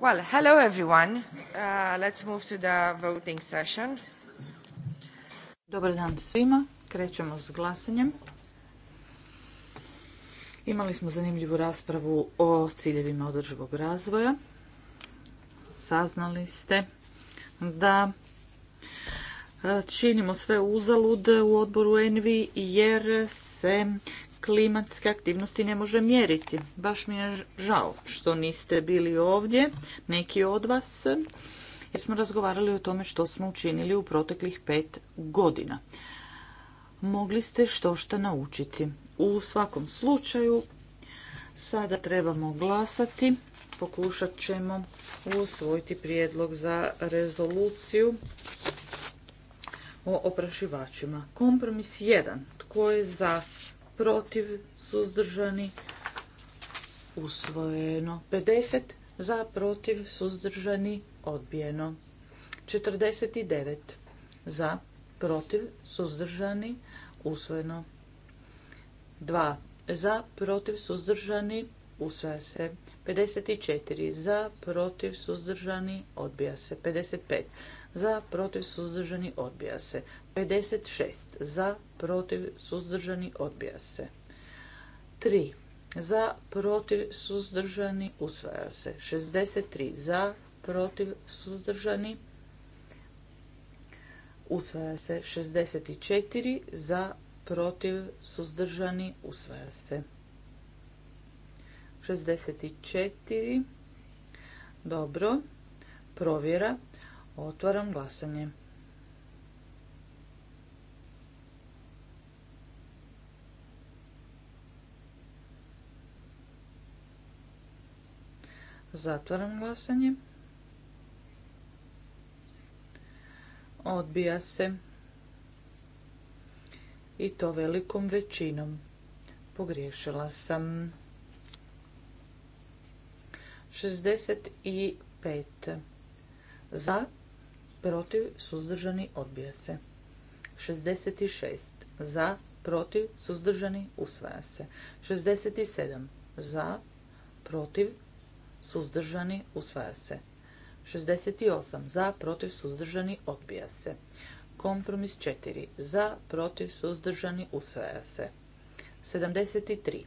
Well, hello everyone. Uh, let's move to the voting session. Dobar dan svima. Krećemo s glasanjem. Imali smo zanimljivu raspravu o ciljevima održivog razvoja. Saznali ste da e, činimo sve uzalud u odboru Envi jer se klimatske aktivnosti ne može mjeriti. Baš mi je žao što niste bili ovdje, neki od vas, jer smo razgovarali o tome što smo učinili u proteklih pet godina. Mogli ste što šta naučiti. U svakom slučaju, sada trebamo glasati. Pokušat ćemo usvojiti prijedlog za rezoluciju o oprašivačima. Kompromis 1. Tko je za? protiv, suzdržani, usvojeno. 50 za, protiv, suzdržani, odbijeno. 49 za, protiv, suzdržani, usvojeno. 2 za, protiv, suzdržani, usvaja se. 54 za, protiv, suzdržani, odbija se. 55 za, protiv, suzdržani, odbija se. 56 za, protiv, suzdržani, odbija se. 3 za, protiv, suzdržani, usvaja se. 63 za, protiv, suzdržani, usvaja se. 64 za, protiv, suzdržani, usvaja se. 64. Dobro. Provjera. Otvaram glasanje. Zatvaram glasanje. Odbija se. I to velikom većinom. Pogriješila sam. 65. Za, protiv, suzdržani, odbija se. 66. Za, protiv, suzdržani, usvaja se. 67. Za, protiv, suzdržani, usvaja se. 68 za, protiv, suzdržani, odbija se. Kompromis 4 za, protiv, suzdržani, usvaja se. 73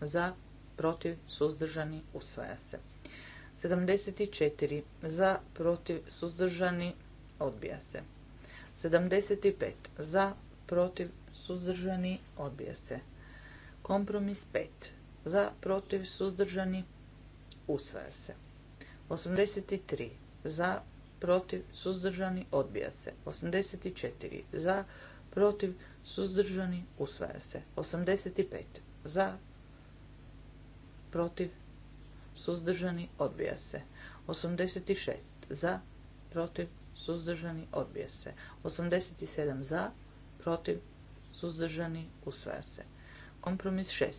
za, protiv, suzdržani, usvaja se. 74 za, protiv, suzdržani, odbija se. 75 za, protiv, suzdržani, odbija se. Kompromis 5 za, protiv, suzdržani, usvaja se. 83 za, protiv, suzdržani, odbija se. 84 za, protiv, suzdržani, usvaja se. 85 za, protiv, suzdržani, odbija se. 86 za, protiv, suzdržani, odbija se. 87 za, protiv, suzdržani, usvaja se. Kompromis 6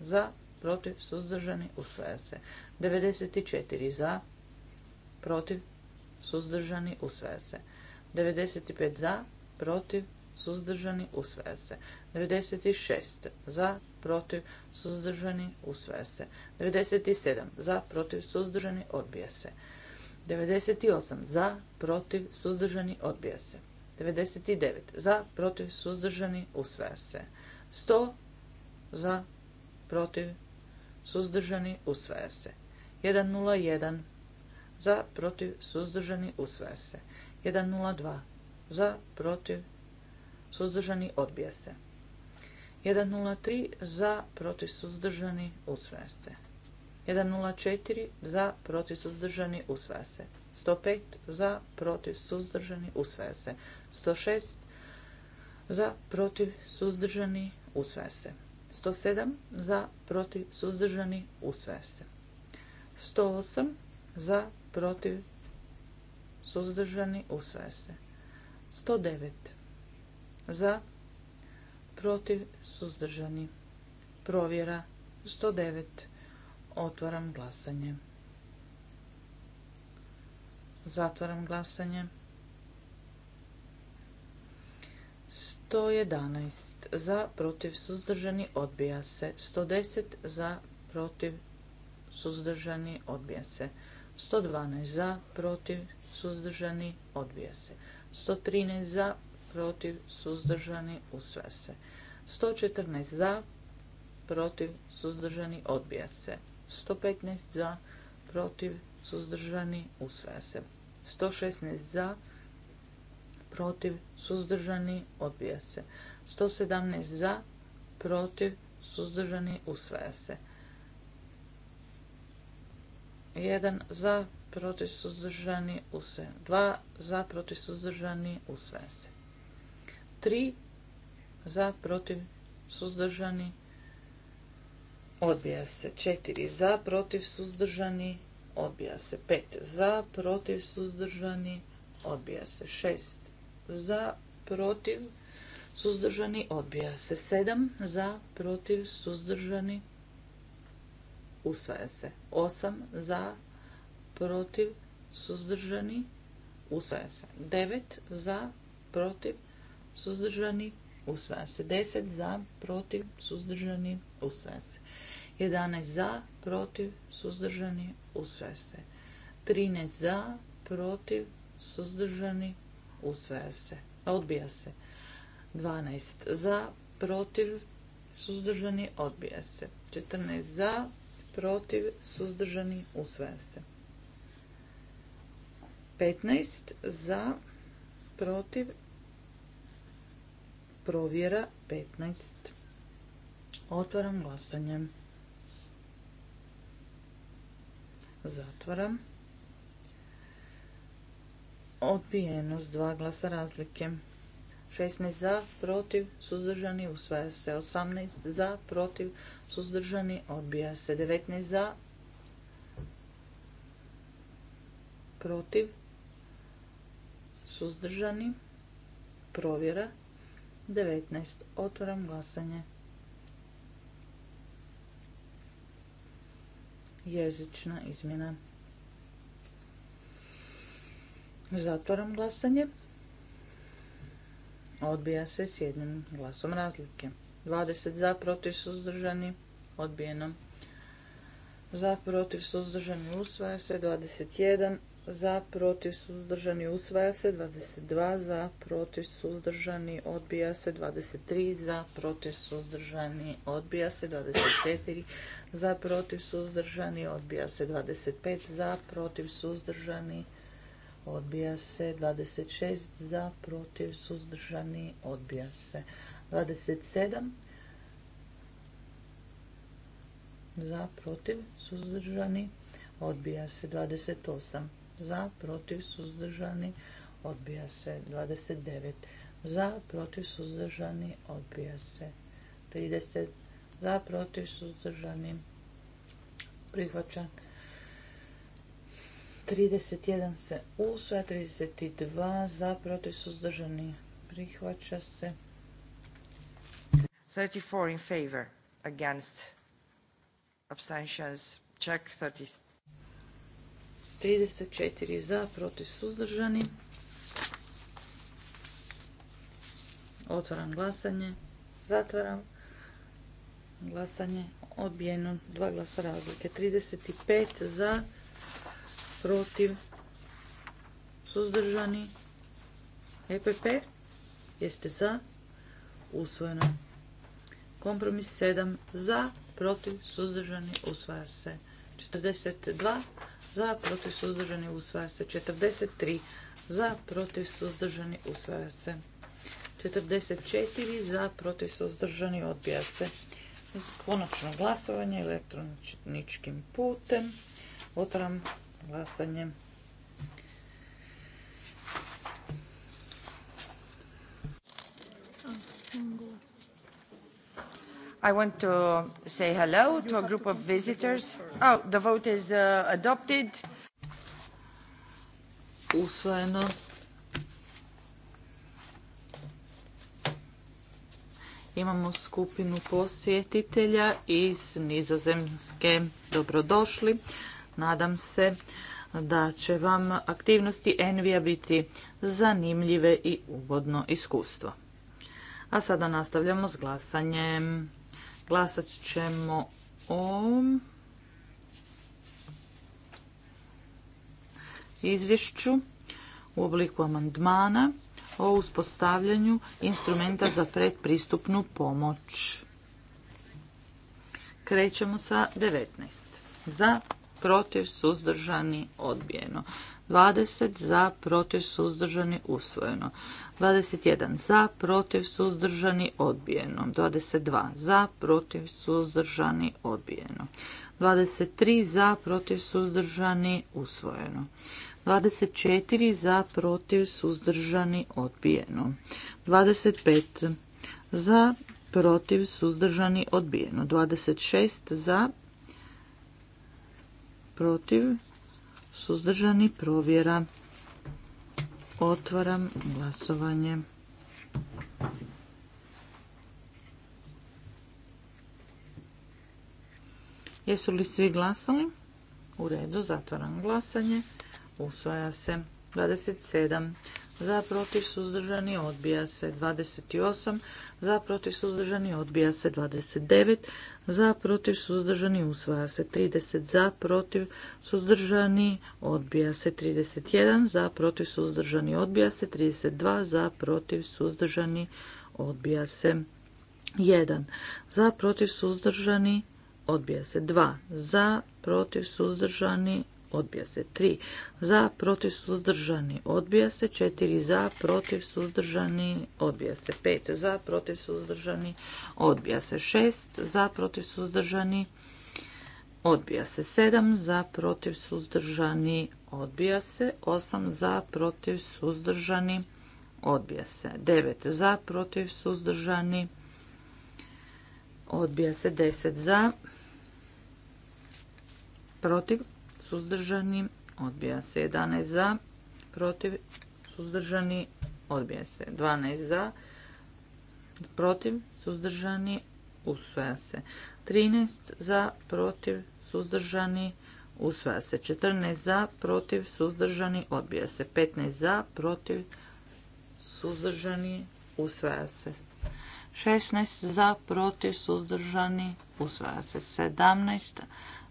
za, protiv, suzdržani, usvaja se. 94 za, protiv, suzdržani, usvaja se. 95 za, protiv, suzdržani, usvaja se. 96 za, protiv, suzdržani, usvaja se. 97 za, protiv, suzdržani, odbija se. 98 za, protiv, suzdržani, odbija se. 99 za, protiv, suzdržani, usvaja se. 100 za, protiv, suzdržani, usvaja se. 101 za, protiv, suzdržani, usvaja se. 102 za, protiv, suzdržani, odbija se. 103 za, protiv, suzdržani, usvaja se. 104 za, protiv, suzdržani, usvaja se. 105 za, protiv, suzdržani, usvaja se. 106 za, protiv, suzdržani, usvaja se. 107 za, protiv, suzdržani, usvaja se. 108 za, protiv, suzdržani, usvaja se. 109 za, protiv, suzdržani, provjera. 109 otvaram glasanje. Zatvaram glasanje. 111 za, protiv, suzdržani, odbija se. 110 za, protiv, suzdržani, odbija se. 112 za, protiv, suzdržani, odbija se. 113 za, protiv, suzdržani, usve se. 114 za, protiv, suzdržani, odbija se. 115 za, protiv, suzdržani, usve se. 116 za, protiv, suzdržani, odbija se. 117 za, protiv, suzdržani, usvaja se. 1 za, protiv, suzdržani, usvaja. 2 za, protiv, suzdržani, usvaja se. 3 za, protiv, suzdržani, odbija se. 4 za, protiv, suzdržani, odbija se. 5 za, protiv, suzdržani, odbija se. 6 za, protiv, suzdržani, odbija se. 7 za, protiv, suzdržani, usvaja se. 8 za, protiv, suzdržani, usvaja se. 9 za, protiv, suzdržani, usvaja se. 10 za, protiv, suzdržani, usvaja se. 11 za, protiv, suzdržani, usvaja se. 13 za, protiv, suzdržani, usvaja se, odbija se. 12 za, protiv, suzdržani, odbija se. 14 za, protiv, suzdržani, usvaja se. 15 za, protiv, provjera 15. Otvaram glasanje. Zatvaram. Odbijeno s dva glasa razlike. 16 za, protiv, suzdržani, usvaja se. 18 za, protiv, suzdržani, odbija se. 19 za, protiv, suzdržani, provjera. 19. Otvoram glasanje. Jezična izmjena. Zatvaram glasanje. Odbija se s jednim glasom razlike. 20 za, protiv suzdržani, odbijeno. Za, protiv suzdržani, usvaja se. 21 za, protiv suzdržani, usvaja se. 22 za, protiv suzdržani, odbija se. 23 za, protiv suzdržani, odbija se. 24 za, protiv suzdržani, odbija se. 25 za, protiv suzdržani, odbija se. 26 za, protiv, suzdržani, odbija se. 27 za, protiv, suzdržani, odbija se. 28 za, protiv, suzdržani, odbija se. 29 za, protiv, suzdržani, odbija se. 30 za, protiv, suzdržani, prihvaćan. 31 se usa, 32 za, protiv suzdržani. Prihvaća se. 34 in favor, against, abstentions, check 34 za, protiv suzdržani. Otvaram glasanje, zatvaram glasanje, odbijeno, dva glasa razlike, 35 za, protiv, suzdržani, EPP, jeste za, usvojeno. Kompromis 7 za, protiv, suzdržani, usvaja se. 42 za, protiv, suzdržani, usvaja se. 43 za, protiv, suzdržani, usvaja se. 44 za, protiv, suzdržani, odbija se. Konačno glasovanje elektroničkim putem. Otvaram glasanje. I want to say hello to a group of visitors. Oh, the vote is uh, adopted. Usvojeno. Imamo skupinu posjetitelja iz Nizozemske. Dobrodošli. Nadam se da će vam aktivnosti Envija biti zanimljive i ugodno iskustvo. A sada nastavljamo s glasanjem. Glasat ćemo o izvješću u obliku amandmana o uspostavljanju instrumenta za predpristupnu pomoć. Krećemo sa 19. Za, protiv, suzdržani, odbijeno. 20 za, protiv, suzdržani, usvojeno. 21 za, protiv, suzdržani, odbijeno. 22 za, protiv, suzdržani, odbijeno. 23 za, protiv, suzdržani, usvojeno. 24 za, protiv, suzdržani, odbijeno. 25 za, protiv, suzdržani, odbijeno. 26 za, protiv, suzdržani, provjera. Otvaram glasovanje. Jesu li svi glasali? U redu, zatvaram glasanje. Usvaja se 27 za protiv suzdržani odbija se 28, za protiv suzdržani odbija se 29, za protiv suzdržani usvaja se 30, za protiv suzdržani odbija se 31, za protiv suzdržani odbija se 32, za protiv suzdržani odbija se 1, za protiv suzdržani odbija se 2, za protiv suzdržani odbija se 3 za protiv suzdržani odbija se 4 za protiv suzdržani odbija se 5 za protiv suzdržani odbija se 6 za protiv suzdržani odbija se 7 za protiv suzdržani odbija se 8 za protiv suzdržani odbija se 9 za protiv suzdržani odbija se 10 za protiv suzdržani, odbija se 11 za, protiv, suzdržani, odbija se 12 za, protiv, suzdržani, usvaja se 13 za, protiv, suzdržani, usvaja se 14 za, protiv, suzdržani, odbija se 15 za, protiv, suzdržani, usvaja se 16 za, protiv, suzdržani, usvaja se 17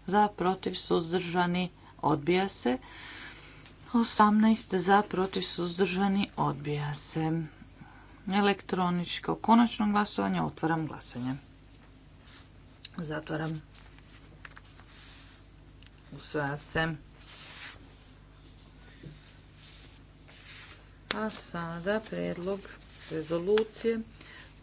za, protiv, suzdržani, odbija se. 18 za, protiv, suzdržani, odbija se. Elektroničko konačno glasovanje, otvaram glasanje. Zatvaram. Usvaja se. A sada prijedlog rezolucije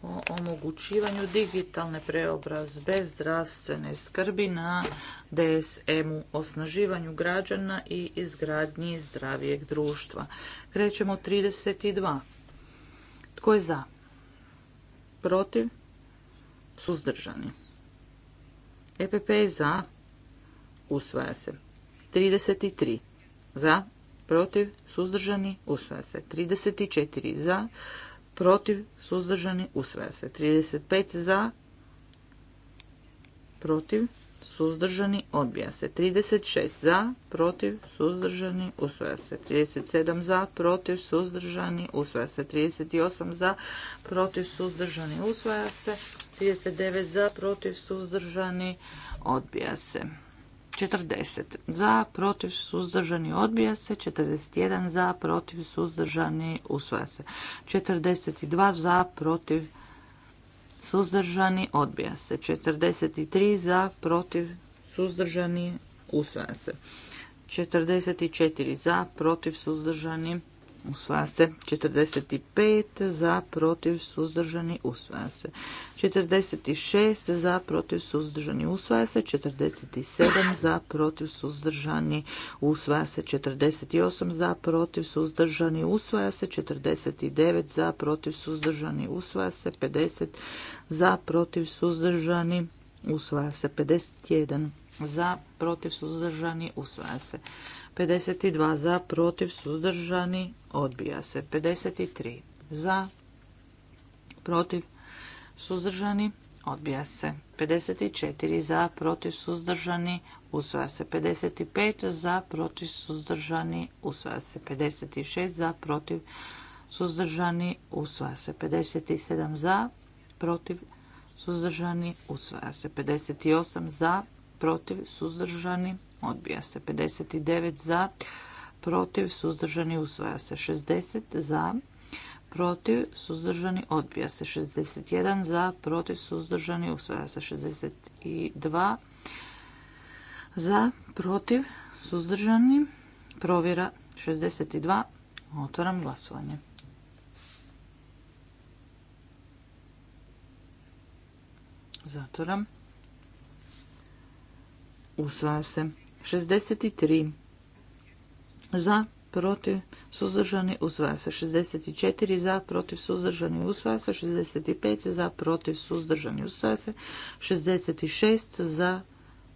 o omogućivanju digitalne preobrazbe zdravstvene skrbi na DSM-u, osnaživanju građana i izgradnji zdravijeg društva. Krećemo 32. Tko je za? Protiv? Suzdržani. EPP je za. Usvaja se. 33. Za. Protiv? Suzdržani. Usvaja se. 34. Za protiv, suzdržani, usvaja se. 35 za, protiv, suzdržani, odbija se. 36 za, protiv, suzdržani, usvaja se. 37 za, protiv, suzdržani, usvaja se. 38 za, protiv, suzdržani, usvaja se. 39 za, protiv, suzdržani, odbija se. 40 za, protiv, suzdržani, odbija se. 41 za, protiv, suzdržani, usvaja se. 42 za, protiv, suzdržani, odbija se. 43 za, protiv, suzdržani, usvaja se. 44 za, protiv, suzdržani, odbija se usvaja se 45 za protiv suzdržani usvaja se 46 za protiv suzdržani usvaja se 47 za protiv suzdržani usvaja se 48 za protiv suzdržani usvaja se 49 za protiv suzdržani usvaja se 50 za protiv suzdržani usvaja se 51 za protiv suzdržani usvaja se 52 za, protiv, suzdržani, odbija se. 53 za, protiv, suzdržani, odbija se. 54 za, protiv, suzdržani, usvaja se. 55 za, protiv, suzdržani, usvaja se. 56 za, protiv, suzdržani, usvaja se. 57 za, protiv, suzdržani, usvaja se. 58 za, protiv, suzdržani, odbija se. 59 za, protiv, suzdržani, usvaja se. 60 za, protiv, suzdržani, odbija se. 61 za, protiv, suzdržani, usvaja se. 62 za, protiv, suzdržani, provjera 62. Otvaram glasovanje. Zatvoram. Usvaja se. 63 za, protiv, suzdržani, usvaja se. 64 za, protiv, suzdržani, usvaja se. 65 za, protiv, suzdržani, usvaja se. 66 za,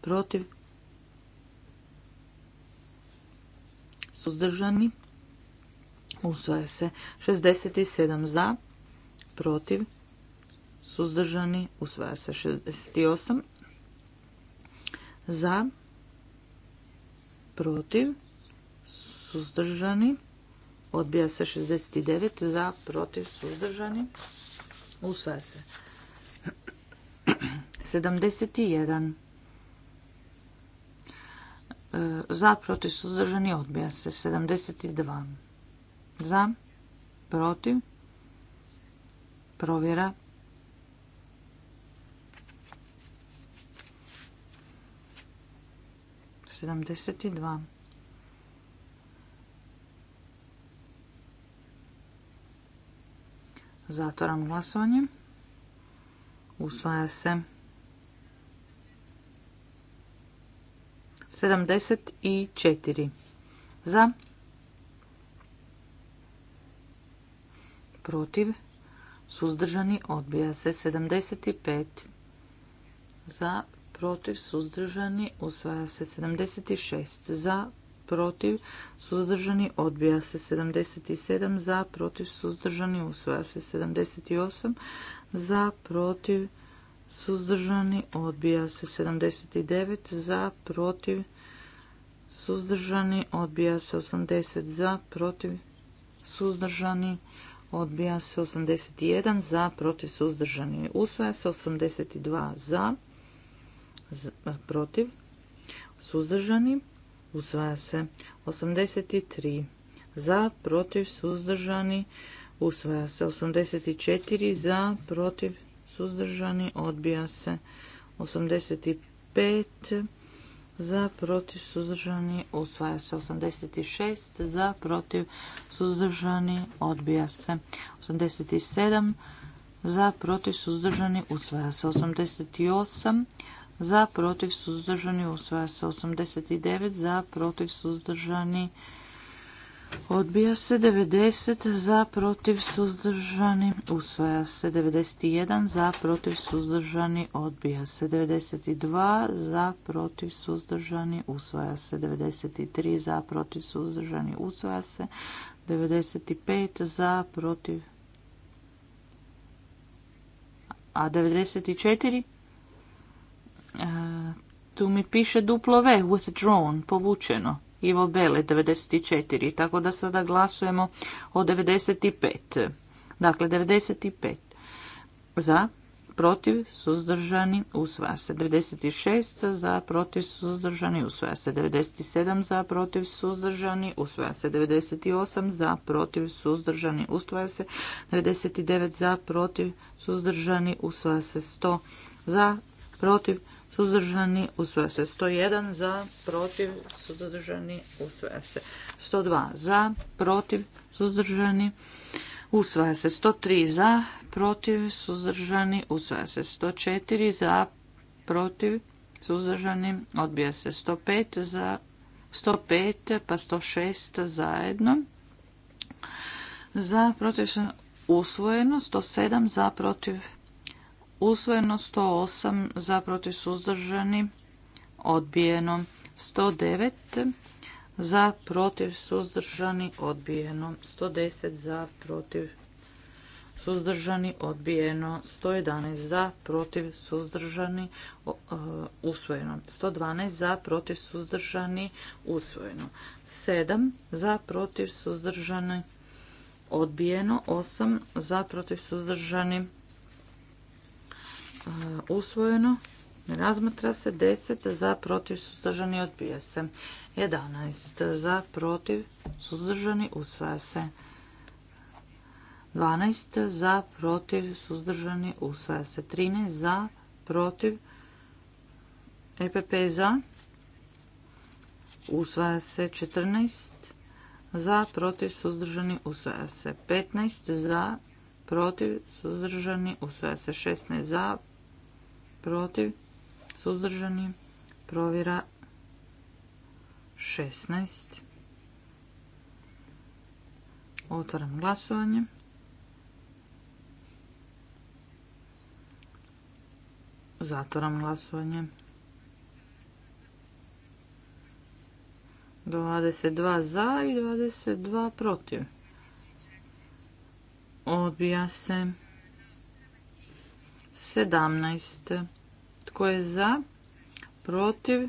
protiv, suzdržani, usvaja se. 67 za, protiv, suzdržani, usvaja se. 68 za, protiv, suzdržani, odbija se 69 za, protiv, suzdržani, usvaja se. 71 e, za, protiv, suzdržani, odbija se. 72 za, protiv, provjera 72. Zatvaram glasovanje. Usvaja se. 74. Za. Protiv. Suzdržani odbija se. 75. Za protiv, suzdržani, usvaja se 76 za, protiv, suzdržani, odbija se 77 za, protiv, suzdržani, usvaja se 78 za, protiv, suzdržani, odbija se 79 za, protiv, suzdržani, odbija se 80 za, protiv, suzdržani, odbija se 81 za, protiv, suzdržani, usvaja se 82 za, protiv, suzdržani, usvaja se. 83 za, protiv, suzdržani, usvaja se. 84 za, protiv, suzdržani, odbija se. 85 za, protiv, suzdržani, usvaja se. 86 za, protiv, suzdržani, odbija se. 87 za, protiv, suzdržani, usvaja se. 88 za, protiv, suzdržani, usvaja se. 89 za, protiv, suzdržani, odbija se. 90 za, protiv, suzdržani, usvaja se. 91 za, protiv, suzdržani, odbija se. 92 za, protiv, suzdržani, usvaja se. 93 za, protiv, suzdržani, usvaja se. 95 za, protiv, a 94 tu mi piše duplo V, withdrawn, povučeno. Ivo Bele, 94. Tako da sada glasujemo o 95. Dakle, 95. Za, protiv, suzdržani, usvaja se. 96. Za, protiv, suzdržani, usvaja se. 97. Za, protiv, suzdržani, usvaja se. 98. Za, protiv, suzdržani, usvaja se. 99. Za, protiv, suzdržani, usvaja se. 100. Za, protiv, suzdržani, suzdržani, usvoja se. 101 za, protiv, suzdržani, usvoja se. 102 za, protiv, suzdržani, usvoja se. 103 za, protiv, suzdržani, usvoja se. 104 za, protiv, suzdržani, odbija se. 105 za, 105 pa 106 zajedno. Za, protiv, usvojeno. 107 za, protiv, usvojeno 108 za protiv suzdržani odbijeno 109 za protiv suzdržani odbijeno 110 za protiv suzdržani odbijeno 111 e, za protiv suzdržani usvojeno 112 za protiv suzdržani usvojeno 7 za protiv suzdržani odbijeno 8 za protiv suzdržani usvojeno, razmatra se. 10 za, protiv, suzdržani, odbija se. 11 za, protiv, suzdržani, usvaja se. 12 za, protiv, suzdržani, usvaja se. 13 za, protiv, EPP za, usvaja se. 14 za, protiv, suzdržani, usvaja se. 15 za, protiv, suzdržani, usvaja se. 16 za, protiv, suzdržani, provjera 16. Otvaram glasovanje. Zatvoram glasovanje. 22 za i 22 protiv. Odbija se. 17. Tko je za? Protiv?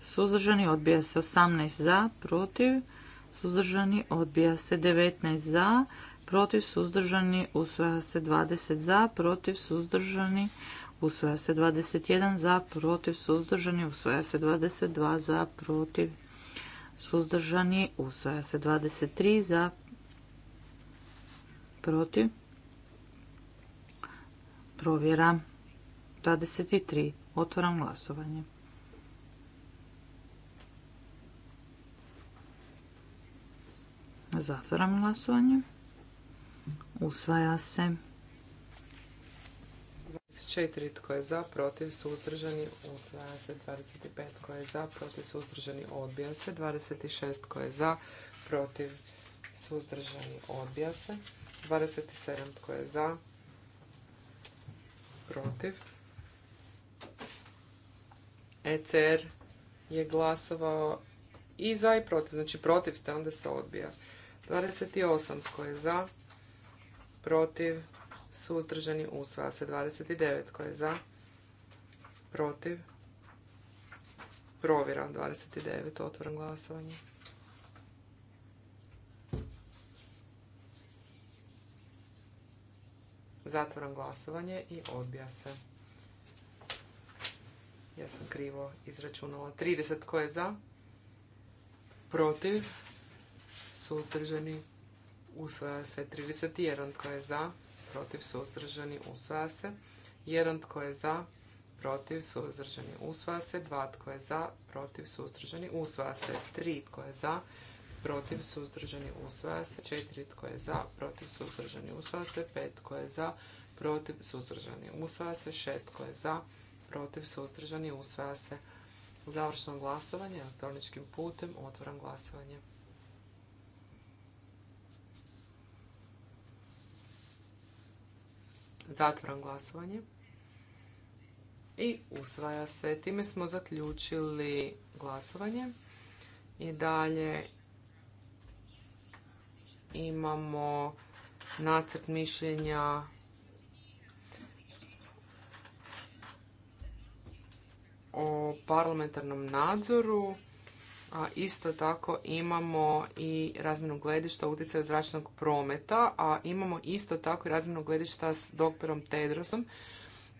Suzdržani odbija se 18 za, protiv, suzdržani odbija se 19 za, protiv, suzdržani usvaja se 20 za, protiv, suzdržani usvaja se 21 za, protiv, suzdržani usvaja se 22 za, protiv, suzdržani usvaja se 23 za, protiv, Provjera. 23. Otvoram glasovanje. Zatvoram glasovanje. Usvaja se. 24. Tko je za, protiv, suzdržani, usvaja se. 25. Tko je za, protiv, suzdržani, odbija se. 26. Tko je za, protiv, suzdržani, odbija se. 27. Tko je za, protiv. ECR je glasovao i za i protiv. Znači protiv ste, onda se odbija. 28 tko je za, protiv, suzdržani, usvaja se. 29 tko je za, protiv, provjera. 29, otvoram glasovanje. Zatvaram glasovanje i odbija se. Ja sam krivo izračunala. 30 tko je za? Protiv? Suzdržani? Usvaja se. 31 tko je za? Protiv? Suzdržani? Usvaja se. 1 tko je za? Protiv? Suzdržani? Usvaja se. 2 tko je za? Protiv? Suzdržani? Usvaja se. 3 tko je za? protiv, suzdržani, usvaja se. Četiri tko je za, protiv, suzdržani, usvaja se. 5 tko je za, protiv, suzdržani, usvaja se. Šest tko je za, protiv, suzdržani, usvaja se. Završno glasovanje elektroničkim putem. Otvoram glasovanje. Zatvoram glasovanje. I usvaja se. Time smo zaključili glasovanje. I dalje imamo nacrt mišljenja o parlamentarnom nadzoru, a isto tako imamo i razmjenu gledišta utjecaju zračnog prometa, a imamo isto tako i razmjenu gledišta s doktorom Tedrosom.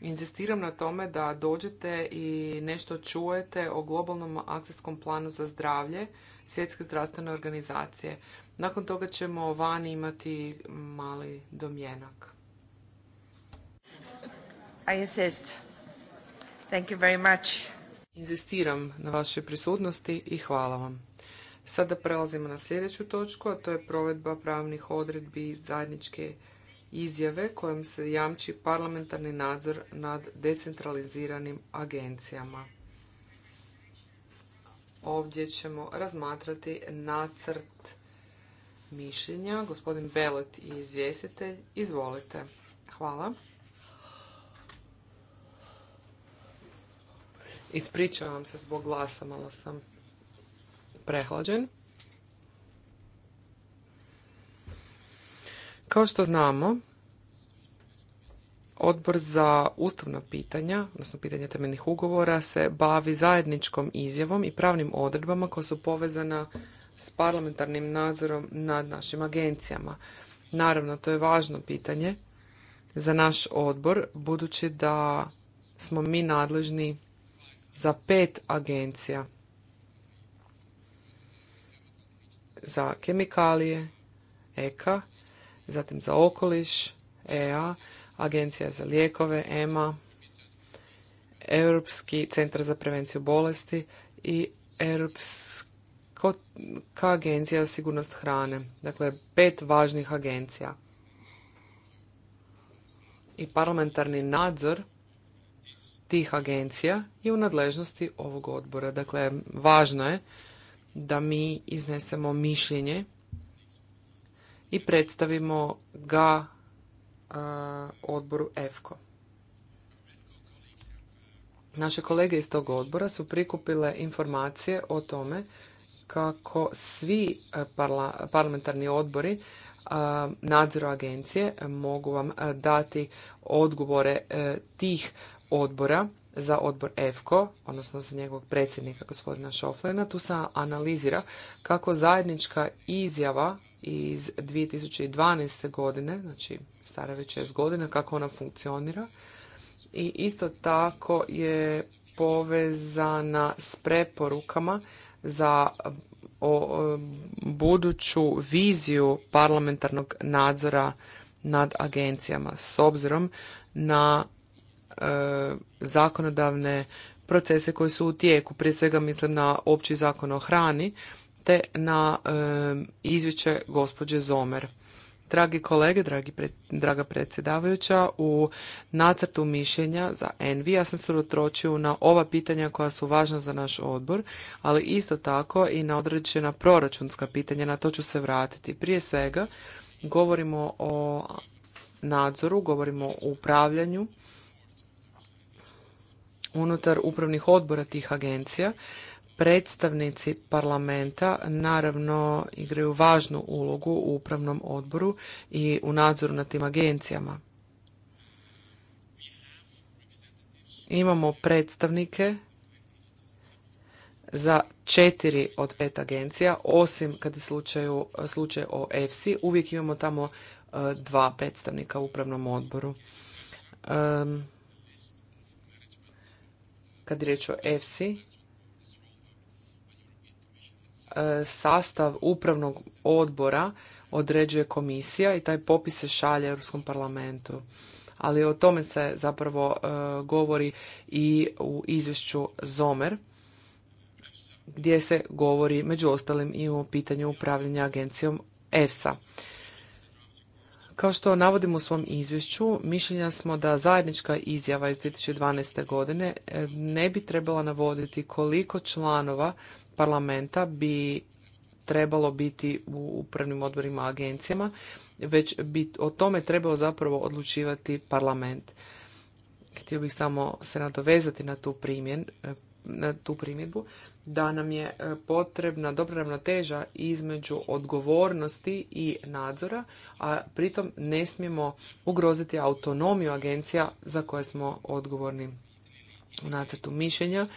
Inzistiram na tome da dođete i nešto čujete o globalnom akcijskom planu za zdravlje Svjetske zdravstvene organizacije. Nakon toga ćemo vani imati mali domjenak. I Thank you very much. Inzistiram na vašoj prisutnosti i hvala vam. Sada prelazimo na sljedeću točku, a to je provedba pravnih odredbi iz zajedničke izjave kojom se jamči parlamentarni nadzor nad decentraliziranim agencijama. Ovdje ćemo razmatrati nacrt mišljenja. Gospodin Belet i izvjestitelj, izvolite. Hvala. Ispričavam se zbog glasa, malo sam prehlađen. Kao što znamo, Odbor za ustavna pitanja, odnosno pitanja temeljnih ugovora, se bavi zajedničkom izjavom i pravnim odredbama koja su povezana s parlamentarnim nadzorom nad našim agencijama. Naravno, to je važno pitanje za naš odbor, budući da smo mi nadležni za pet agencija. Za kemikalije, EKA, zatim za okoliš, EA, Agencija za lijekove, EMA, Europski centar za prevenciju bolesti i Europski ka agencija za sigurnost hrane. Dakle, pet važnih agencija. I parlamentarni nadzor tih agencija je u nadležnosti ovog odbora. Dakle, važno je da mi iznesemo mišljenje i predstavimo ga odboru EFKO. Naše kolege iz tog odbora su prikupile informacije o tome kako svi e, parlamentarni odbori e, nadzoru agencije mogu vam e, dati odgovore tih odbora za odbor EFKO, odnosno za njegovog predsjednika gospodina Šoflena. Tu se analizira kako zajednička izjava iz 2012. godine, znači stara već šest godina, kako ona funkcionira. I isto tako je povezana s preporukama za buduću viziju parlamentarnog nadzora nad agencijama s obzirom na e, zakonodavne procese koji su u tijeku. Prije svega mislim na opći zakon o hrani te na e, izvješće gospođe Zomer. Dragi kolege, dragi draga predsjedavajuća, u nacrtu mišljenja za Envi ja sam se utročio na ova pitanja koja su važna za naš odbor, ali isto tako i na određena proračunska pitanja, na to ću se vratiti. Prije svega, govorimo o nadzoru, govorimo o upravljanju unutar upravnih odbora tih agencija predstavnici parlamenta naravno igraju važnu ulogu u upravnom odboru i u nadzoru nad tim agencijama. Imamo predstavnike za četiri od pet agencija, osim kad je slučaj o EFSI, uvijek imamo tamo e, dva predstavnika u upravnom odboru. kad je riječ o EFSI, E, sastav upravnog odbora određuje komisija i taj popis se šalje Europskom parlamentu. Ali o tome se zapravo e, govori i u izvješću Zomer gdje se govori među ostalim i o pitanju upravljanja agencijom EFSA. Kao što navodimo u svom izvješću, mišljenja smo da zajednička izjava iz 2012. godine e, ne bi trebala navoditi koliko članova parlamenta bi trebalo biti u upravnim odborima agencijama, već bi o tome trebao zapravo odlučivati parlament. Htio bih samo se nadovezati na tu, primjen, na tu primjedbu da nam je e, potrebna dobra ravnoteža između odgovornosti i nadzora, a pritom ne smijemo ugroziti autonomiju agencija za koje smo odgovorni u nacrtu mišljenja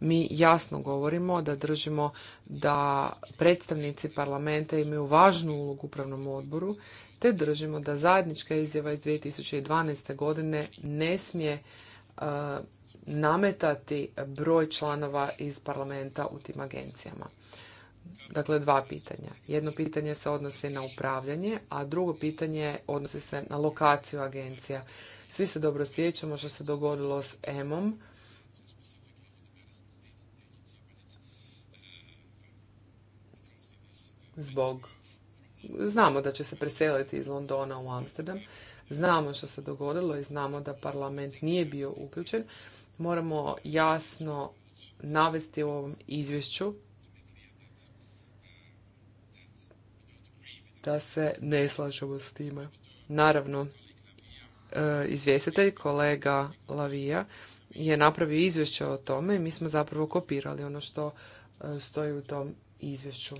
mi jasno govorimo da držimo da predstavnici parlamenta imaju važnu ulogu u upravnom odboru, te držimo da zajednička izjava iz 2012. godine ne smije e, nametati broj članova iz parlamenta u tim agencijama. Dakle, dva pitanja. Jedno pitanje se odnosi na upravljanje, a drugo pitanje odnosi se na lokaciju agencija. Svi se dobro sjećamo što se dogodilo s EMOM, zbog znamo da će se preseliti iz Londona u Amsterdam, znamo što se dogodilo i znamo da parlament nije bio uključen, moramo jasno navesti u ovom izvješću da se ne slažemo s time. Naravno, e, izvjestitelj, kolega Lavija, je napravio izvješće o tome i mi smo zapravo kopirali ono što e, stoji u tom izvješću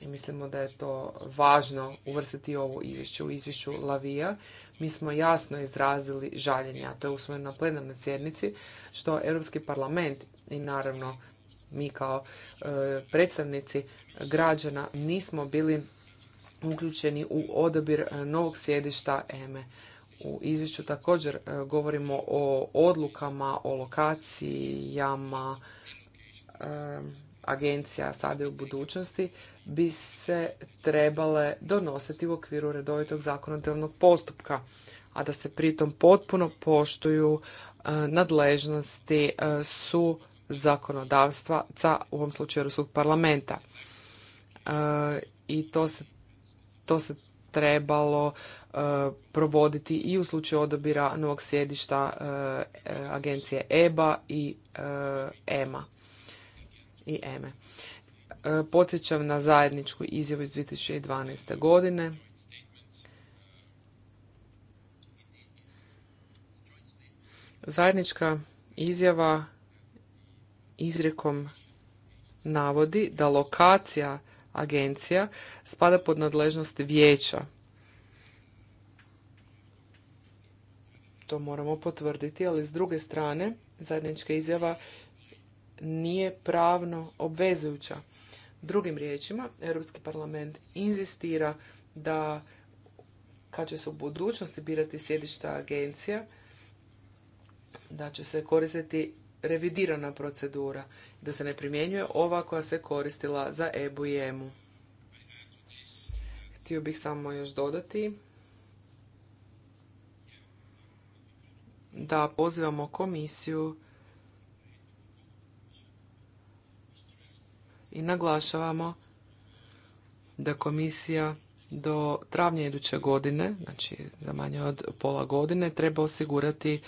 i mislimo da je to važno uvrstiti ovo izvješće u izvješću Lavija. Mi smo jasno izrazili žaljenje, a to je usvojeno na plenarnoj sjednici, što Europski parlament i naravno mi kao e, predstavnici građana nismo bili uključeni u odabir e, novog sjedišta EME. U izvješću također e, govorimo o odlukama, o lokacijama, jama agencija sada i u budućnosti bi se trebale donositi u okviru redovitog zakonodavnog postupka, a da se pritom potpuno poštuju e, nadležnosti e, su zakonodavstva, u ovom slučaju Europskog parlamenta. E, I to se, to se trebalo provoditi i u slučaju odabira novog sjedišta agencije EBA i EMA i EME. E, podsjećam na zajedničku izjavu iz 2012. godine Zajednička izjava izrekom navodi da lokacija agencija spada pod nadležnost vijeća. To moramo potvrditi, ali s druge strane zajednička izjava nije pravno obvezujuća. Drugim riječima, Europski parlament inzistira da kad će se u budućnosti birati sjedišta agencija, da će se koristiti revidirana procedura, da se ne primjenjuje ova koja se koristila za EBU i EMU. Htio bih samo još dodati da pozivamo komisiju i naglašavamo da komisija do travnja iduće godine, znači za manje od pola godine, treba osigurati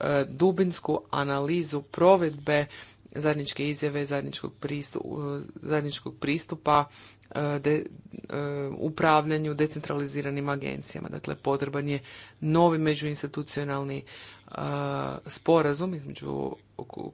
e, dubinsku analizu provedbe zajedničke izjave zajedničkog pristupa, zajedničkog pristupa e, e, upravljanju decentraliziranim agencijama. Dakle, potreban je novi međuinstitucionalni sporazum između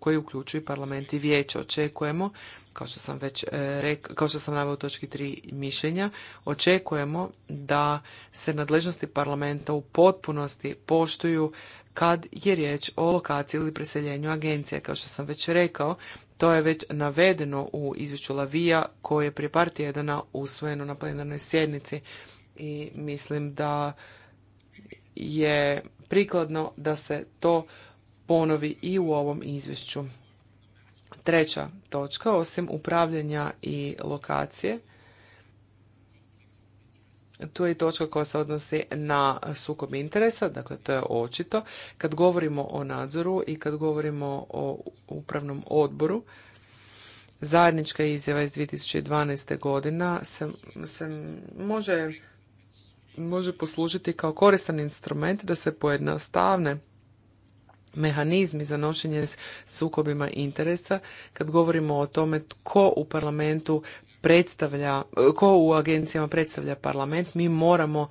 koji uključuje parlament i vijeće. Očekujemo kao što sam već e, rekao, kao što sam naveo u točki tri mišljenja, očekujemo da se nadležnosti parlamenta u potpunosti poštuju kad je riječ o lokaciji ili preseljenju agencije. Kao što sam već rekao, to je već navedeno u izvješću Lavija koje je prije par tjedana usvojeno na plenarnoj sjednici i mislim da je prikladno da se to ponovi i u ovom izvješću. Treća točka, osim upravljanja i lokacije, tu je i točka koja se odnosi na sukob interesa, dakle to je očito. Kad govorimo o nadzoru i kad govorimo o upravnom odboru, zajednička izjava iz 2012. godina se, se može, može poslužiti kao koristan instrument da se pojednostavne mehanizmi za nošenje s sukobima interesa kad govorimo o tome tko u parlamentu predstavlja, ko u agencijama predstavlja parlament, mi moramo e,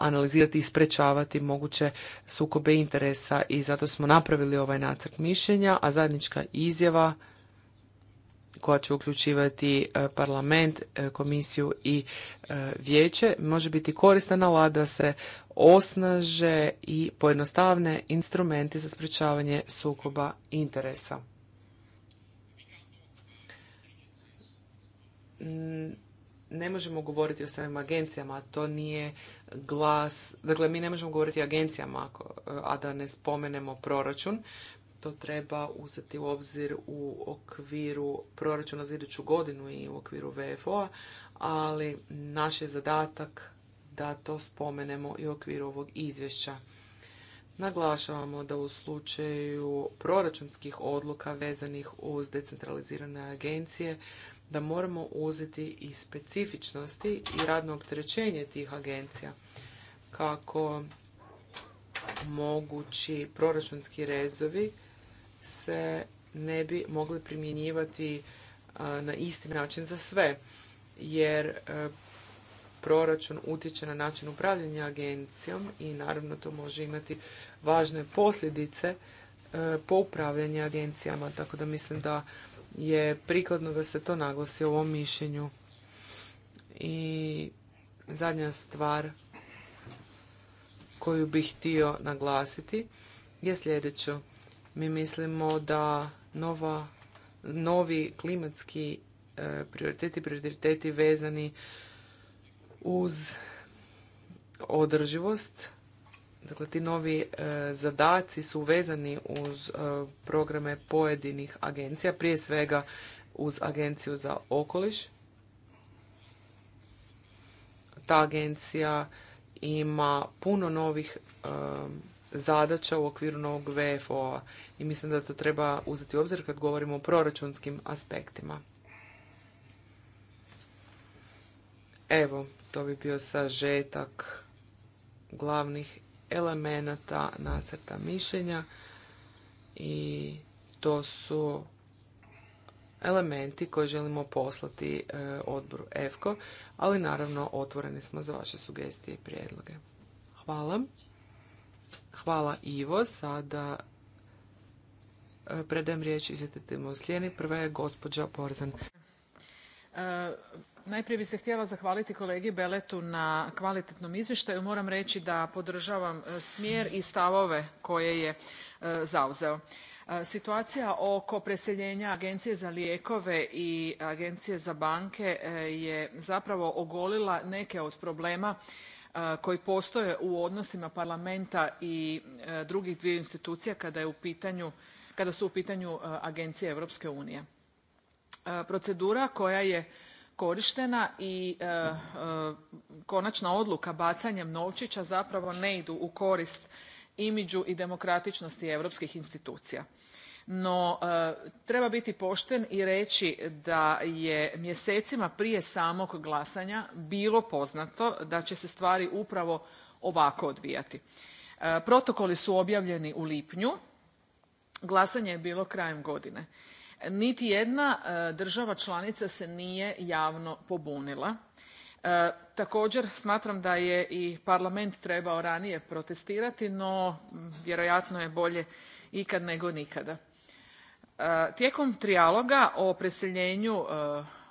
analizirati i sprečavati moguće sukobe interesa i zato smo napravili ovaj nacrt mišljenja, a zajednička izjava koja će uključivati e, parlament, e, komisiju i vijeće može biti koristan alat da se osnaže i pojednostavne instrumenti za sprječavanje sukoba interesa. Ne možemo govoriti o samim agencijama, to nije glas, dakle mi ne možemo govoriti o agencijama, a da ne spomenemo proračun. To treba uzeti u obzir u okviru proračuna za iduću godinu i u okviru VFO-a, ali naš je zadatak da to spomenemo i u okviru ovog izvješća. Naglašavamo da u slučaju proračunskih odluka vezanih uz decentralizirane agencije da moramo uzeti i specifičnosti i radno opterećenje tih agencija kako mogući proračunski rezovi se ne bi mogli primjenjivati na isti način za sve jer proračun utječe na način upravljanja agencijom i naravno to može imati važne posljedice e, po upravljanje agencijama, tako da mislim da je prikladno da se to naglasi u ovom mišljenju. I zadnja stvar koju bih htio naglasiti je sljedeće. Mi mislimo da nova, novi klimatski e, prioriteti, prioriteti vezani uz održivost. Dakle, ti novi e, zadaci su vezani uz e, programe pojedinih agencija, prije svega uz Agenciju za okoliš. Ta agencija ima puno novih e, zadaća u okviru novog VFO-a i mislim da to treba uzeti u obzir kad govorimo o proračunskim aspektima. Evo, to bi bio sažetak glavnih elemenata nacrta mišljenja i to su elementi koje želimo poslati e, odboru EFKO, ali naravno otvoreni smo za vaše sugestije i prijedloge. Hvala. Hvala Ivo. Sada e, predajem riječ iz u slijeni. Prva je gospođa Borzan. E, najprije bih se htjela zahvaliti kolegi Beletu na kvalitetnom izvještaju. Moram reći da podržavam e, smjer i stavove koje je e, zauzeo. E, situacija oko preseljenja Agencije za lijekove i Agencije za banke je zapravo ogolila neke od problema koji postoje u odnosima parlamenta i drugih dviju institucija kada, je u pitanju, kada su u pitanju agencije Europske unije. Procedura koja je korištena i e, e, konačna odluka bacanjem novčića zapravo ne idu u korist imidžu i demokratičnosti europskih institucija. No, e, treba biti pošten i reći da je mjesecima prije samog glasanja bilo poznato da će se stvari upravo ovako odvijati. Protokoli su objavljeni u lipnju, glasanje je bilo krajem godine niti jedna e, država članica se nije javno pobunila. E, također smatram da je i parlament trebao ranije protestirati no vjerojatno je bolje ikad nego nikada. E, tijekom trijaloga o preseljenju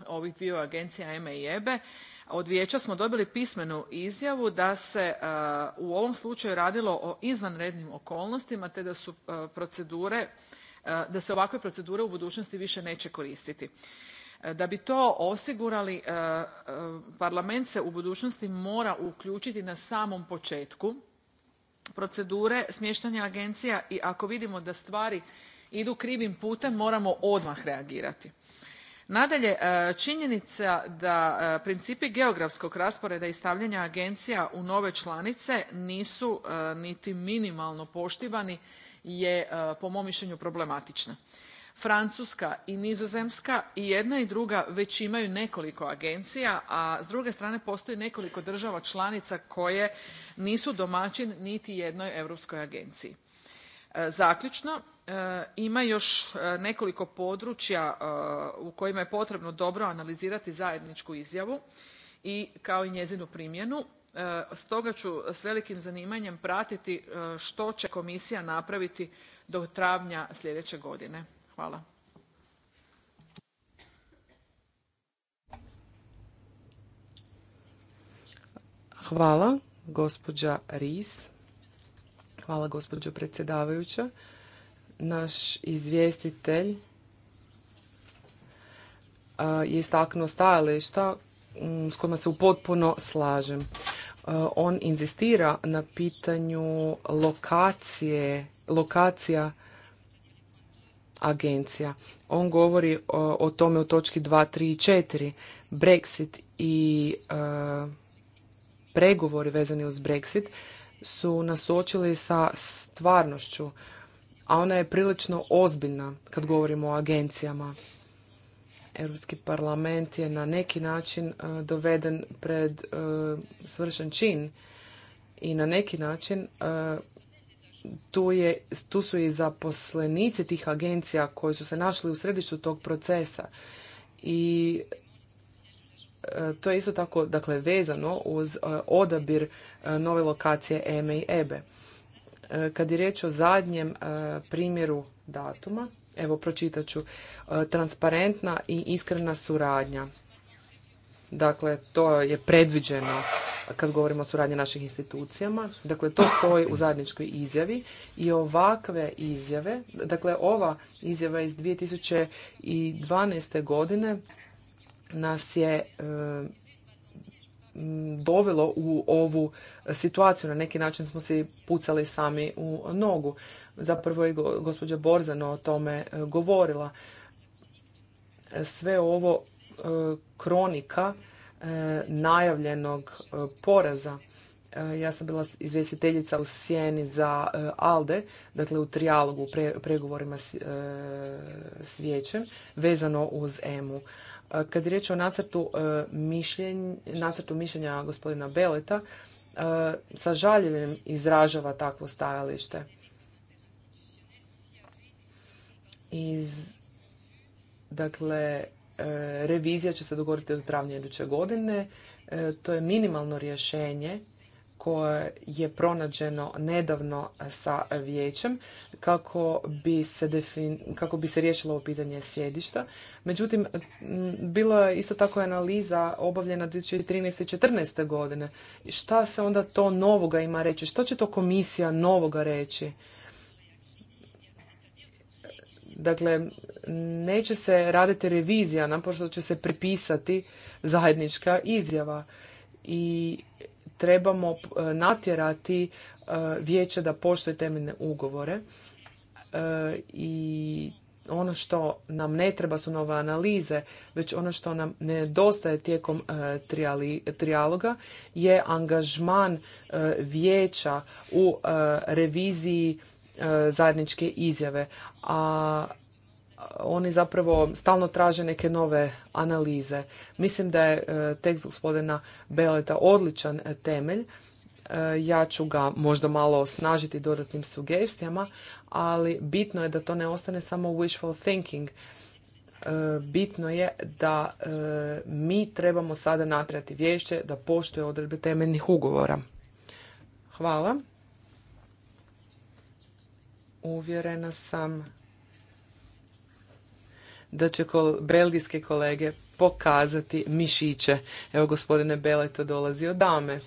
ovih dviju agencija eme i ebe od vijeća smo dobili pismenu izjavu da se u ovom slučaju radilo o izvanrednim okolnostima te da su procedure E, da se ovakve procedure u budućnosti više neće koristiti. E, da bi to osigurali, e, parlament se u budućnosti mora uključiti na samom početku procedure smještanja agencija i ako vidimo da stvari idu krivim putem moramo odmah reagirati. Nadalje, činjenica da principi geografskog rasporeda i stavljanja agencija u nove članice nisu niti minimalno poštivani je e, po mom mišljenju problematična. Francuska i Nizozemska i jedna i druga već imaju nekoliko agencija, a s druge strane postoji nekoliko država članica koje nisu domaćin niti jednoj europskoj agenciji. E, zaključno, e, ima još nekoliko područja u kojima je potrebno dobro analizirati zajedničku izjavu i kao i njezinu primjenu E, stoga ću s velikim zanimanjem pratiti e, što će komisija napraviti do travnja sljedeće godine. Hvala. Hvala, gospođa Ris. Hvala, gospođo predsjedavajuća. Naš izvjestitelj e, je istaknuo stajališta s kojima se u potpuno slažem. E, on inzistira na pitanju lokacije, lokacija agencija. On govori e, o, tome u točki 2, 3 i 4. Brexit i e, pregovori vezani uz Brexit su nas suočili sa stvarnošću, a ona je prilično ozbiljna kad govorimo o agencijama. Europski parlament je na neki način e, doveden pred e, svršen čin i na neki način e, tu, je, tu su i zaposlenici tih agencija koji su se našli u središtu tog procesa i to je isto tako dakle vezano uz odabir nove lokacije EME i EBE. Kad je riječ o zadnjem primjeru datuma, Evo, pročitat ću. E, transparentna i iskrena suradnja. Dakle, to je predviđeno kad govorimo o suradnji naših institucijama. Dakle, to stoji u zajedničkoj izjavi i ovakve izjave, dakle, ova izjava iz 2012. godine nas je e, dovelo u ovu situaciju. Na neki način smo si pucali sami u nogu. Zapravo je gospođa Borzano o tome e, govorila. E, sve ovo e, kronika najavljenog poraza. Ja sam bila izvjestiteljica u sjeni za ALDE, dakle u trijalogu u pregovorima s vijećem vezano uz EMU. E, kad je riječ o nacrtu, e, mišljenj, nacrtu mišljenja gospodina Beleta, e, sa žaljenjem izražava takvo stajalište. Iz, dakle, revizija će se dogoditi od travnja iduće godine. To je minimalno rješenje koje je pronađeno nedavno sa vijećem kako bi se, kako bi se riješilo ovo pitanje sjedišta. Međutim, bila je isto tako analiza obavljena 2013. i 2014. godine. Šta se onda to novoga ima reći? Što će to komisija novoga reći? Dakle, neće se raditi revizija, naprosto će se prepisati zajednička izjava. I trebamo e, natjerati e, vijeće da poštuje temeljne ugovore e, i ono što nam ne treba su nove analize, već ono što nam nedostaje tijekom trijaloga je angažman vijeća u reviziji zajedničke izjave. A oni zapravo stalno traže neke nove analize. Mislim da je e, tekst gospodina Beleta odličan e, temelj. E, ja ću ga možda malo osnažiti dodatnim sugestijama, ali bitno je da to ne ostane samo wishful thinking. Bitno je da mi trebamo sada natrati vješće da poštuje odredbe temeljnih ugovora. Hvala. Uvjerena sam da će kol kolege pokazati mišiće. Evo gospodine Beleto to dolazi od dame.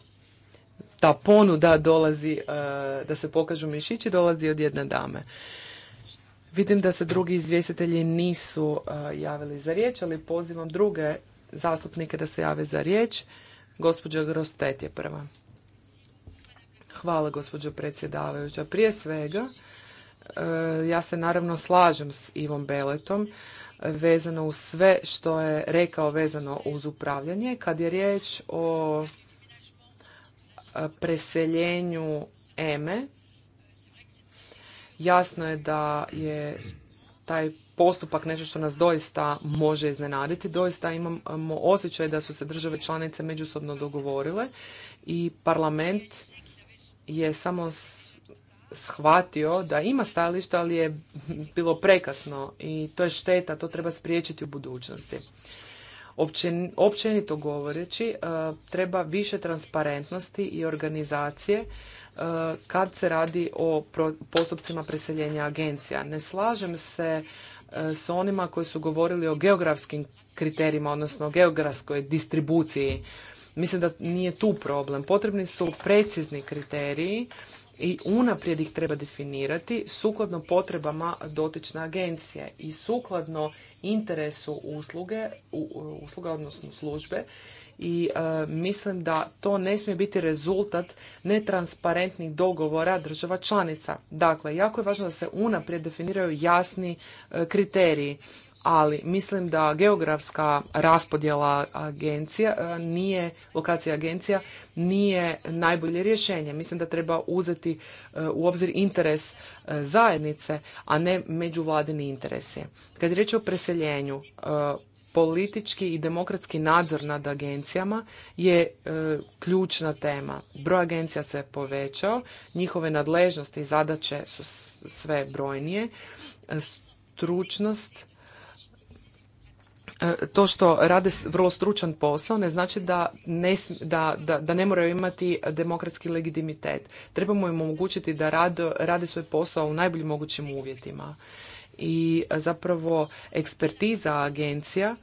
Ta ponuda dolazi, e, da se pokažu mišići, dolazi od jedne dame. Vidim da se drugi izvjestitelji nisu e, javili za riječ, ali pozivam druge zastupnike da se jave za riječ. Gospođa Grostet je prva. Hvala gospođo predsjedavajuća. Prije svega, e, ja se naravno slažem s Ivom Beletom vezano uz sve što je rekao vezano uz upravljanje. Kad je riječ o preseljenju EME, jasno je da je taj postupak nešto što nas doista može iznenaditi. Doista imamo osjećaj da su se države članice međusobno dogovorile i parlament je samo shvatio da ima stajalište, ali je bilo prekasno i to je šteta, to treba spriječiti u budućnosti. općenito govoreći, e, treba više transparentnosti i organizacije e, kad se radi o postupcima preseljenja agencija. Ne slažem se e, s onima koji su govorili o geografskim kriterijima, odnosno o geografskoj distribuciji. Mislim da nije tu problem. Potrebni su precizni kriteriji i unaprijed ih treba definirati sukladno potrebama dotične agencije i sukladno interesu usluge, usluga odnosno službe i e, mislim da to ne smije biti rezultat netransparentnih dogovora država članica. Dakle, jako je važno da se unaprijed definiraju jasni e, kriteriji ali mislim da geografska raspodjela agencija e, nije, lokacija agencija nije najbolje rješenje. Mislim da treba uzeti e, u obzir interes e, zajednice, a ne međuvladini interesi. Kad je riječ o preseljenju, politički i demokratski nadzor nad agencijama je ključna tema. Broj agencija se povećao, njihove nadležnosti i zadaće su sve brojnije, stručnost E, to što rade vrlo stručan posao ne znači da ne, da, da, da ne moraju imati demokratski legitimitet. Trebamo im omogućiti da rade, rade svoj posao u najboljim mogućim uvjetima. I zapravo ekspertiza agencija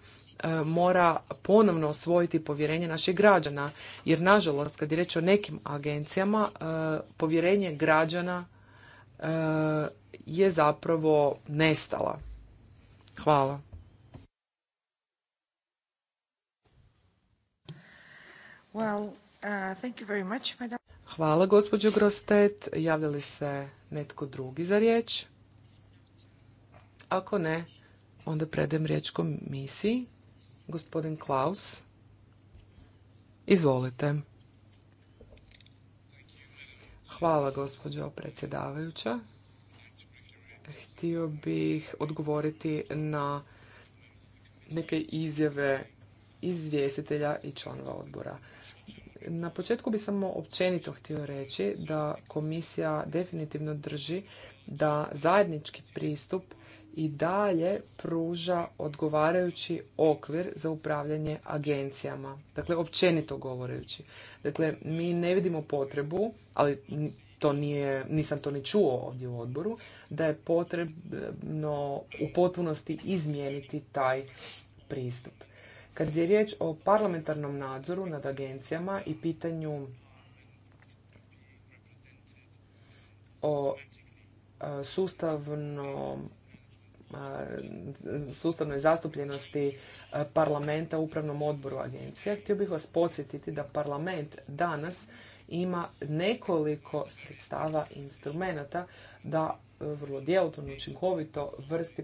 e, mora ponovno osvojiti povjerenje naših građana. Jer nažalost, kad je reč o nekim agencijama, e, povjerenje građana je zapravo nestala. Hvala. Uh, Hvala, gospođo Grostet. Javlja li se netko drugi za riječ? Ako ne, onda predajem riječ komisiji. Gospodin Klaus, izvolite. Hvala, gospođo predsjedavajuća. Htio bih odgovoriti na neke izjave izvjestitelja i članova odbora. Na početku bi samo općenito htio reći da komisija definitivno drži da zajednički pristup i dalje pruža odgovarajući okvir za upravljanje agencijama. Dakle, općenito govoreći. Dakle, mi ne vidimo potrebu, ali to nije, nisam to ni čuo ovdje u odboru, da je potrebno u potpunosti izmijeniti taj pristup. Kad je riječ o parlamentarnom nadzoru nad agencijama i pitanju o e, sustavnom e, sustavnoj zastupljenosti e, parlamenta u upravnom odboru agencija. Htio bih vas podsjetiti da parlament danas ima nekoliko sredstava i instrumenata da vrlo djelotvorno učinkovito vrsti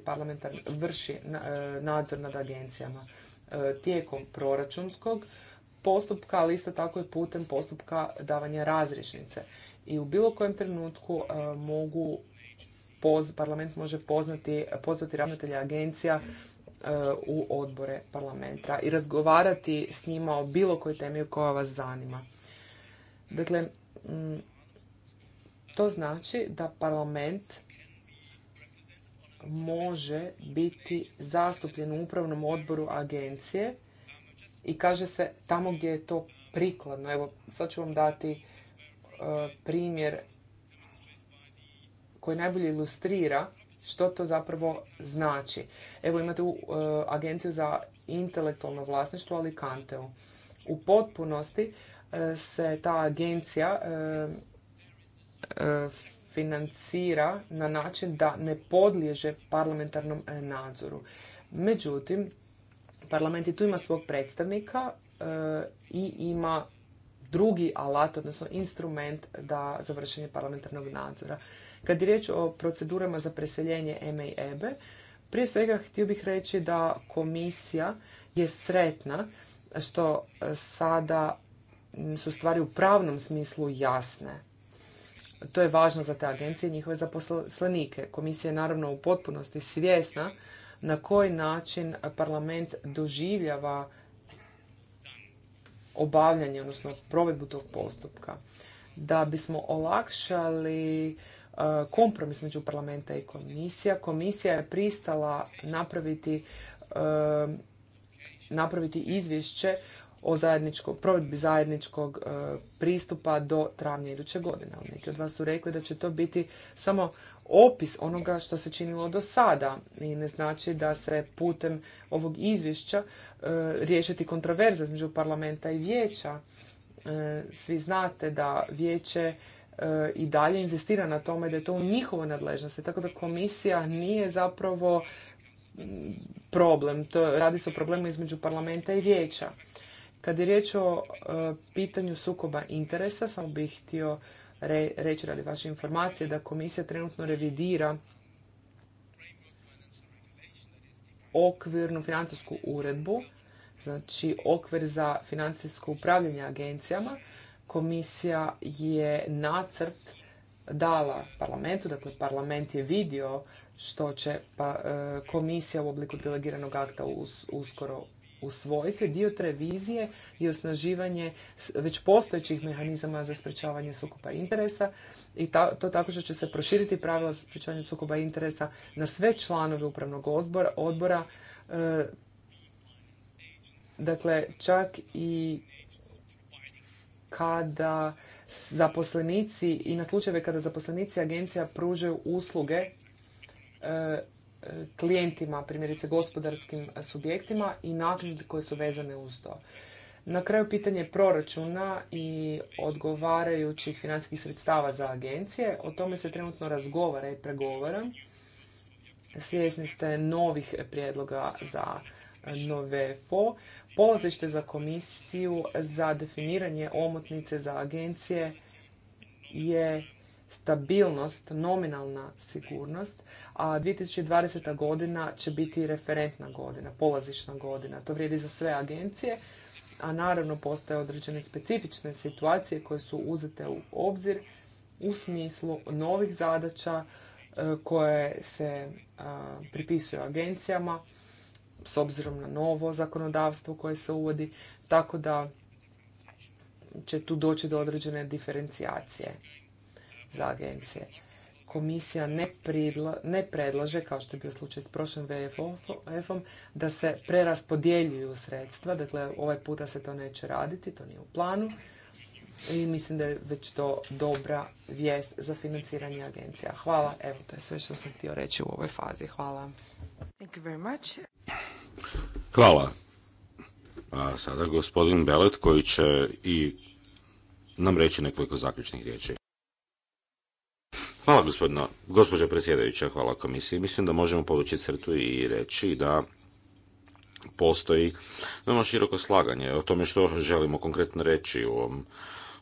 vrši nadzor nad agencijama. E, tijekom proračunskog postupka, ali isto tako i putem postupka davanja razrišnice. I u bilo kojem trenutku e, mogu parlament može poznati, pozvati ravnatelja agencija e, u odbore parlamenta i razgovarati s njima o bilo kojoj temi koja vas zanima. Dakle, to znači da parlament može biti zastupljen u upravnom odboru agencije i kaže se tamo gdje je to prikladno. Evo, sad ću vam dati e, primjer koji najbolje ilustrira što to zapravo znači. Evo imate e, Agenciju za intelektualno vlasništvo Kanteu. U potpunosti e, se ta agencija financira na način da ne podliježe parlamentarnom e, nadzoru. Međutim, parlament i tu ima svog predstavnika e, i ima drugi alat, odnosno instrument da za vršenje parlamentarnog nadzora. Kad je riječ o procedurama za preseljenje EME i EBE, prije svega htio bih reći da komisija je sretna što e, sada su stvari u pravnom smislu jasne to je važno za te agencije i njihove zaposlenike. Komisija je naravno u potpunosti svjesna na koji način parlament doživljava obavljanje, odnosno provedbu tog postupka. Da bismo olakšali uh, kompromis među parlamenta i komisija, komisija je pristala napraviti uh, napraviti izvješće o zajedničkom, provedbi zajedničkog e, pristupa do travnja iduće godine. neki od vas su rekli da će to biti samo opis onoga što se činilo do sada i ne znači da se putem ovog izvješća e, riješiti kontroverza između parlamenta i vijeća. E, svi znate da vijeće i dalje inzistira na tome da je to u njihovoj nadležnosti. Tako da komisija nije zapravo problem. To radi se o problemu između parlamenta i vijeća. Kad je riječ o e, pitanju sukoba interesa, samo bih htio reći radi vaše informacije da komisija trenutno revidira okvirnu financijsku uredbu, znači okvir za financijsko upravljanje agencijama. Komisija je nacrt dala parlamentu, dakle parlament je vidio što će pa, e, komisija u obliku delegiranog akta uskoro usvojiti, dio revizije i osnaživanje već postojećih mehanizama za sprečavanje sukoba interesa i ta, to tako što će se proširiti pravila za sprečavanje sukoba interesa na sve članove upravnog odbora, odbora e, dakle čak i kada zaposlenici i na slučajeve kada zaposlenici agencija pružaju usluge e, klijentima, primjerice gospodarskim subjektima i naknade koje su vezane uz to. Na kraju pitanje proračuna i odgovarajućih financijskih sredstava za agencije. O tome se trenutno razgovara i pregovara. Svjesni ste novih prijedloga za nove FO. Polazište za komisiju za definiranje omotnice za agencije je stabilnost, nominalna sigurnost a 2020. godina će biti referentna godina, polazišna godina. To vrijedi za sve agencije, a naravno postoje određene specifične situacije koje su uzete u obzir u smislu novih zadaća e, koje se e, pripisuju agencijama s obzirom na novo zakonodavstvo koje se uvodi, tako da će tu doći do određene diferencijacije za agencije komisija ne, ne predlaže, kao što je bio slučaj s prošlom VFF-om, da se preraspodjeljuju sredstva. Dakle, ovaj puta se to neće raditi, to nije u planu. I mislim da je već to dobra vijest za financiranje agencija. Hvala, evo, to je sve što sam htio reći u ovoj fazi. Hvala. Hvala. A sada gospodin Belet koji će i nam reći nekoliko zaključnih riječi. Hvala gospodina, gospođa predsjedajuća, hvala komisiji. Mislim da možemo povući crtu i reći da postoji veoma široko slaganje o tome što želimo konkretno reći u ovom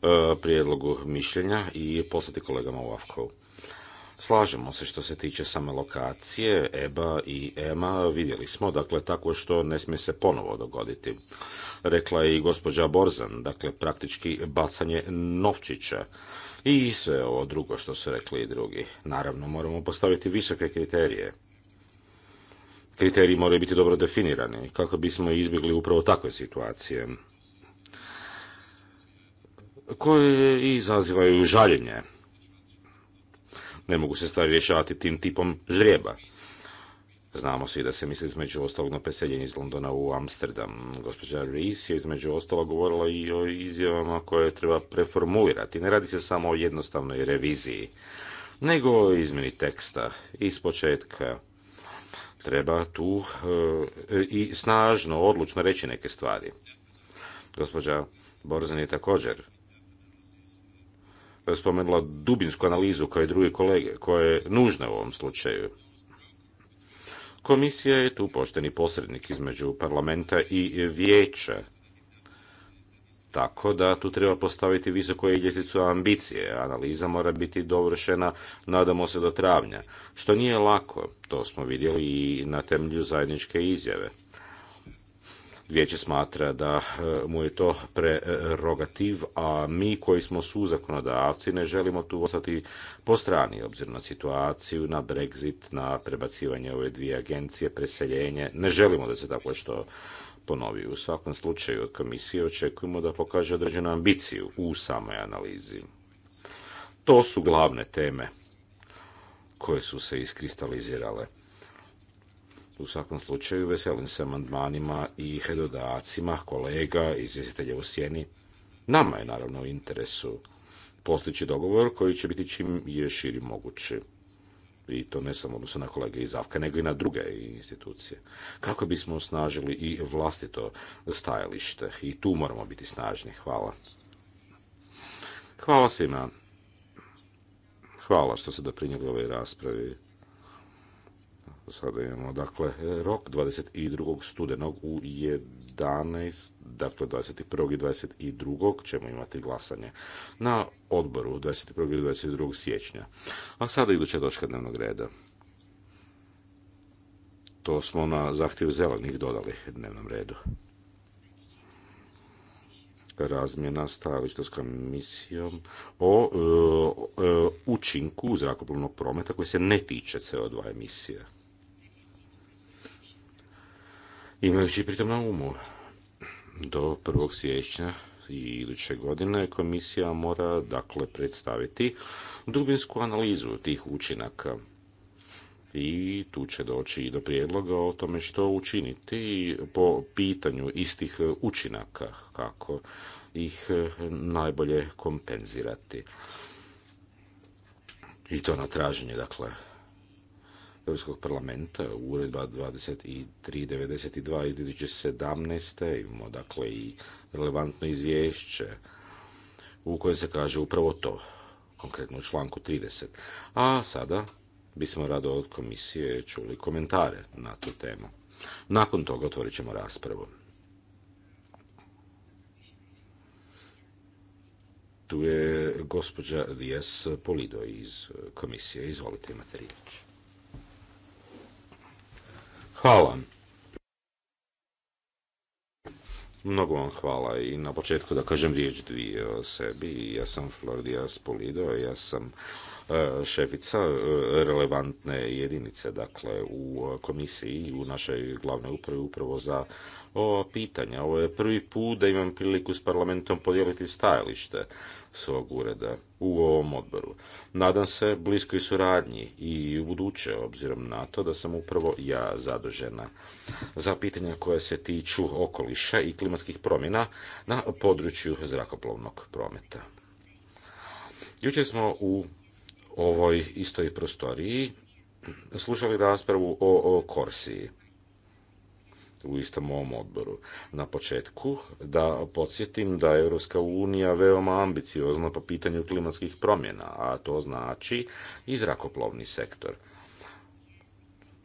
e, prijedlogu mišljenja i poslati kolegama u Slažemo se što se tiče same lokacije, EBA i EMA, vidjeli smo, dakle, tako što ne smije se ponovo dogoditi. Rekla je i gospođa Borzan, dakle, praktički bacanje novčića i sve ovo drugo što su rekli i drugi. Naravno, moramo postaviti visoke kriterije. Kriteriji moraju biti dobro definirani kako bismo izbjegli upravo takve situacije koje izazivaju žaljenje. Ne mogu se stvari rješavati tim tipom žrijeba. Znamo svi da se misli između ostalog na preseljenje iz Londona u Amsterdam. Gospođa Rees je između ostalog govorila i o izjavama koje treba preformulirati. Ne radi se samo o jednostavnoj reviziji, nego o izmjeni teksta iz početka. Treba tu eh, i snažno, odlučno reći neke stvari. Gospođa Borzan je također spomenula dubinsku analizu kao i druge kolege, koja je nužna u ovom slučaju. Komisija je tu pošteni posrednik između parlamenta i vijeća. Tako da tu treba postaviti visoko iljeticu ambicije. Analiza mora biti dovršena, nadamo se, do travnja. Što nije lako, to smo vidjeli i na temelju zajedničke izjave vijeće smatra da eh, mu je to prerogativ, a mi koji smo zakonodavci ne želimo tu ostati po strani, obzirom na situaciju, na Brexit, na prebacivanje ove dvije agencije, preseljenje. Ne želimo da se tako što ponovi. U svakom slučaju od komisije očekujemo da pokaže određenu ambiciju u samoj analizi. To su glavne teme koje su se iskristalizirale. U svakom slučaju veselim se amandmanima i hedodacima kolega, izvjestitelja u sjeni. Nama je naravno u interesu postići dogovor koji će biti čim je širi mogući. I to ne samo odnosno na kolege iz Afka, nego i na druge institucije. Kako bismo osnažili i vlastito stajalište. I tu moramo biti snažni. Hvala. Hvala svima. Hvala što ste doprinjeli ovoj raspravi. Sada imamo dakle rok 22. studenog u 11, dakle 21. i 22. ćemo imati glasanje na odboru 21. i 22. siječnja. A sada iduća točka dnevnog reda. To smo na zahtjev zelenih dodali dnevnom redu. Razmjena stajališta s komisijom o e, e, učinku zrakoplovnog prometa koji se ne tiče CO2 emisije. Imajući pritom na umu do 1. siječnja i iduće godine komisija mora dakle predstaviti dubinsku analizu tih učinaka i tu će doći i do prijedloga o tome što učiniti po pitanju istih učinaka, kako ih e, najbolje kompenzirati. I to na traženje, dakle, Europskog parlamenta, uredba 2392 iz 2017. Imamo dakle i relevantno izvješće u kojem se kaže upravo to, konkretno u članku 30. A sada bismo rado od komisije čuli komentare na tu temu. Nakon toga otvorit ćemo raspravu. Tu je gospođa Vijas Polido iz komisije. Izvolite, imate riječ. Hvala. Mnogo vam hvala i na početku da kažem riječ dvije o sebi. Ja sam Flordias Polido, ja sam E, šefica e, relevantne jedinice, dakle u e, komisiji i u našoj glavnoj upravi upravo za ova pitanja. Ovo je prvi put da imam priliku s parlamentom podijeliti stajalište svog ureda u ovom odboru. Nadam se bliskoj suradnji i u buduće, obzirom na to da sam upravo ja zadužena za pitanja koja se tiču okoliša i klimatskih promjena na području zrakoplovnog prometa. Jučer smo u ovoj istoj prostoriji slušali raspravu o, o Korsiji u istom ovom odboru. Na početku da podsjetim da je Europska unija veoma ambiciozna po pitanju klimatskih promjena, a to znači i zrakoplovni sektor.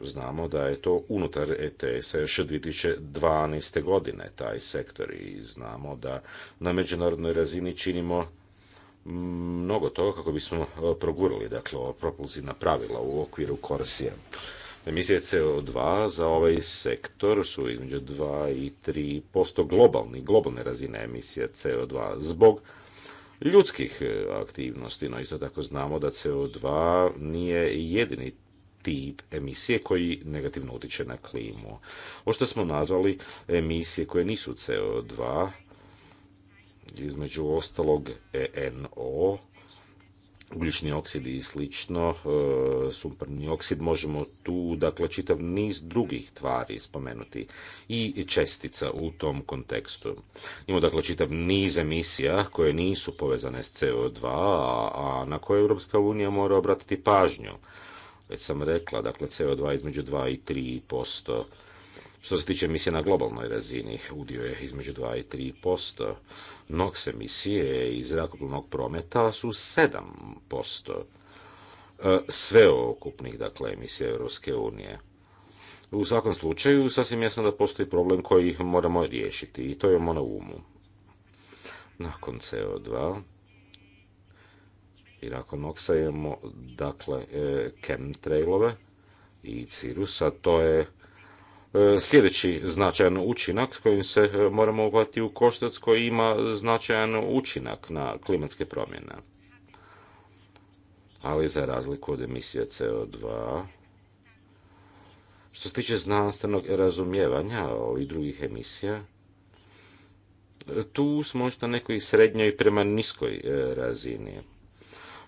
Znamo da je to unutar ETS-a još 2012. godine taj sektor i znamo da na međunarodnoj razini činimo mnogo toga kako bismo e, progurali dakle, propulzivna pravila u okviru korsija. Emisije CO2 za ovaj sektor su između 2 i 3 posto globalni, globalne razine emisije CO2 zbog ljudskih e, aktivnosti, no isto tako znamo da CO2 nije jedini tip emisije koji negativno utiče na klimu. Ovo što smo nazvali emisije koje nisu CO2, između ostalog ENO, ugljični oksid i slično, e, sumporni oksid, možemo tu dakle čitav niz drugih tvari spomenuti i čestica u tom kontekstu. Imamo dakle čitav niz emisija koje nisu povezane s CO2, a na koje Europska unija mora obratiti pažnju. Već sam rekla, dakle CO2 između 2 i 3 posto što se tiče emisije na globalnoj razini, udio je između 2 i 3%. NOx emisije iz zrakoplovnog prometa su 7% e, okupnih dakle, emisije Europske unije. U svakom slučaju, sasvim jasno da postoji problem koji moramo riješiti i to je ono na umu. Nakon CO2 i nakon NOX imamo dakle e, chemtrailove i cirusa, to je E, sljedeći značajan učinak s kojim se e, moramo uhvatiti u koštac koji ima značajan učinak na klimatske promjene. Ali za razliku od emisije CO2, što se tiče znanstvenog razumijevanja ovih drugih emisija, e, tu smo možda nekoj srednjoj prema niskoj razini.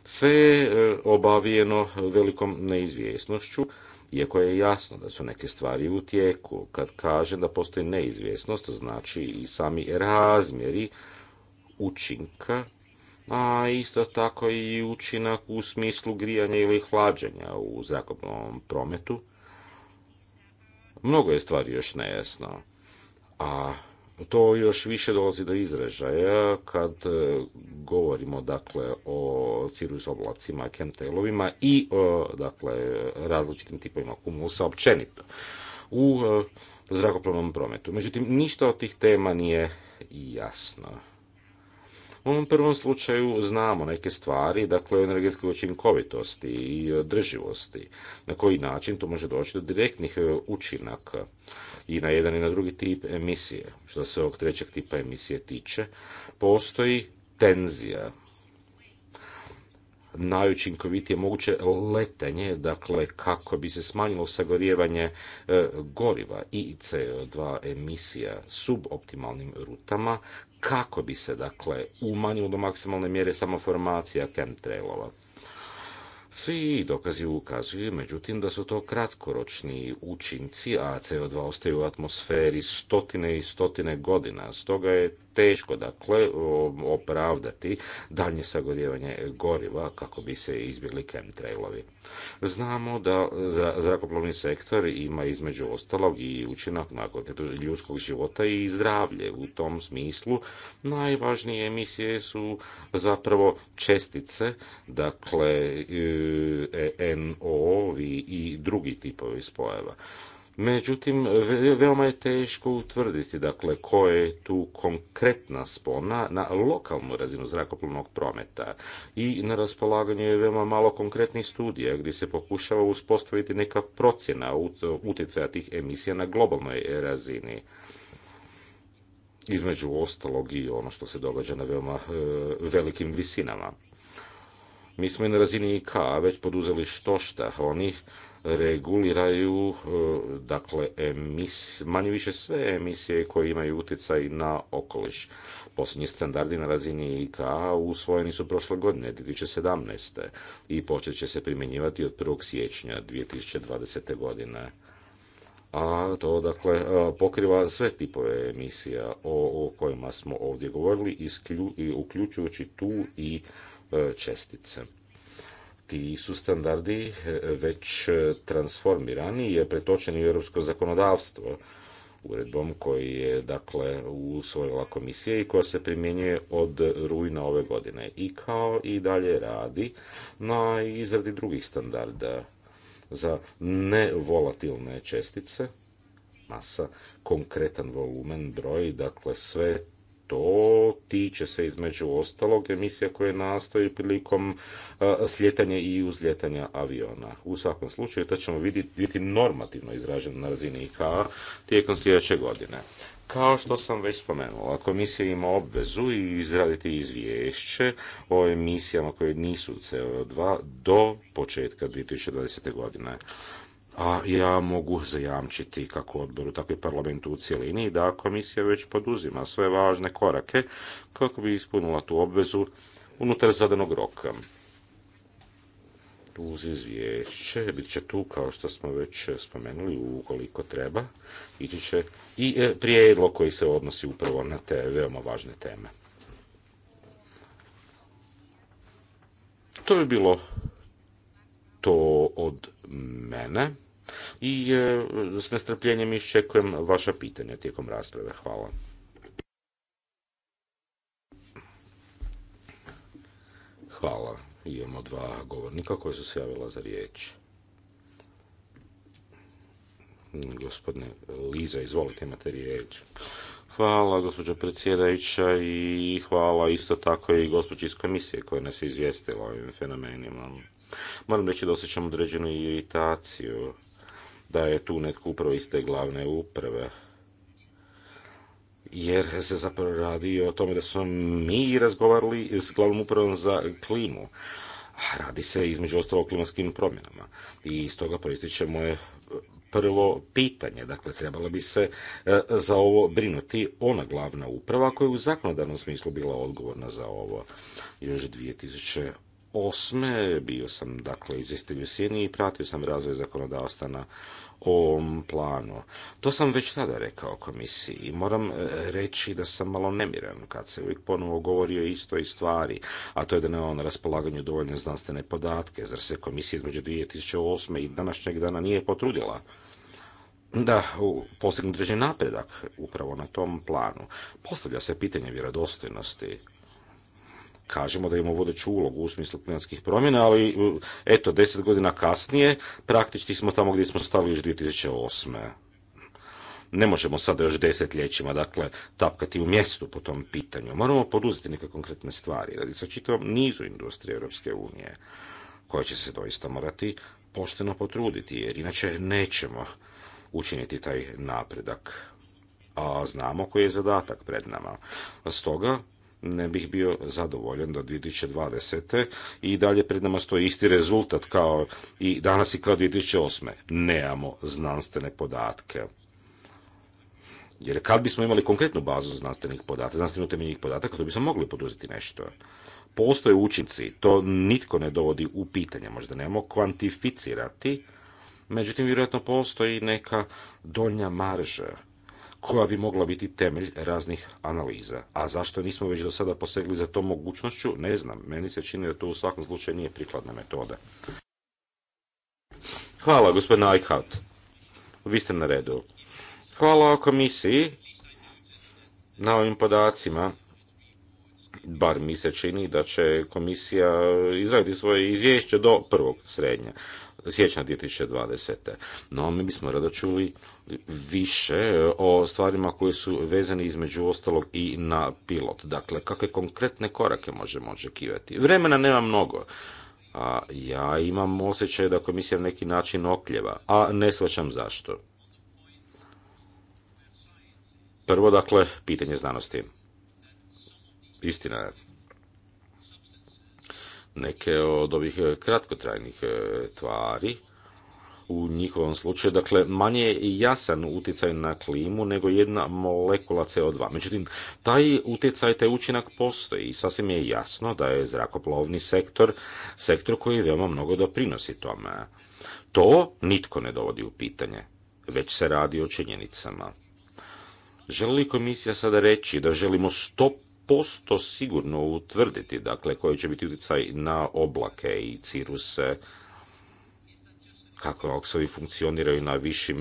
Sve je obavijeno velikom neizvjesnošću, iako je jasno da su neke stvari u tijeku, kad kaže da postoji neizvjesnost, znači i sami razmjeri učinka, a isto tako i učinak u smislu grijanja ili hlađenja u zrakoplovnom prometu. Mnogo je stvari još nejasno, a to još više dolazi do izražaja kad e, govorimo dakle o cirrus oblacima, kentelovima i e, dakle različitim tipovima kumusa općenito u e, zrakoplovnom prometu. Međutim, ništa od tih tema nije jasno. U ovom prvom slučaju znamo neke stvari, dakle o energetskoj učinkovitosti i održivosti, na koji način to može doći do direktnih e, učinaka i na jedan i na drugi tip emisije. Što se ovog trećeg tipa emisije tiče, postoji tenzija najučinkovitije moguće letenje, dakle kako bi se smanjilo sagorijevanje e, goriva i CO2 emisija suboptimalnim rutama, kako bi se dakle umanjilo do maksimalne mjere samo formacija chemtrailova. Svi dokazi ukazuju, međutim, da su to kratkoročni učinci, a CO2 ostaje u atmosferi stotine i stotine godina, stoga je teško dakle opravdati dalje sagorjevanje goriva kako bi se izbjegli chemtrailovi. Znamo da zrakoplovni sektor ima između ostalog i učinak na ljudskog života i zdravlje. U tom smislu najvažnije emisije su zapravo čestice, dakle e, e NO i drugi tipovi spojeva. Međutim, veoma je teško utvrditi dakle, koja je tu konkretna spona na lokalnu razinu zrakoplovnog prometa i na raspolaganju je veoma malo konkretnih studija gdje se pokušava uspostaviti neka procjena utjecaja tih emisija na globalnoj razini između ostalog i ono što se događa na veoma e, velikim visinama. Mi smo i na razini IK već poduzeli što šta. Oni reguliraju e, dakle, manje više sve emisije koje imaju utjecaj na okoliš. Posljednji standardi na razini IK usvojeni su prošle godine, 2017. i počet će se primjenjivati od 1. siječnja 2020. godine a to dakle e, pokriva sve tipove emisija o, kojima smo ovdje govorili, isklju, uključujući tu i E, čestice ti su standardi e, već e, transformirani i pretočeni u europsko zakonodavstvo uredbom koji je dakle usvojila komisija i koja se primjenjuje od rujna ove godine i kao i dalje radi na izradi drugih standarda za nevolatilne čestice masa, konkretan volumen, broj, dakle sve to tiče se između ostalog emisija koje nastaju prilikom e, sljetanja i uzljetanja aviona. U svakom slučaju to ćemo vidjeti, biti normativno izraženo na razini IKA tijekom sljedeće godine. Kao što sam već spomenula, komisija ima obvezu izraditi izvješće o emisijama koje nisu CO2 do početka 2020. godine a ja mogu zajamčiti kako odboru, tako i parlamentu u cjelini da komisija već poduzima sve važne korake kako bi ispunila tu obvezu unutar zadanog roka. Uz izvješće bit će tu, kao što smo već spomenuli, ukoliko treba, ići će i e, prijedlog koji se odnosi upravo na te veoma važne teme. To bi bilo to od mene i e, s nestrpljenjem iščekujem vaša pitanja tijekom rasprave. Hvala. Hvala. Imamo dva govornika koja su se javila za riječ. Gospodine Liza, izvolite, imate riječ. Hvala gospođo predsjedajuća i hvala isto tako i gospođi iz komisije koja nas je izvijestila o ovim fenomenima. Moram reći da osjećam određenu iritaciju da je tu netko upravo iz te glavne uprave. Jer se zapravo radi o tome da smo mi razgovarali s glavnom upravom za klimu. Radi se između ostalo o klimatskim promjenama. I iz toga proističe moje prvo pitanje. Dakle, trebala bi se e, za ovo brinuti ona glavna uprava koja je u zakonodavnom smislu bila odgovorna za ovo još osme bio sam dakle iz u Sini i pratio sam razvoj zakonodavstva na ovom planu. To sam već tada rekao komisiji i moram e, reći da sam malo nemiran kad se uvijek ponovo govori o istoj stvari, a to je da ne na raspolaganju dovoljne znanstvene podatke, zar se komisija između 2008. i današnjeg dana nije potrudila da postigne određen napredak upravo na tom planu. Postavlja se pitanje vjerodostojnosti kažemo da imamo vodeću ulogu u smislu klimatskih promjena, ali e, eto, deset godina kasnije praktički smo tamo gdje smo stavili još 2008. Ne možemo sada još desetljećima, dakle, tapkati u mjestu po tom pitanju. Moramo poduzeti neke konkretne stvari. Radi se o čitavom nizu industrije Europske unije, koja će se doista morati pošteno potruditi, jer inače nećemo učiniti taj napredak. A znamo koji je zadatak pred nama. Stoga ne bih bio zadovoljan do 2020. i dalje pred nama stoji isti rezultat kao i danas i kao 2008. Nemamo znanstvene podatke. Jer kad bismo imali konkretnu bazu znanstvenih podataka, znanstveno temeljnih podataka, to bismo mogli poduzeti nešto. Postoje učinci, to nitko ne dovodi u pitanje, možda nemamo kvantificirati, međutim, vjerojatno postoji neka donja marža koja bi mogla biti temelj raznih analiza. A zašto nismo već do sada posegli za to mogućnošću, ne znam. Meni se čini da to u svakom slučaju nije prikladna metoda. Hvala, gospodin Eichhout. Vi ste na redu. Hvala komisiji na ovim podacima. Bar mi se čini da će komisija izraditi svoje izvješće do prvog srednja siječnja 2020. No, mi bismo rado čuli više e, o stvarima koje su vezane između ostalog i na pilot. Dakle, kakve konkretne korake možemo očekivati? Vremena nema mnogo. A ja imam osjećaj da komisija na neki način okljeva, a ne svačam zašto. Prvo, dakle, pitanje znanosti. Istina je neke od ovih e, kratkotrajnih e, tvari u njihovom slučaju, dakle, manje je jasan utjecaj na klimu nego jedna molekula CO2. Međutim, taj utjecaj, taj učinak postoji i sasvim je jasno da je zrakoplovni sektor sektor koji veoma mnogo doprinosi tome. To nitko ne dovodi u pitanje, već se radi o činjenicama. Želi li komisija sada reći da želimo stop? posto sigurno utvrditi, dakle, koji će biti utjecaj na oblake i ciruse, kako oksovi funkcioniraju na višim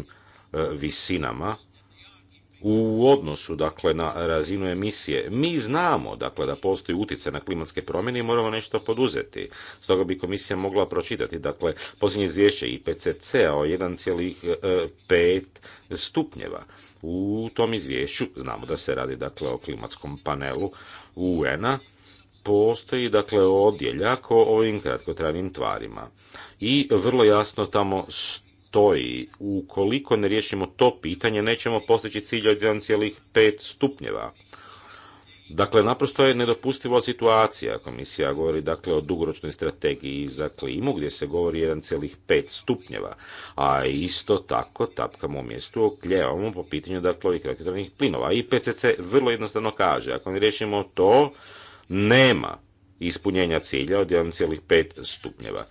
e, visinama u odnosu dakle na razinu emisije. Mi znamo dakle da postoji utjecaj na klimatske promjene i moramo nešto poduzeti. Stoga bi komisija mogla pročitati dakle posljednje izvješće IPCC o 1,5 e, stupnjeva. U tom izvješću znamo da se radi dakle o klimatskom panelu UN-a postoji dakle odjeljak o ovim kratkotrajnim tvarima i vrlo jasno tamo stoji, ukoliko ne riješimo to pitanje, nećemo postići cilj od 1,5 stupnjeva. Dakle, naprosto je nedopustiva situacija. Komisija govori dakle, o dugoročnoj strategiji za klimu gdje se govori 1,5 stupnjeva, a isto tako tapkamo u mjestu okljevamo po pitanju dakle, ovih plinova. I PCC vrlo jednostavno kaže, ako ne riješimo to, nema ispunjenja cilja od 1,5 stupnjeva.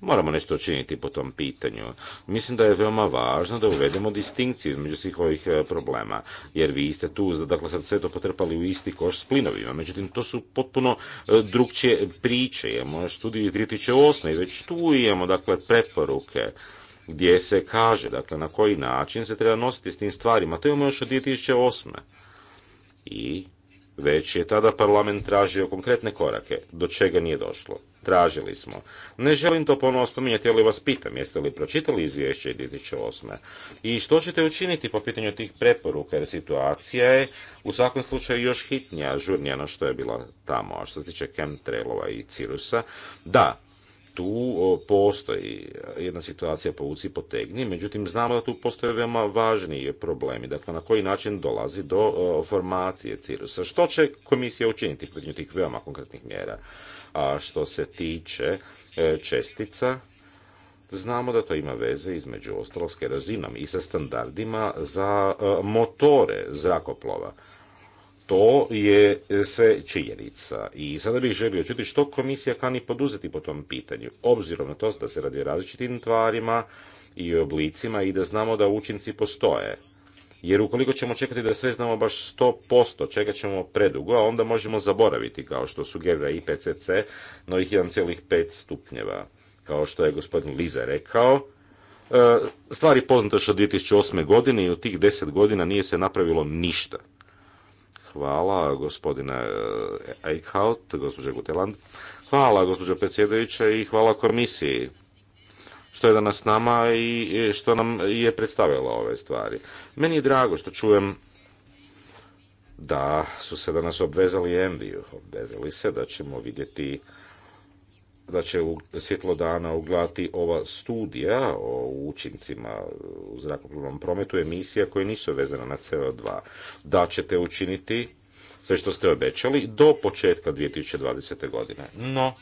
Moramo nešto činiti po tom pitanju. Mislim da je veoma važno da uvedemo distinkciju između svih ovih e, problema, jer vi ste tu, dakle sad sve to potrpali u isti koš s plinovima, međutim to su potpuno e, drugčije priče. Imamo studiju iz 2008. i već tu imamo dakle preporuke gdje se kaže dakle na koji način se treba nositi s tim stvarima. To imamo još od 2008. I već je tada parlament tražio konkretne korake, do čega nije došlo. Tražili smo. Ne želim to ponovno spominjati, ali vas pitam, jeste li pročitali izvješće 2008. I što ćete učiniti po pitanju tih preporuka, jer situacija je u svakom slučaju još hitnija, žurnija na što je bila tamo. A što se tiče chemtrailova i cirusa, da, tu postoji jedna situacija povuci potegni, međutim znamo da tu postoje veoma važni problemi, dakle na koji način dolazi do formacije cirusa. Što će komisija učiniti protiv tih veoma konkretnih mjera? A što se tiče e, čestica, Znamo da to ima veze između ostalog s i sa standardima za e, motore zrakoplova. To je sve činjenica i sada bih želio čuti što komisija kani poduzeti po tom pitanju, obzirom na to da se radi o različitim tvarima i oblicima i da znamo da učinci postoje. Jer ukoliko ćemo čekati da sve znamo baš 100%, čekat ćemo predugo, a onda možemo zaboraviti, kao što su GVA i PCC, novih 1,5 stupnjeva. Kao što je gospodin Liza rekao, e, stvari poznate još od 2008. godine i od tih 10 godina nije se napravilo ništa. Hvala gospodina eh, Eichhout, gospođe Guteland. Hvala gospođo predsjedajuća i hvala komisiji što je danas nama i što nam je predstavila ove stvari. Meni je drago što čujem da su se danas obvezali Enviju. Obvezali se da ćemo vidjeti da će u svjetlo dana uglati ova studija o učincima u zrakoplovnom prometu emisija koje nisu vezane na CO2. Da ćete učiniti sve što ste obećali do početka 2020. godine. No,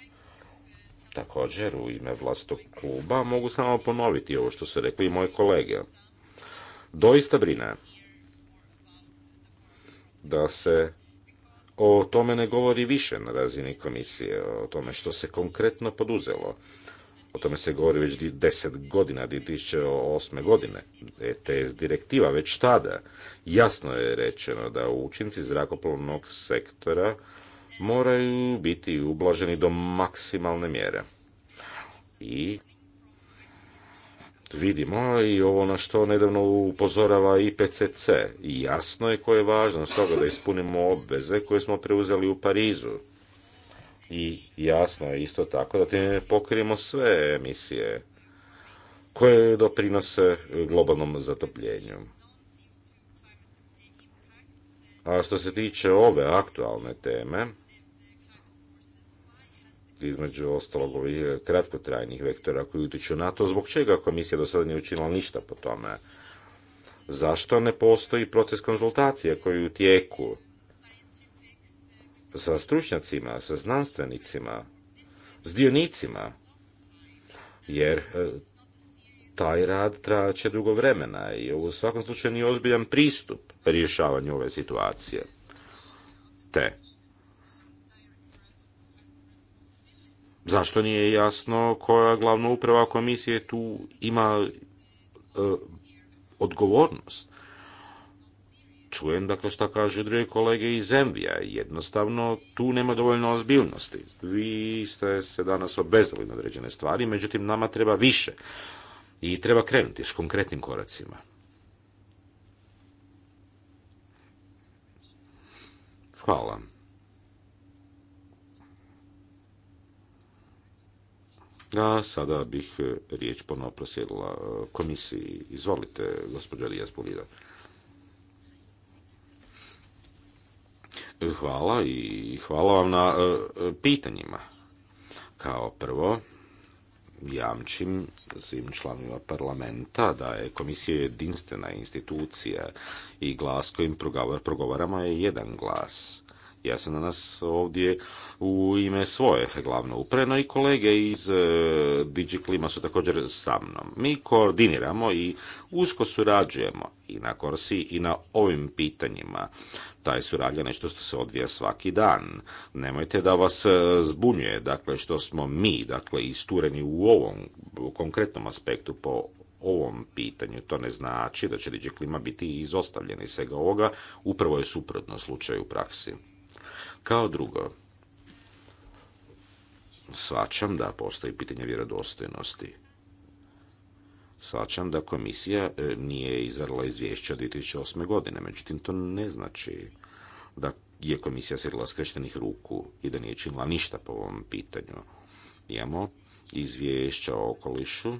također u ime vlastog kluba mogu samo ponoviti ovo što su rekli i moje kolege. Doista brine da se o tome ne govori više na razini komisije, o tome što se konkretno poduzelo. O tome se govori već deset godina, 2008. godine, ETS direktiva, već tada. Jasno je rečeno da učinci zrakoplovnog sektora moraju biti ublaženi do maksimalne mjere. I vidimo i ovo na što nedavno upozorava IPCC. I jasno je koje je važno toga da ispunimo obveze koje smo preuzeli u Parizu. I jasno je isto tako da time pokrijemo sve emisije koje doprinose globalnom zatopljenju. A što se tiče ove aktualne teme, između ostalog ovih kratkotrajnih vektora koji utiču na to, zbog čega komisija do sada nije učinila ništa po tome? Zašto ne postoji proces konzultacije koji je u tijeku sa stručnjacima, sa znanstvenicima, s dionicima? Jer e, taj rad traće dugo vremena i u svakom slučaju nije ozbiljan pristup rješavanju ove situacije. Te Zašto nije jasno koja glavna uprava komisije tu ima e, odgovornost? Čujem dakle što kažu druge kolege iz Envija. Jednostavno tu nema dovoljno ozbiljnosti. Vi ste se danas obezali na određene stvari, međutim nama treba više. I treba krenuti s konkretnim koracima. Hvala. A sada bih e, riječ ponovno prosjedila e, komisiji. Izvolite, gospođa Rijas Hvala i hvala vam na e, pitanjima. Kao prvo, jamčim svim članima parlamenta da je komisija jedinstvena institucija i glas kojim progovaramo je jedan glas. Ja sam danas ovdje u ime svoje glavno upreno i kolege iz e, Digi Klima su također sa mnom. Mi koordiniramo i usko surađujemo i na Korsi i na ovim pitanjima. taj je suradnja nešto što se odvija svaki dan. Nemojte da vas e, zbunjuje, dakle, što smo mi, dakle, istureni u ovom u konkretnom aspektu po ovom pitanju. To ne znači da će Digi Klima biti izostavljena iz svega ovoga, upravo je suprotno slučaju u praksi. Kao drugo, svačam da postoji pitanje vjerodostojnosti. Svačam da komisija e, nije izradila izvješće od 2008. godine, međutim to ne znači da je komisija sjedila skreštenih ruku i da nije činila ništa po ovom pitanju. Imamo izvješća o okolišu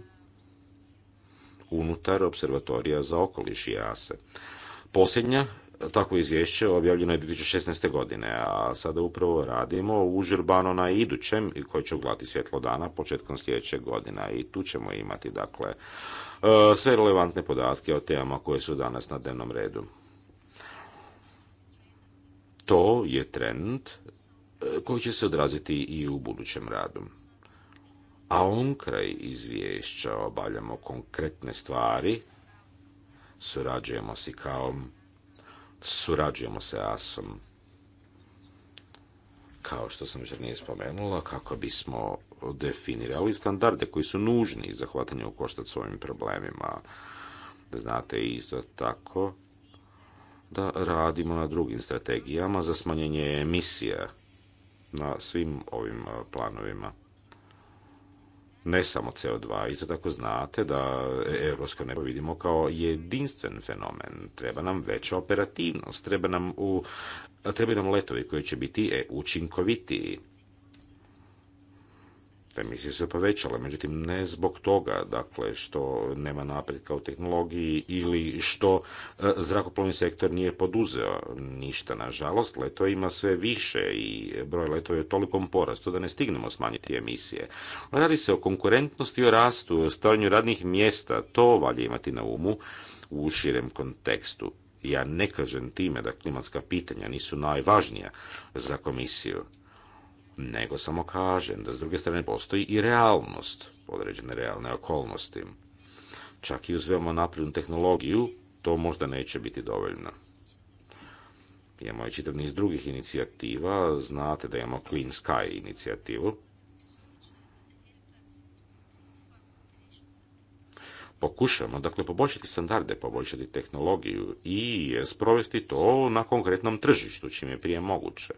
unutar observatorija za okoliš i jase. Posljednja Takvo izvješće objavljeno je 2016. godine, a sada upravo radimo užurbano na idućem, koji će uglati svjetlo dana početkom sljedećeg godina i tu ćemo imati dakle e, sve relevantne podatke o temama koje su danas na dnevnom redu. To je trend e, koji će se odraziti i u budućem radu. A on kraj izvješća obavljamo konkretne stvari, surađujemo si kao surađujemo se ASOM kao što sam već nije spomenula, kako bismo definirali standarde koji su nužni za hvatanje u koštac s ovim problemima. Znate isto tako da radimo na drugim strategijama za smanjenje emisija na svim ovim planovima ne samo CO2. Isto tako znate da europsko nebo vidimo kao jedinstven fenomen. Treba nam veća operativnost, treba nam, u, treba nam letovi koji će biti učinkovitiji emisije su povećale, međutim ne zbog toga dakle, što nema napretka u tehnologiji ili što e, zrakoplovni sektor nije poduzeo ništa, nažalost. Leto ima sve više i broj letova je u tolikom porastu da ne stignemo smanjiti emisije. Radi se o konkurentnosti, o rastu, o stvaranju radnih mjesta, to valje imati na umu u širem kontekstu. Ja ne kažem time da klimatska pitanja nisu najvažnija za komisiju nego samo kažem da s druge strane postoji i realnost, određene realne okolnosti. Čak i uz veoma naprednu tehnologiju, to možda neće biti dovoljno. Imamo i čitav niz drugih inicijativa, znate da imamo Clean Sky inicijativu. Pokušamo, dakle, poboljšati standarde, poboljšati tehnologiju i sprovesti to na konkretnom tržištu, čim je prije moguće.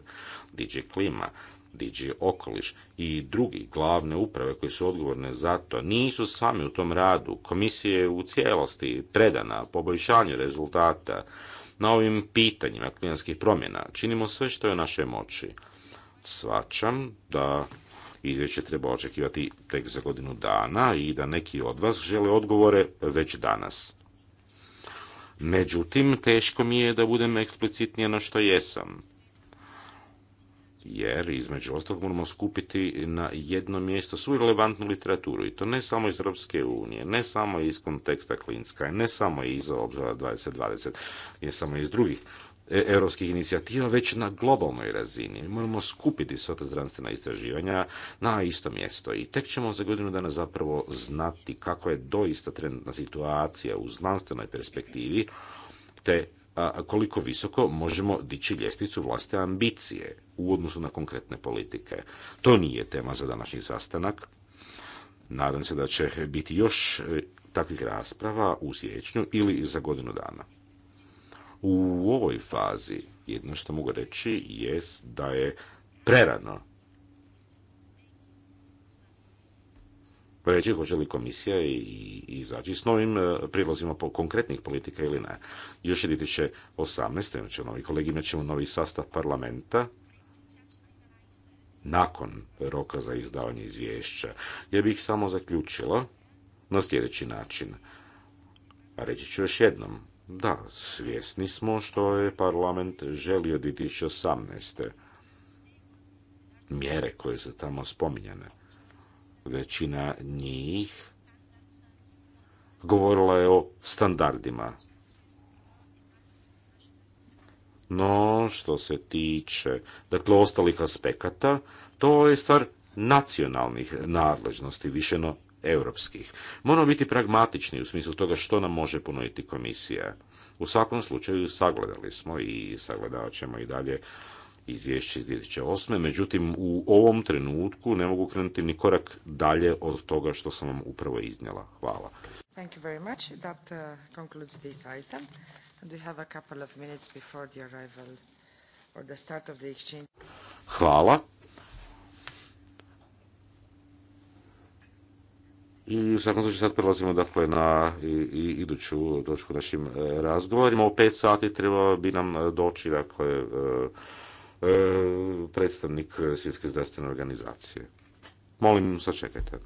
DJ Klima DG Okoliš i drugi glavne uprave koji su odgovorne za to nisu sami u tom radu. Komisija je u cijelosti predana poboljšanju rezultata na ovim pitanjima klijenskih promjena. Činimo sve što je u našoj moći. Svačam da izvješće treba očekivati tek za godinu dana i da neki od vas žele odgovore već danas. Međutim, teško mi je da budem eksplicitnije na što jesam jer između ostalog moramo skupiti na jedno mjesto svu relevantnu literaturu i to ne samo iz Europske unije, ne samo iz konteksta Klinska, ne samo iz obzora 2020, ne samo iz drugih e, europskih inicijativa, već na globalnoj razini. Moramo skupiti sva ta zdravstvena istraživanja na isto mjesto i tek ćemo za godinu dana zapravo znati kako je doista trenutna situacija u znanstvenoj perspektivi, te koliko visoko možemo dići ljestvicu vlaste ambicije u odnosu na konkretne politike. To nije tema za današnji sastanak. Nadam se da će biti još e, takvih rasprava u siječnju ili za godinu dana. U ovoj fazi jedno što mogu reći jest da je prerano reći hoće li komisija i, i izaći s novim e, prijedlozima po konkretnih politika ili ne. Još je 2018. imat će novi kolegi, imat ćemo novi sastav parlamenta nakon roka za izdavanje izvješća. Ja bih samo zaključila na sljedeći način. A reći ću još jednom. Da, svjesni smo što je parlament želio 2018. Mjere koje su tamo spominjane Većina njih govorila je o standardima. No, što se tiče dakle, ostalih aspekata, to je stvar nacionalnih nadležnosti, više no europskih. Moramo biti pragmatični u smislu toga što nam može ponuditi komisija. U svakom slučaju sagledali smo i sagledavat ćemo i dalje izvješće iz 2008. Međutim, u ovom trenutku ne mogu krenuti ni korak dalje od toga što sam vam upravo iznjela. Hvala. Thank you very much. That uh, concludes this item. And we have a couple of minutes before the arrival or the start of the exchange. Hvala. I u svakom slučaju sad prelazimo dakle na iduću točku našim e, razgovorima. U pet sati treba bi nam e, doći dakle e, E, predstavnik Svjetske zdravstvene organizacije. Molim, sačekajte.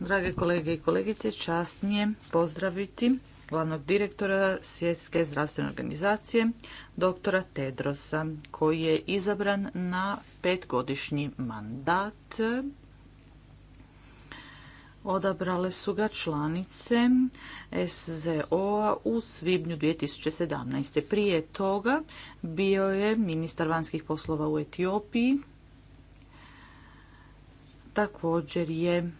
Drage kolege i kolegice, čast pozdraviti glavnog direktora Svjetske zdravstvene organizacije, doktora Tedrosa, koji je izabran na petgodišnji mandat. Odabrale su ga članice SZO-a u svibnju 2017. Prije toga bio je ministar vanjskih poslova u Etiopiji također je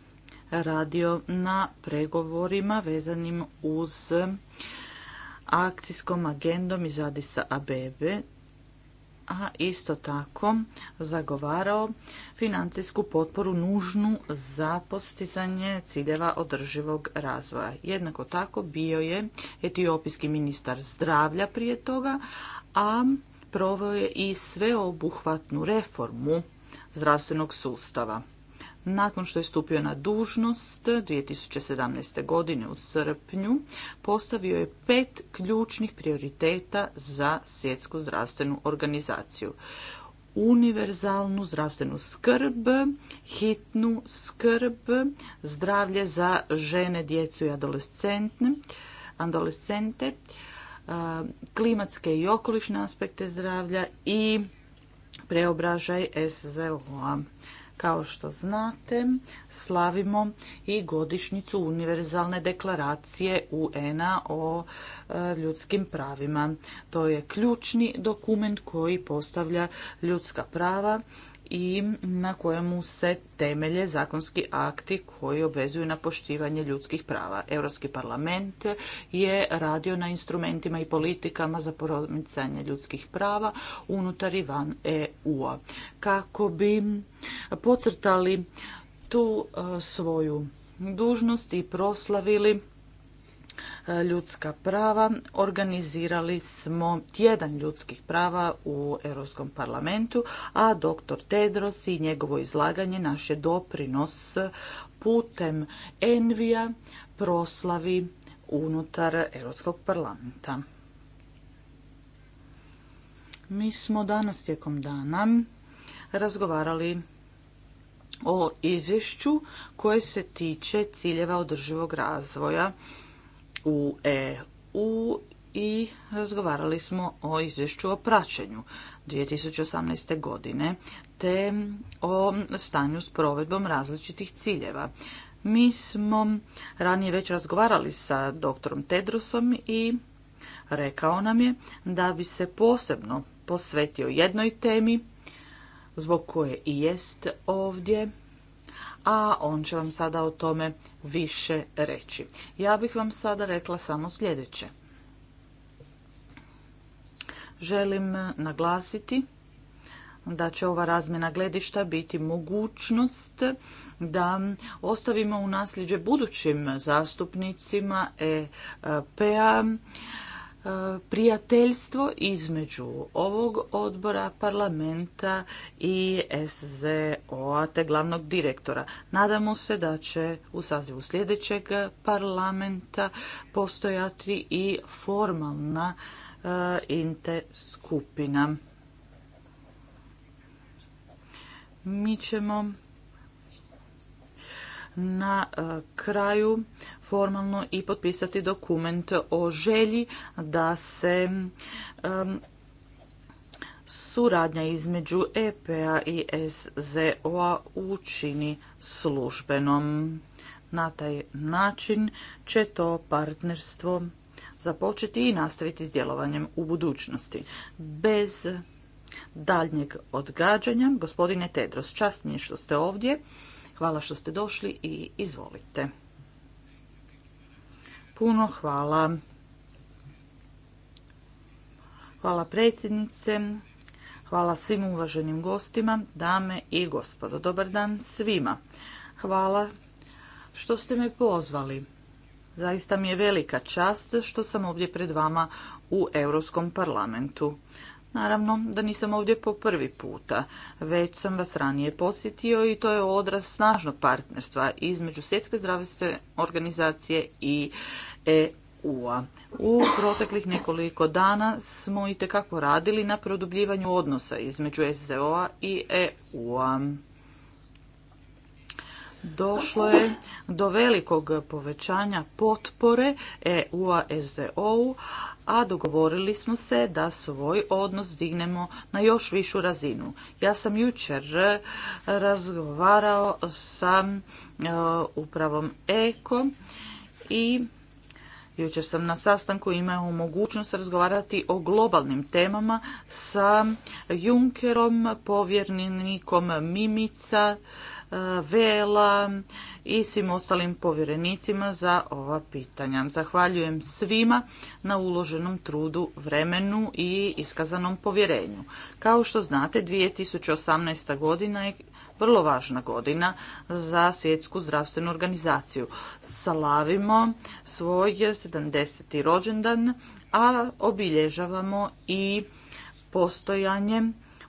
radio na pregovorima vezanim uz akcijskom agendom iz Adisa Abebe, a isto tako zagovarao financijsku potporu nužnu za postizanje ciljeva održivog razvoja. Jednako tako bio je etiopijski ministar zdravlja prije toga, a proveo je i sveobuhvatnu reformu zdravstvenog sustava. Nakon što je stupio na dužnost 2017. godine u srpnju, postavio je pet ključnih prioriteta za svjetsku zdravstvenu organizaciju. Univerzalnu zdravstvenu skrb, hitnu skrb, zdravlje za žene, djecu i adolescente, klimatske i okolišne aspekte zdravlja i preobražaj szo kao što znate, slavimo i godišnjicu Univerzalne deklaracije UN-a o e, ljudskim pravima. To je ključni dokument koji postavlja ljudska prava i na kojemu se temelje zakonski akti koji obvezuju na poštivanje ljudskih prava. Europski parlament je radio na instrumentima i politikama za promicanje ljudskih prava unutar i van EU-a kako bi pocrtali tu svoju dužnost i proslavili E, ljudska prava. Organizirali smo tjedan ljudskih prava u Europskom parlamentu, a dr. Tedros i njegovo izlaganje naš je doprinos putem Envija proslavi unutar Europskog parlamenta. Mi smo danas tijekom dana razgovarali o izvješću koje se tiče ciljeva održivog razvoja u EU i razgovarali smo o izvješću o praćenju 2018. godine te o stanju s provedbom različitih ciljeva. Mi smo ranije već razgovarali sa doktorom Tedrosom i rekao nam je da bi se posebno posvetio jednoj temi zbog koje i jest ovdje a on će vam sada o tome više reći. Ja bih vam sada rekla samo sljedeće. Želim naglasiti da će ova razmjena gledišta biti mogućnost da ostavimo u nasljeđe budućim zastupnicima EPA E, prijateljstvo između ovog odbora parlamenta i SZO-a te glavnog direktora. Nadamo se da će u sazivu sljedećeg parlamenta postojati i formalna e, inte skupina. Mi ćemo na e, kraju formalno i potpisati dokument o želji da se e, suradnja između EPA i SZO-a učini službenom. Na taj način će to partnerstvo započeti i nastaviti s djelovanjem u budućnosti. Bez daljnjeg odgađanja, gospodine Tedros, čast mi što ste ovdje. Hvala što ste došli i izvolite. Puno hvala. Hvala predsjednice. Hvala svim uvaženim gostima, dame i gospodo. Dobar dan svima. Hvala što ste me pozvali. Zaista mi je velika čast što sam ovdje pred vama u Europskom parlamentu. Naravno da nisam ovdje po prvi puta, već sam vas ranije posjetio i to je odraz snažnog partnerstva između Svjetske zdravstvene organizacije i EU-a. U proteklih nekoliko dana smo i tekako radili na produbljivanju odnosa između SZO-a i EU-a. Došlo je do velikog povećanja potpore EU-a SZO-u, a dogovorili smo se da svoj odnos dignemo na još višu razinu. Ja sam jučer e, razgovarao sa e, upravom EKO i Jučer sam na sastanku imao mogućnost razgovarati o globalnim temama sa Junkerom, povjernikom Mimica, E, vela i svim ostalim povjerenicima za ova pitanja. Zahvaljujem svima na uloženom trudu, vremenu i iskazanom povjerenju. Kao što znate, 2018. godina je vrlo važna godina za svjetsku zdravstvenu organizaciju. Salavimo svoj 70. rođendan, a obilježavamo i postojanje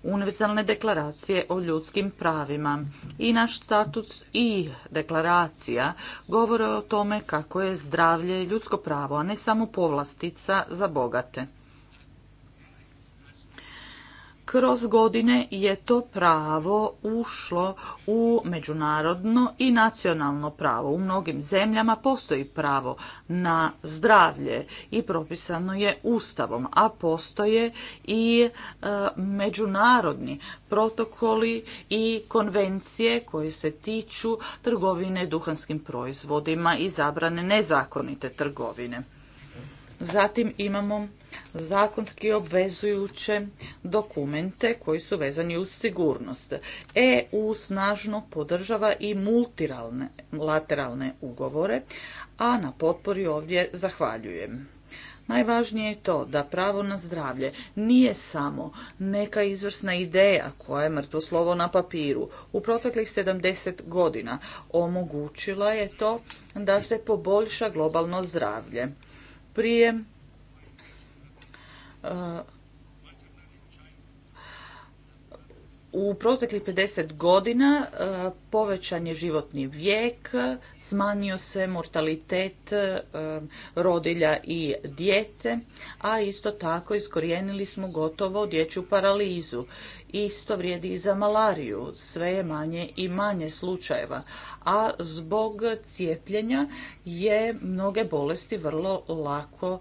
univerzalne deklaracije o ljudskim pravima. I naš status i deklaracija govore o tome kako je zdravlje ljudsko pravo, a ne samo povlastica za bogate kroz godine je to pravo ušlo u međunarodno i nacionalno pravo. U mnogim zemljama postoji pravo na zdravlje i propisano je ustavom, a postoje i e, međunarodni protokoli i konvencije koje se tiču trgovine duhanskim proizvodima i zabrane nezakonite trgovine. Zatim imamo zakonski obvezujuće dokumente koji su vezani uz sigurnost. EU snažno podržava i multilateralne ugovore, a na potpori ovdje zahvaljujem. Najvažnije je to da pravo na zdravlje nije samo neka izvrsna ideja koja je mrtvo slovo na papiru. U proteklih 70 godina omogućila je to da se poboljša globalno zdravlje. Prije u proteklih 50 godina e, povećan je životni vijek, smanjio se mortalitet e, rodilja i djece, a isto tako iskorijenili smo gotovo dječju paralizu. Isto vrijedi i za malariju, sve je manje i manje slučajeva, a zbog cijepljenja je mnoge bolesti vrlo lako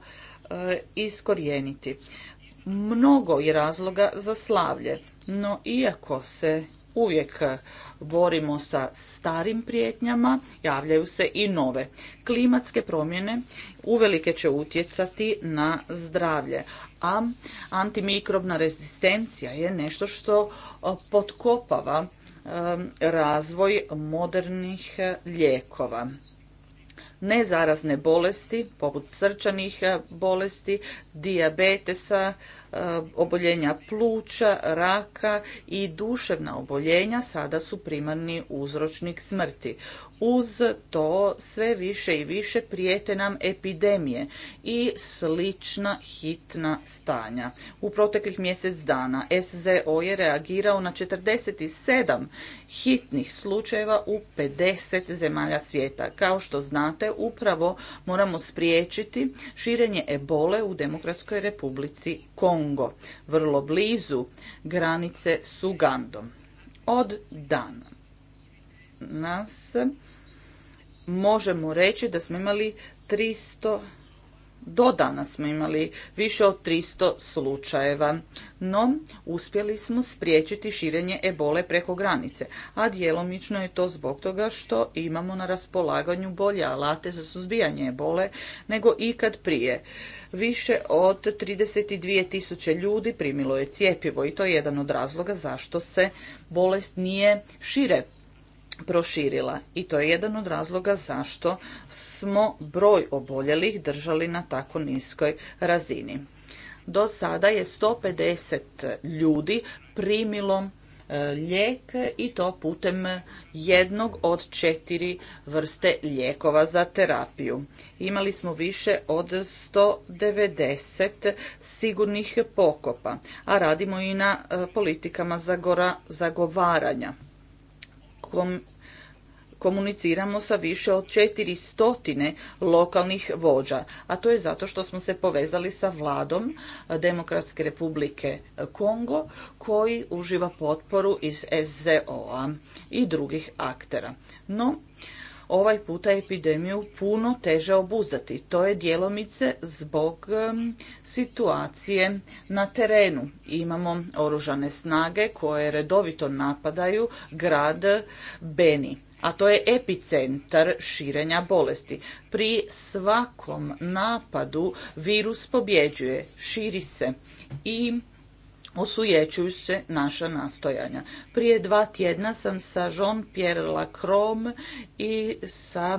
E, iskorijeniti. Mnogo je razloga za slavlje, no iako se uvijek borimo sa starim prijetnjama, javljaju se i nove. Klimatske promjene uvelike će utjecati na zdravlje, a antimikrobna rezistencija je nešto što e, potkopava e, razvoj modernih lijekova nezarazne bolesti poput srčanih e, bolesti, dijabetesa, e, oboljenja pluća, raka i duševna oboljenja sada su primarni uzročnik smrti uz to sve više i više prijete nam epidemije i slična hitna stanja. U proteklih mjesec dana SZO je reagirao na 47 hitnih slučajeva u 50 zemalja svijeta. Kao što znate, upravo moramo spriječiti širenje ebole u Demokratskoj republici Kongo, vrlo blizu granice s Ugandom. Od dana nas možemo reći da smo imali 300 do danas smo imali više od 300 slučajeva, no uspjeli smo spriječiti širenje ebole preko granice, a djelomično je to zbog toga što imamo na raspolaganju bolje alate za suzbijanje ebole nego ikad prije. Više od 32.000 ljudi primilo je cijepivo i to je jedan od razloga zašto se bolest nije šire proširila i to je jedan od razloga zašto smo broj oboljelih držali na tako niskoj razini. Do sada je 150 ljudi primilo e, lijek i to putem jednog od četiri vrste lijekova za terapiju. Imali smo više od 190 sigurnih pokopa, a radimo i na e, politikama zagovaranja komuniciramo sa više od 400 lokalnih vođa, a to je zato što smo se povezali sa vladom eh, Demokratske republike eh, Kongo koji uživa potporu iz SZO-a i drugih aktera. No, ovaj puta epidemiju puno teže obuzdati. To je djelomice zbog situacije na terenu. Imamo oružane snage koje redovito napadaju grad Beni a to je epicentar širenja bolesti. Pri svakom napadu virus pobjeđuje, širi se i osujećuju se naša nastojanja. Prije dva tjedna sam sa Jean-Pierre Lacrom i sa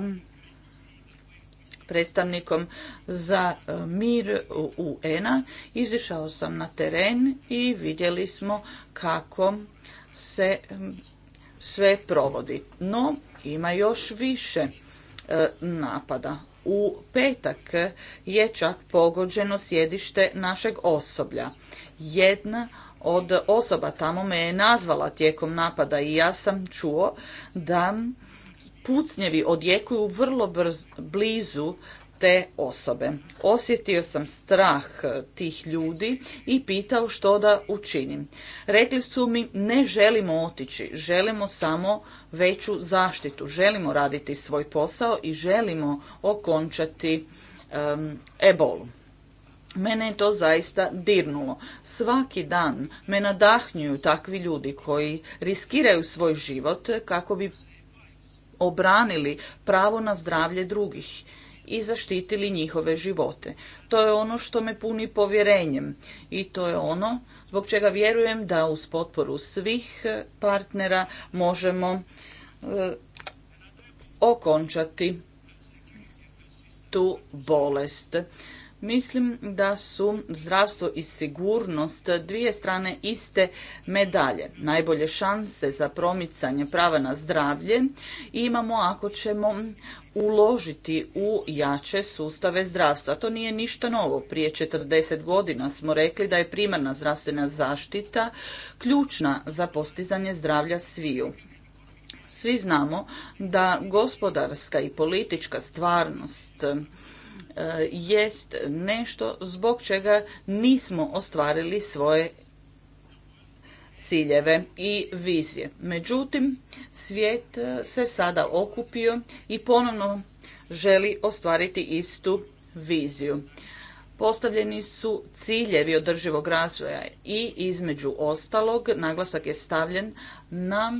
predstavnikom za e, mir UN-a izišao sam na teren i vidjeli smo kako se sve provodi. No, ima još više. E, napada. U petak je čak pogođeno sjedište našeg osoblja. Jedna od osoba tamo me je nazvala tijekom napada i ja sam čuo da pucnjevi odjekuju vrlo blizu te osobe. Osjetio sam strah tih ljudi i pitao što da učinim. Rekli su mi ne želimo otići, želimo samo veću zaštitu, želimo raditi svoj posao i želimo okončati um, ebolu. Mene je to zaista dirnulo. Svaki dan me nadahnjuju takvi ljudi koji riskiraju svoj život kako bi obranili pravo na zdravlje drugih i zaštitili njihove živote. To je ono što me puni povjerenjem i to je ono zbog čega vjerujem da uz potporu svih partnera možemo e, okončati tu bolest. Mislim da su zdravstvo i sigurnost dvije strane iste medalje. Najbolje šanse za promicanje prava na zdravlje imamo ako ćemo uložiti u jače sustave zdravstva. To nije ništa novo. Prije 40 godina smo rekli da je primarna zdravstvena zaštita ključna za postizanje zdravlja sviju. Svi znamo da gospodarska i politička stvarnost E, jest nešto zbog čega nismo ostvarili svoje ciljeve i vizije. Međutim, svijet se sada okupio i ponovno želi ostvariti istu viziju. Postavljeni su ciljevi održivog razvoja i između ostalog naglasak je stavljen na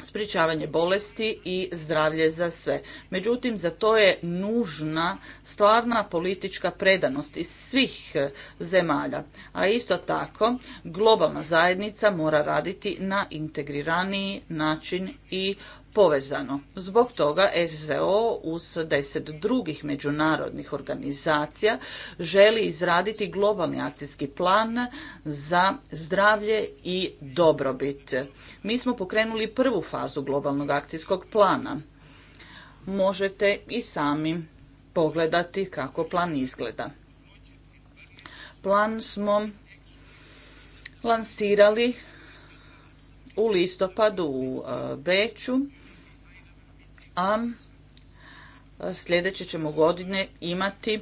sprječavanje bolesti i zdravlje za sve. Međutim, za to je nužna stvarna politička predanost iz svih e, zemalja. A isto tako, globalna zajednica mora raditi na integriraniji način i povezano. Zbog toga SZO uz deset drugih međunarodnih organizacija želi izraditi globalni akcijski plan za zdravlje i dobrobit. Mi smo pokrenuli prvu fazu globalnog akcijskog plana. Možete i sami pogledati kako plan izgleda. Plan smo lansirali u listopadu u e, Beću a sljedeće ćemo godine imati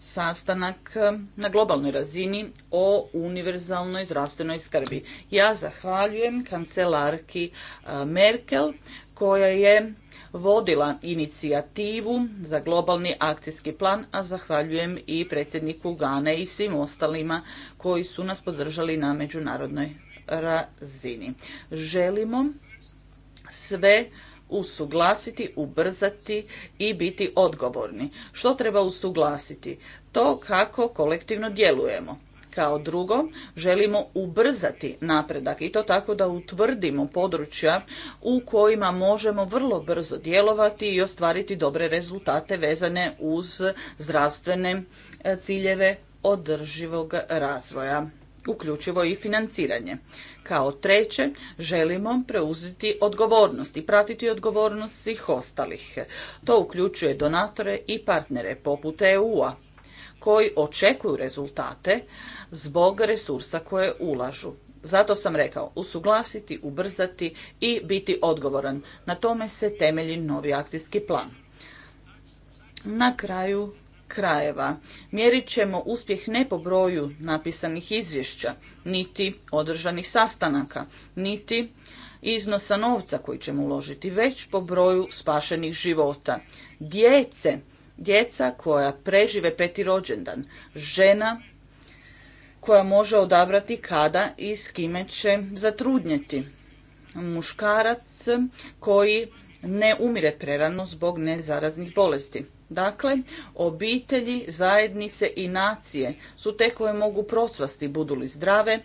sastanak na globalnoj razini o univerzalnoj zdravstvenoj skrbi. Ja zahvaljujem kancelarki e, Merkel koja je vodila inicijativu za globalni akcijski plan, a zahvaljujem i predsjedniku Gane i svim ostalima koji su nas podržali na međunarodnoj razini. Želimo sve usuglasiti, ubrzati i biti odgovorni. Što treba usuglasiti? To kako kolektivno djelujemo. Kao drugo, želimo ubrzati napredak i to tako da utvrdimo područja u kojima možemo vrlo brzo djelovati i ostvariti dobre rezultate vezane uz zdravstvene e, ciljeve održivog razvoja uključivo i financiranje. Kao treće, želimo preuzeti odgovornost i pratiti odgovornost svih ostalih. To uključuje donatore i partnere poput EU-a koji očekuju rezultate zbog resursa koje ulažu. Zato sam rekao, usuglasiti, ubrzati i biti odgovoran. Na tome se temelji novi akcijski plan. Na kraju krajeva. Mjerit ćemo uspjeh ne po broju napisanih izvješća, niti održanih sastanaka, niti iznosa novca koji ćemo uložiti, već po broju spašenih života. Djece, djeca koja prežive peti rođendan, žena koja može odabrati kada i s kime će zatrudnjeti, muškarac koji ne umire prerano zbog nezaraznih bolesti. Dakle, obitelji, zajednice i nacije su te koje mogu procvasti budu li zdrave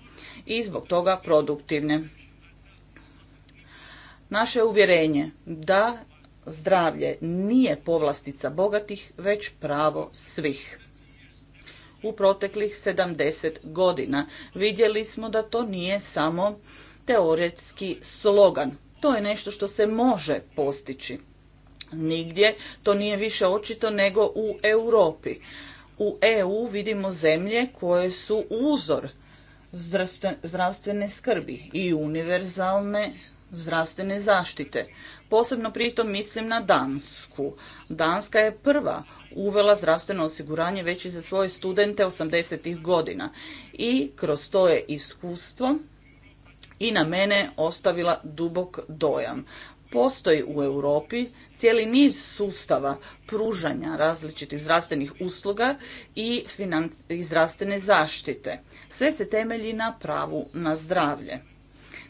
i zbog toga produktivne. Naše uvjerenje da zdravlje nije povlastica bogatih, već pravo svih. U proteklih 70 godina vidjeli smo da to nije samo teoretski slogan. To je nešto što se može postići. Nigdje to nije više očito nego u Europi. U EU vidimo zemlje koje su uzor zdravstvene skrbi i univerzalne zdravstvene zaštite. Posebno pritom mislim na Dansku. Danska je prva uvela zdravstveno osiguranje već i za svoje studente 80-ih godina i kroz to je iskustvo i na mene ostavila dubok dojam postoji u Europi cijeli niz sustava pružanja različitih zdravstvenih usluga i, zdravstvene zaštite. Sve se temelji na pravu na zdravlje.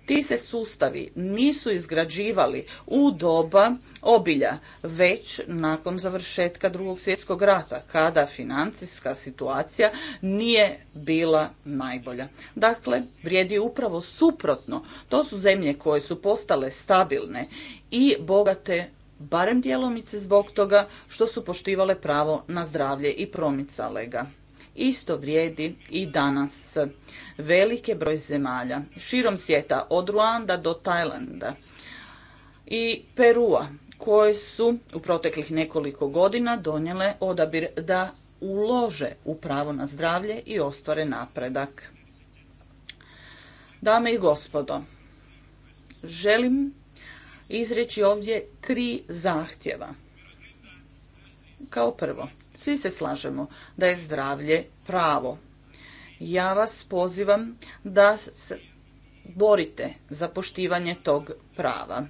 Ti se sustavi nisu izgrađivali u doba obilja, već nakon završetka drugog svjetskog rata, kada financijska situacija nije bila najbolja. Dakle, vrijedi upravo suprotno. To su zemlje koje su postale stabilne i bogate barem djelomice zbog toga što su poštivale pravo na zdravlje i promicale ga. Isto vrijedi i danas. Velike broj zemalja, širom svijeta, od Ruanda do Tajlanda i Perua, koje su u proteklih nekoliko godina donijele odabir da ulože u pravo na zdravlje i ostvare napredak. Dame i gospodo, želim izreći ovdje tri zahtjeva kao prvo, svi se slažemo da je zdravlje pravo. Ja vas pozivam da se borite za poštivanje tog prava.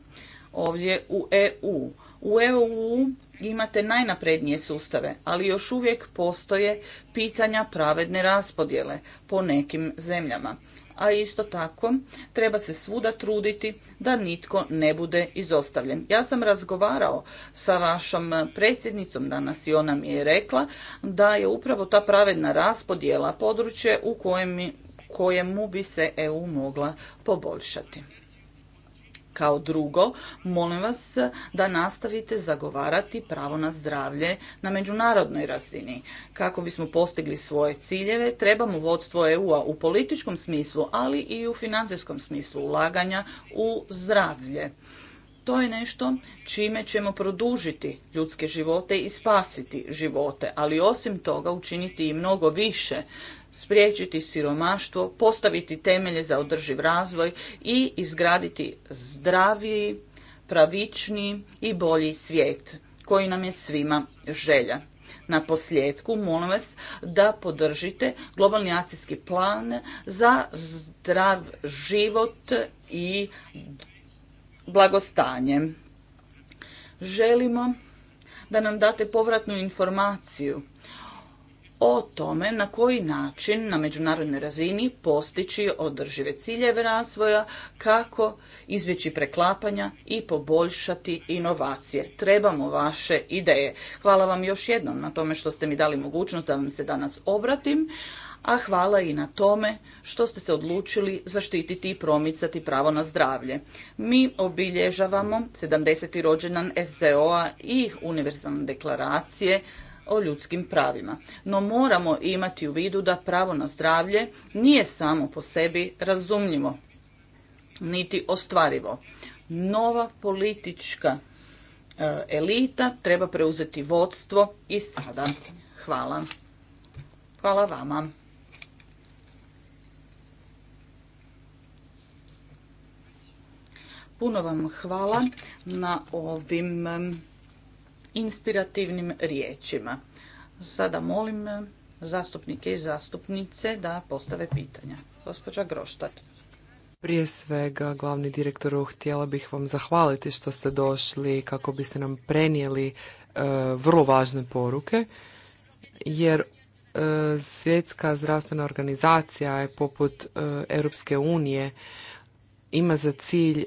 Ovdje u EU. U EU e imate najnaprednije sustave, ali još uvijek postoje pitanja pravedne raspodjele po nekim zemljama a isto tako treba se svuda truditi da nitko ne bude izostavljen. Ja sam razgovarao sa vašom predsjednicom danas i ona mi je rekla da je upravo ta pravedna raspodjela područje u kojemu bi se EU mogla poboljšati. Kao drugo, molim vas da nastavite zagovarati pravo na zdravlje na međunarodnoj razini. Kako bismo postigli svoje ciljeve, trebamo vodstvo EU-a u političkom smislu, ali i u financijskom smislu ulaganja u zdravlje. To je nešto čime ćemo produžiti ljudske živote i spasiti živote, ali osim toga učiniti i mnogo više spriječiti siromaštvo, postaviti temelje za održiv razvoj i izgraditi zdraviji, pravičniji i bolji svijet koji nam je svima želja. Na posljedku molim vas da podržite globalni akcijski plan za zdrav život i blagostanje. Želimo da nam date povratnu informaciju o tome na koji način na međunarodnoj razini postići održive ciljeve razvoja, kako izbjeći preklapanja i poboljšati inovacije. Trebamo vaše ideje. Hvala vam još jednom na tome što ste mi dali mogućnost da vam se danas obratim, a hvala i na tome što ste se odlučili zaštititi i promicati pravo na zdravlje. Mi obilježavamo 70. rođendan SZO-a i Univerzalne deklaracije o ljudskim pravima. No moramo imati u vidu da pravo na zdravlje nije samo po sebi razumljivo, niti ostvarivo. Nova politička e, elita treba preuzeti vodstvo i sada. Hvala. Hvala vama. Puno vam hvala na ovim inspirativnim riječima. Sada molim zastupnike i zastupnice da postave pitanja. Gospođa Groštat. Prije svega, glavni direktoru, htjela bih vam zahvaliti što ste došli kako biste nam prenijeli e, vrlo važne poruke, jer e, svjetska zdravstvena organizacija je poput e, Europske unije ima za cilj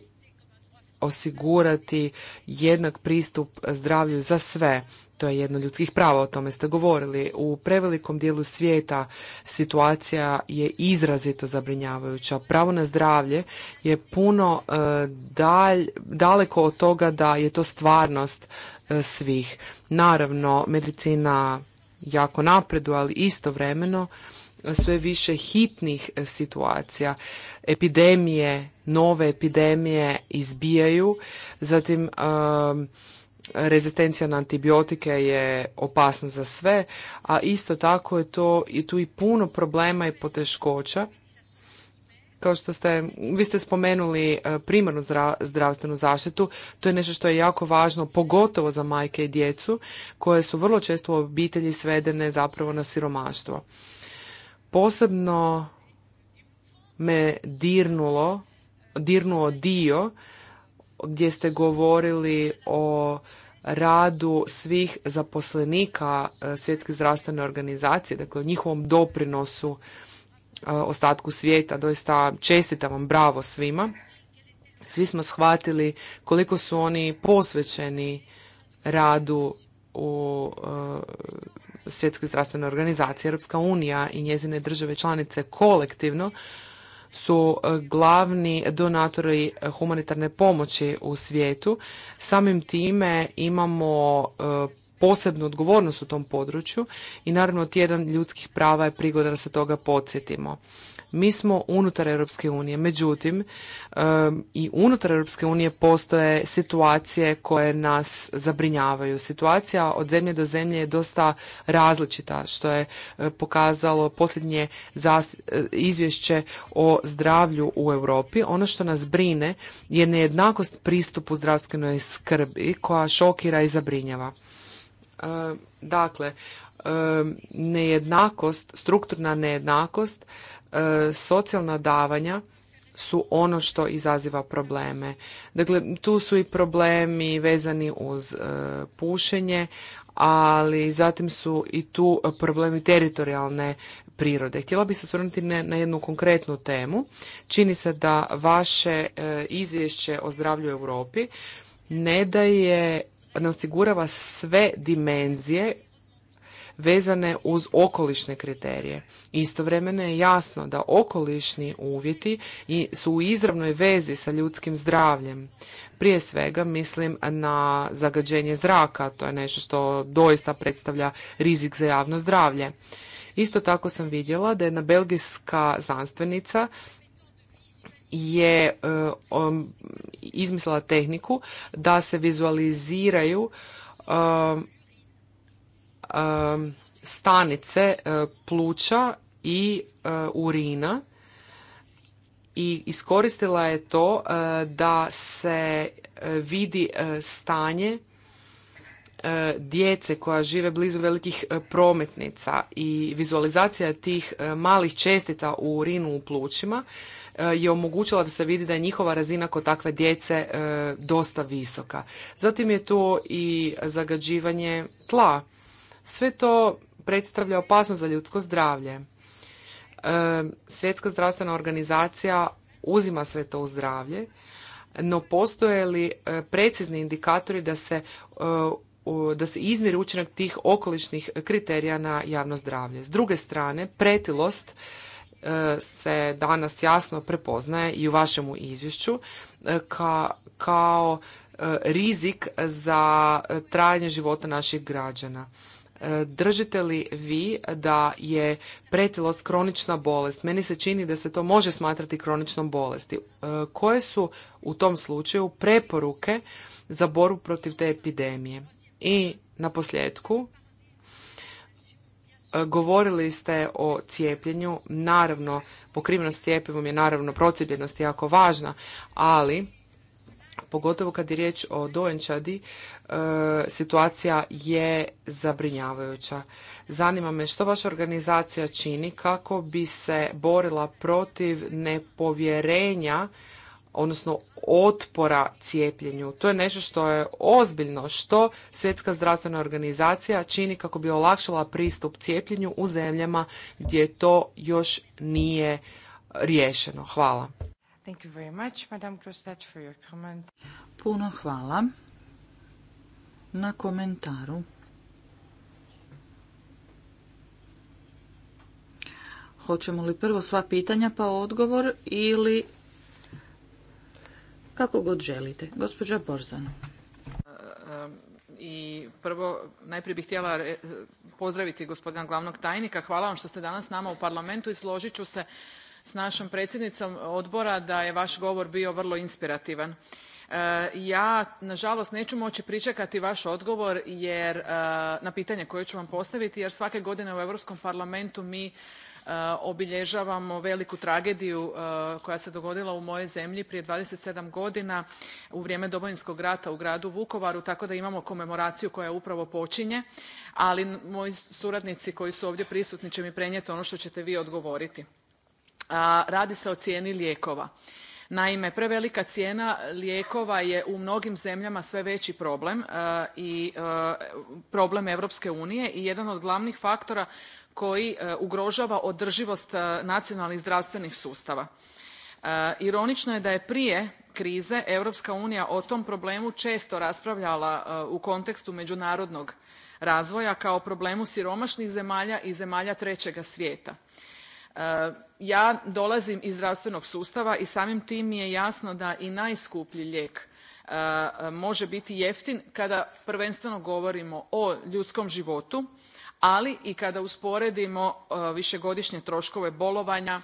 osigurati jednak pristup zdravlju za sve. To je jedno ljudskih prava, o tome ste govorili. U prevelikom dijelu svijeta situacija je izrazito zabrinjavajuća. Pravo na zdravlje je puno e, dalj, daleko od toga da je to stvarnost e, svih. Naravno, medicina jako napredu, ali istovremeno sve više hitnih e, situacija. Epidemije, nove epidemije izbijaju, zatim rezistencija na antibiotike je opasna za sve, a isto tako je to i tu i puno problema i poteškoća. Kao što ste, vi ste spomenuli e, primarnu zdravstvenu zaštitu, to je nešto što je jako važno, pogotovo za majke i djecu, koje su vrlo često u obitelji svedene zapravo na siromaštvo. Posebno me dirnulo, dirnuo dio gdje ste govorili o radu svih zaposlenika e, Svjetske zdravstvene organizacije, dakle o njihovom doprinosu e, ostatku svijeta. Doista čestitam vam, bravo svima. Svi smo shvatili koliko su oni posvećeni radu u e, svjetske zdravstvene organizacije. Europska unija i njezine države članice kolektivno su e, glavni donatori e, humanitarne pomoći u svijetu. Samim time imamo e, posebnu odgovornost u tom području i naravno tjedan ljudskih prava je prigoda da se toga podsjetimo. Mi smo unutar Europske unije, međutim i unutar Europske unije postoje situacije koje nas zabrinjavaju. Situacija od zemlje do zemlje je dosta različita, što je e, pokazalo posljednje e, izvješće o zdravlju u Europi. Ono što nas brine je nejednakost pristupu zdravstvenoj skrbi koja šokira i zabrinjava. E, dakle, nejednakost, strukturna nejednakost E, socijalna davanja su ono što izaziva probleme. Dakle, tu su i problemi vezani uz e, pušenje, ali zatim su i tu problemi teritorijalne prirode. Htjela bih se osvrnuti na jednu konkretnu temu. Čini se da vaše e, izvješće o zdravlju u Europi ne daje ne osigurava sve dimenzije vezane uz okolišne kriterije. Istovremeno je jasno da okolišni uvjeti su u izravnoj vezi sa ljudskim zdravljem. Prije svega mislim na zagađenje zraka, to je nešto što doista predstavlja rizik za javno zdravlje. Isto tako sam vidjela da jedna belgijska znanstvenica je e, izmislila tehniku da se vizualiziraju e, Um, stanice uh, pluća i uh, urina i iskoristila je to uh, da se vidi stanje djece koja žive blizu velikih prometnica i vizualizacija tih malih čestica u urinu u plućima je omogućila da se vidi da je njihova razina kod takve djece dosta visoka. Zatim je to i zagađivanje tla sve to predstavlja opasnost za ljudsko zdravlje. E, Svjetska zdravstvena organizacija uzima sve to u zdravlje, no postoje li e, precizni indikatori da se e, da se izmjeri učinak tih okolišnih kriterija na javno zdravlje. S druge strane, pretilost se danas jasno prepoznaje i u vašemu izvješću kao rizik za trajanje života naših građana. Držite li vi da je pretilost kronična bolest? Meni se čini da se to može smatrati kroničnom bolesti. E, koje su u tom slučaju preporuke za borbu protiv te epidemije? I na posljedku, e, govorili ste o cijepljenju. Naravno, pokrivenost cijepivom je naravno procijepljenost jako važna, ali pogotovo kad je riječ o dojenčadi, e, situacija je zabrinjavajuća. Zanima me što vaša organizacija čini kako bi se borila protiv nepovjerenja odnosno otpora cijepljenju. To je nešto što je ozbiljno što Svjetska zdravstvena organizacija čini kako bi olakšala pristup cijepljenju u zemljama gdje to još nije riješeno. Hvala. Thank you very much, Madame for your Puno hvala na komentaru. Hoćemo li prvo sva pitanja pa odgovor ili kako god želite. Gospođa Borzan. E, e, I prvo, najprije bih htjela pozdraviti gospodina glavnog tajnika. Hvala vam što ste danas s nama u parlamentu i složit ću se s našom predsjednicom odbora da je vaš govor bio vrlo inspirativan. E, ja, nažalost, neću moći pričekati vaš odgovor jer, e, na pitanje koje ću vam postaviti jer svake godine u Europskom parlamentu mi e, obilježavamo veliku tragediju koja se dogodila u mojoj zemlji prije 27 godina u vrijeme Domovinskog rata u gradu Vukovaru, tako da imamo komemoraciju koja upravo počinje, ali moji suradnici koji su ovdje prisutni će mi prenijeti ono što ćete vi odgovoriti a radi se o cijeni lijekova. Naime, prevelika cijena lijekova je u mnogim zemljama sve veći problem e, i e, problem Europske unije i jedan od glavnih faktora koji e, ugrožava održivost nacionalnih zdravstvenih sustava. Ironično je da je prije krize Europska unija o tom problemu često raspravljala u kontekstu međunarodnog razvoja kao problemu siromašnih zemalja i zemalja trećega svijeta ja dolazim iz zdravstvenog sustava i samim tim mi je jasno da i najskuplji lijek e, može biti jeftin kada prvenstveno govorimo o ljudskom životu ali i kada usporedimo e, višegodišnje troškove bolovanja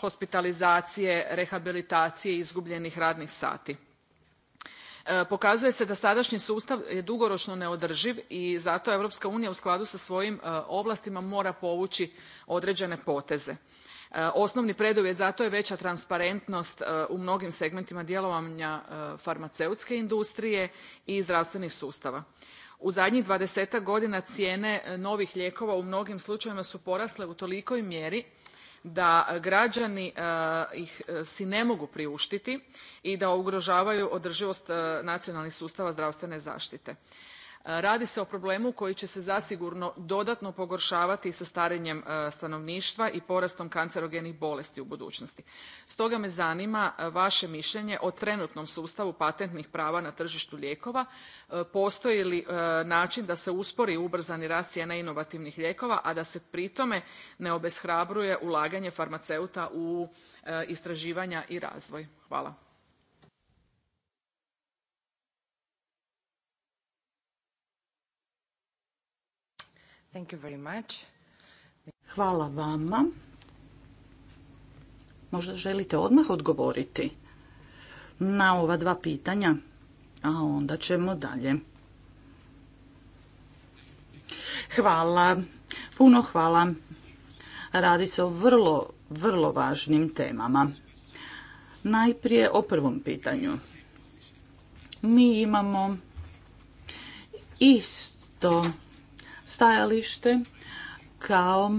hospitalizacije rehabilitacije izgubljenih radnih sati e, pokazuje se da sadašnji sustav je dugoročno neodrživ i zato europska unija u skladu sa svojim ovlastima mora povući određene poteze. E, osnovni preduvjet za to je veća transparentnost e, u mnogim segmentima djelovanja e, farmaceutske industrije i zdravstvenih sustava. U zadnjih dvadesetak godina cijene novih lijekova u mnogim slučajevima su porasle u tolikoj mjeri da građani ih si ne mogu priuštiti i da ugrožavaju održivost nacionalnih sustava zdravstvene zaštite. Radi se o problemu koji će se zasigurno dodatno pogoršavati sa starenjem e, stanovništva i porastom kancerogenih bolesti u budućnosti. Stoga me zanima e, vaše mišljenje o trenutnom sustavu patentnih prava na tržištu lijekova. E, postoji li način da se uspori ubrzani rast cijena inovativnih lijekova, a da se pri tome ne obeshrabruje ulaganje farmaceuta u istraživanja i razvoj? Hvala. Hvala vama. Možda želite odmah odgovoriti na ova dva pitanja, a onda ćemo dalje. Hvala, puno hvala. Radi se o vrlo, vrlo važnim temama. Najprije o prvom pitanju. Mi imamo isto stajalište kao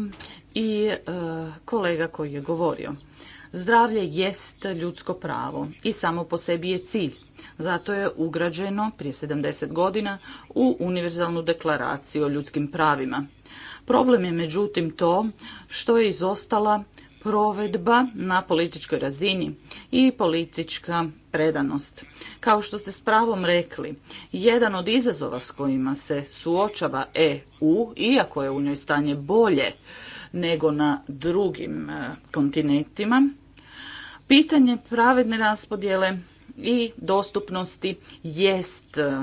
i e, kolega koji je govorio. Zdravlje jest ljudsko pravo i samo po sebi je cilj. Zato je ugrađeno prije 70 godina u Univerzalnu deklaraciju o ljudskim pravima. Problem je međutim to što je izostala provedba na političkoj razini i politička predanost. Kao što ste s pravom rekli, jedan od izazova s kojima se suočava EU, iako je u njoj stanje bolje nego na drugim e, kontinentima, pitanje pravedne raspodjele i dostupnosti jest e,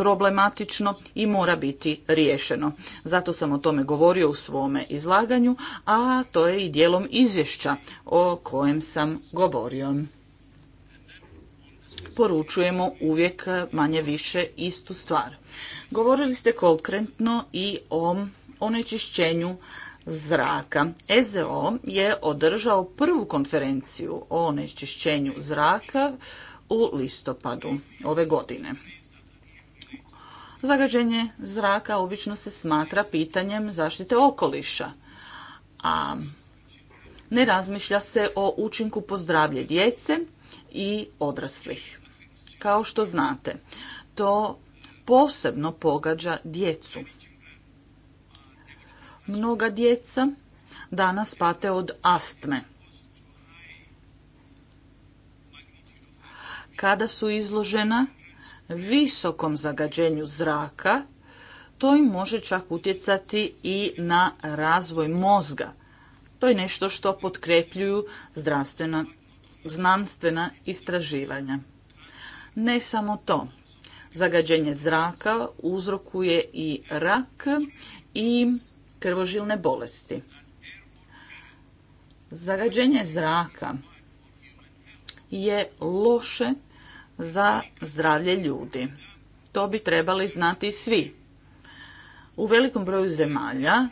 problematično i mora biti riješeno. Zato sam o tome govorio u svome izlaganju, a to je i dijelom izvješća o kojem sam govorio. Poručujemo uvijek manje više istu stvar. Govorili ste konkretno i o onečišćenju zraka. EZO je održao prvu konferenciju o onečišćenju zraka u listopadu ove godine. Zagađenje zraka obično se smatra pitanjem zaštite okoliša, a ne razmišlja se o učinku po djece i odraslih. Kao što znate, to posebno pogađa djecu. Mnoga djeca danas pate od astme. Kada su izložena visokom zagađenju zraka, to im može čak utjecati i na razvoj mozga. To je nešto što potkrepljuju zdravstvena, znanstvena istraživanja. Ne samo to. Zagađenje zraka uzrokuje i rak i krvožilne bolesti. Zagađenje zraka je loše za zdravlje ljudi. To bi trebali znati svi. U velikom broju zemalja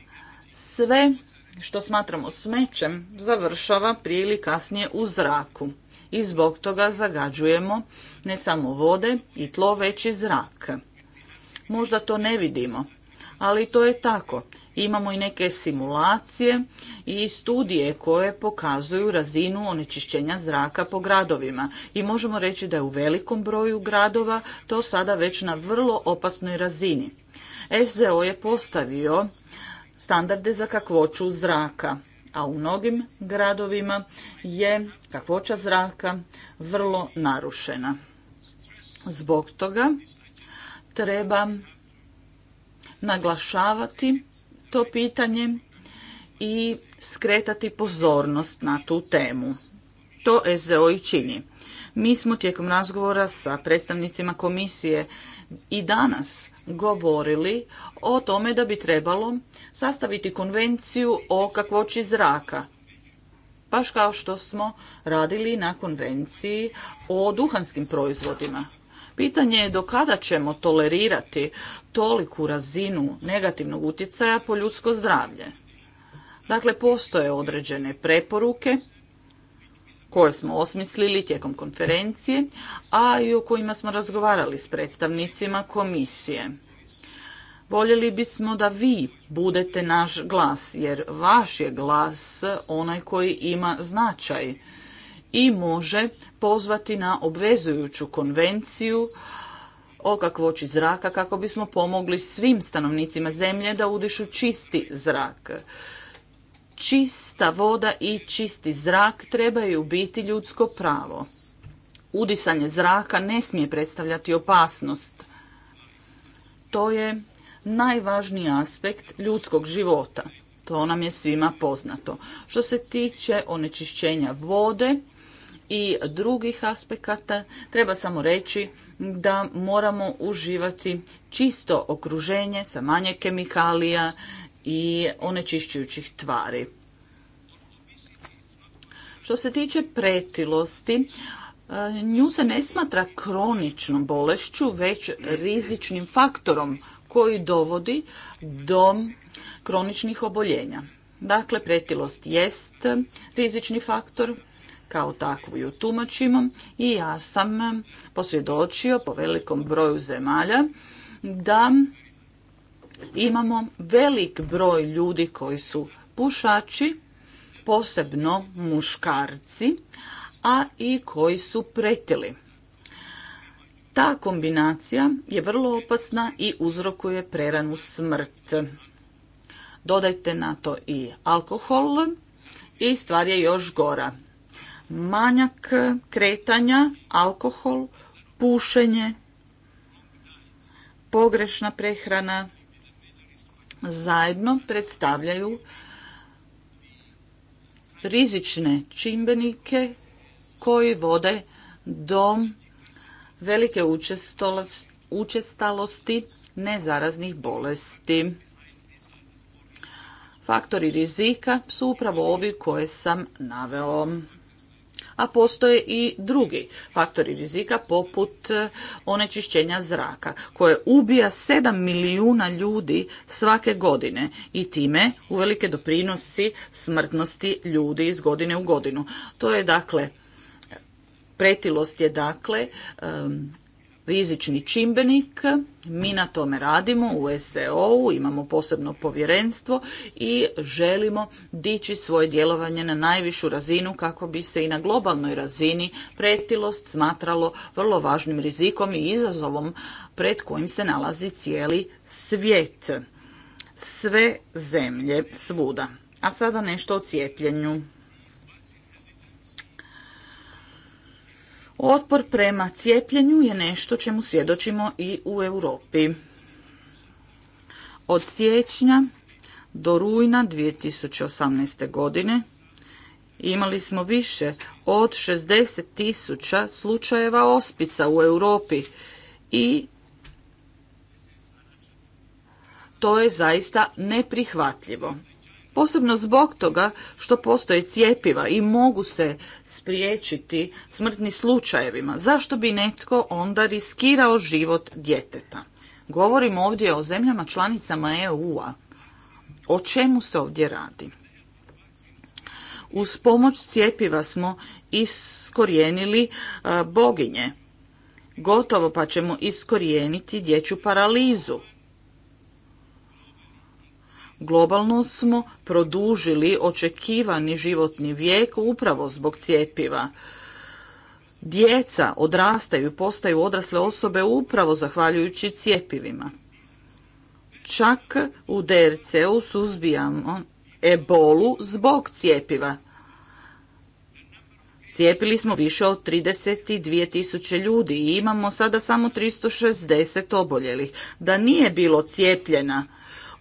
sve što smatramo smećem završava prije ili kasnije u zraku i zbog toga zagađujemo ne samo vode i tlo, već i zrak. Možda to ne vidimo, ali to je tako Imamo i neke simulacije i studije koje pokazuju razinu onečišćenja zraka po gradovima. I možemo reći da je u velikom broju gradova to sada već na vrlo opasnoj razini. SZO je postavio standarde za kakvoću zraka a u mnogim gradovima je kakvoća zraka vrlo narušena. Zbog toga treba naglašavati to pitanje i skretati pozornost na tu temu. To SZO i čini. Mi smo tijekom razgovora sa predstavnicima komisije i danas govorili o tome da bi trebalo sastaviti konvenciju o kakvoći zraka. Baš kao što smo radili na konvenciji o duhanskim proizvodima. Pitanje je do kada ćemo tolerirati toliku razinu negativnog utjecaja po ljudsko zdravlje. Dakle, postoje određene preporuke koje smo osmislili tijekom konferencije, a i o kojima smo razgovarali s predstavnicima komisije. Voljeli bismo da vi budete naš glas, jer vaš je glas onaj koji ima značaj i može pozvati na obvezujuću konvenciju o kakvoći zraka kako bismo pomogli svim stanovnicima zemlje da udišu čisti zrak. Čista voda i čisti zrak trebaju biti ljudsko pravo. Udisanje zraka ne smije predstavljati opasnost. To je najvažniji aspekt ljudskog života. To nam je svima poznato. Što se tiče onečišćenja vode, i drugih aspekata. Treba samo reći da moramo uživati čisto okruženje sa manje kemikalija i onečišćujućih tvari. Što se tiče pretilosti, nju se ne smatra kroničnom bolešću, već rizičnim faktorom koji dovodi do kroničnih oboljenja. Dakle, pretilost jest rizični faktor kao takvu ju tumačimo i ja sam posvjedočio po velikom broju zemalja da imamo velik broj ljudi koji su pušači, posebno muškarci, a i koji su pretili. Ta kombinacija je vrlo opasna i uzrokuje preranu smrt. Dodajte na to i alkohol i stvar je još gora manjak kretanja, alkohol, pušenje, pogrešna prehrana zajedno predstavljaju rizične čimbenike koji vode do velike učestalosti nezaraznih bolesti. Faktori rizika su upravo ovi koje sam naveo a postoje i drugi faktori rizika poput e, onečišćenja zraka koje ubija 7 milijuna ljudi svake godine i time uvelike doprinosi smrtnosti ljudi iz godine u godinu. To je dakle pretilost je dakle rizični čimbenik. Mi na tome radimo u SEO-u, imamo posebno povjerenstvo i želimo dići svoje djelovanje na najvišu razinu kako bi se i na globalnoj razini pretilost smatralo vrlo važnim rizikom i izazovom pred kojim se nalazi cijeli svijet. Sve zemlje svuda. A sada nešto o cijepljenju. Otpor prema cijepljenju je nešto čemu svjedočimo i u Europi. Od siječnja do rujna 2018. godine imali smo više od 60.000 slučajeva ospica u Europi i to je zaista neprihvatljivo posebno zbog toga što postoje cijepiva i mogu se spriječiti smrtni slučajevima. Zašto bi netko onda riskirao život djeteta? Govorim ovdje o zemljama članicama EU-a. O čemu se ovdje radi? Uz pomoć cijepiva smo iskorijenili e, boginje. Gotovo pa ćemo iskorijeniti dječju paralizu Globalno smo produžili očekivani životni vijek upravo zbog cjepiva. Djeca odrastaju i postaju odrasle osobe upravo zahvaljujući cjepivima. Čak u DRC-u suzbijamo ebolu zbog cjepiva. Cijepili smo više od 32.000 ljudi i imamo sada samo 360 oboljelih. Da nije bilo cijepljena,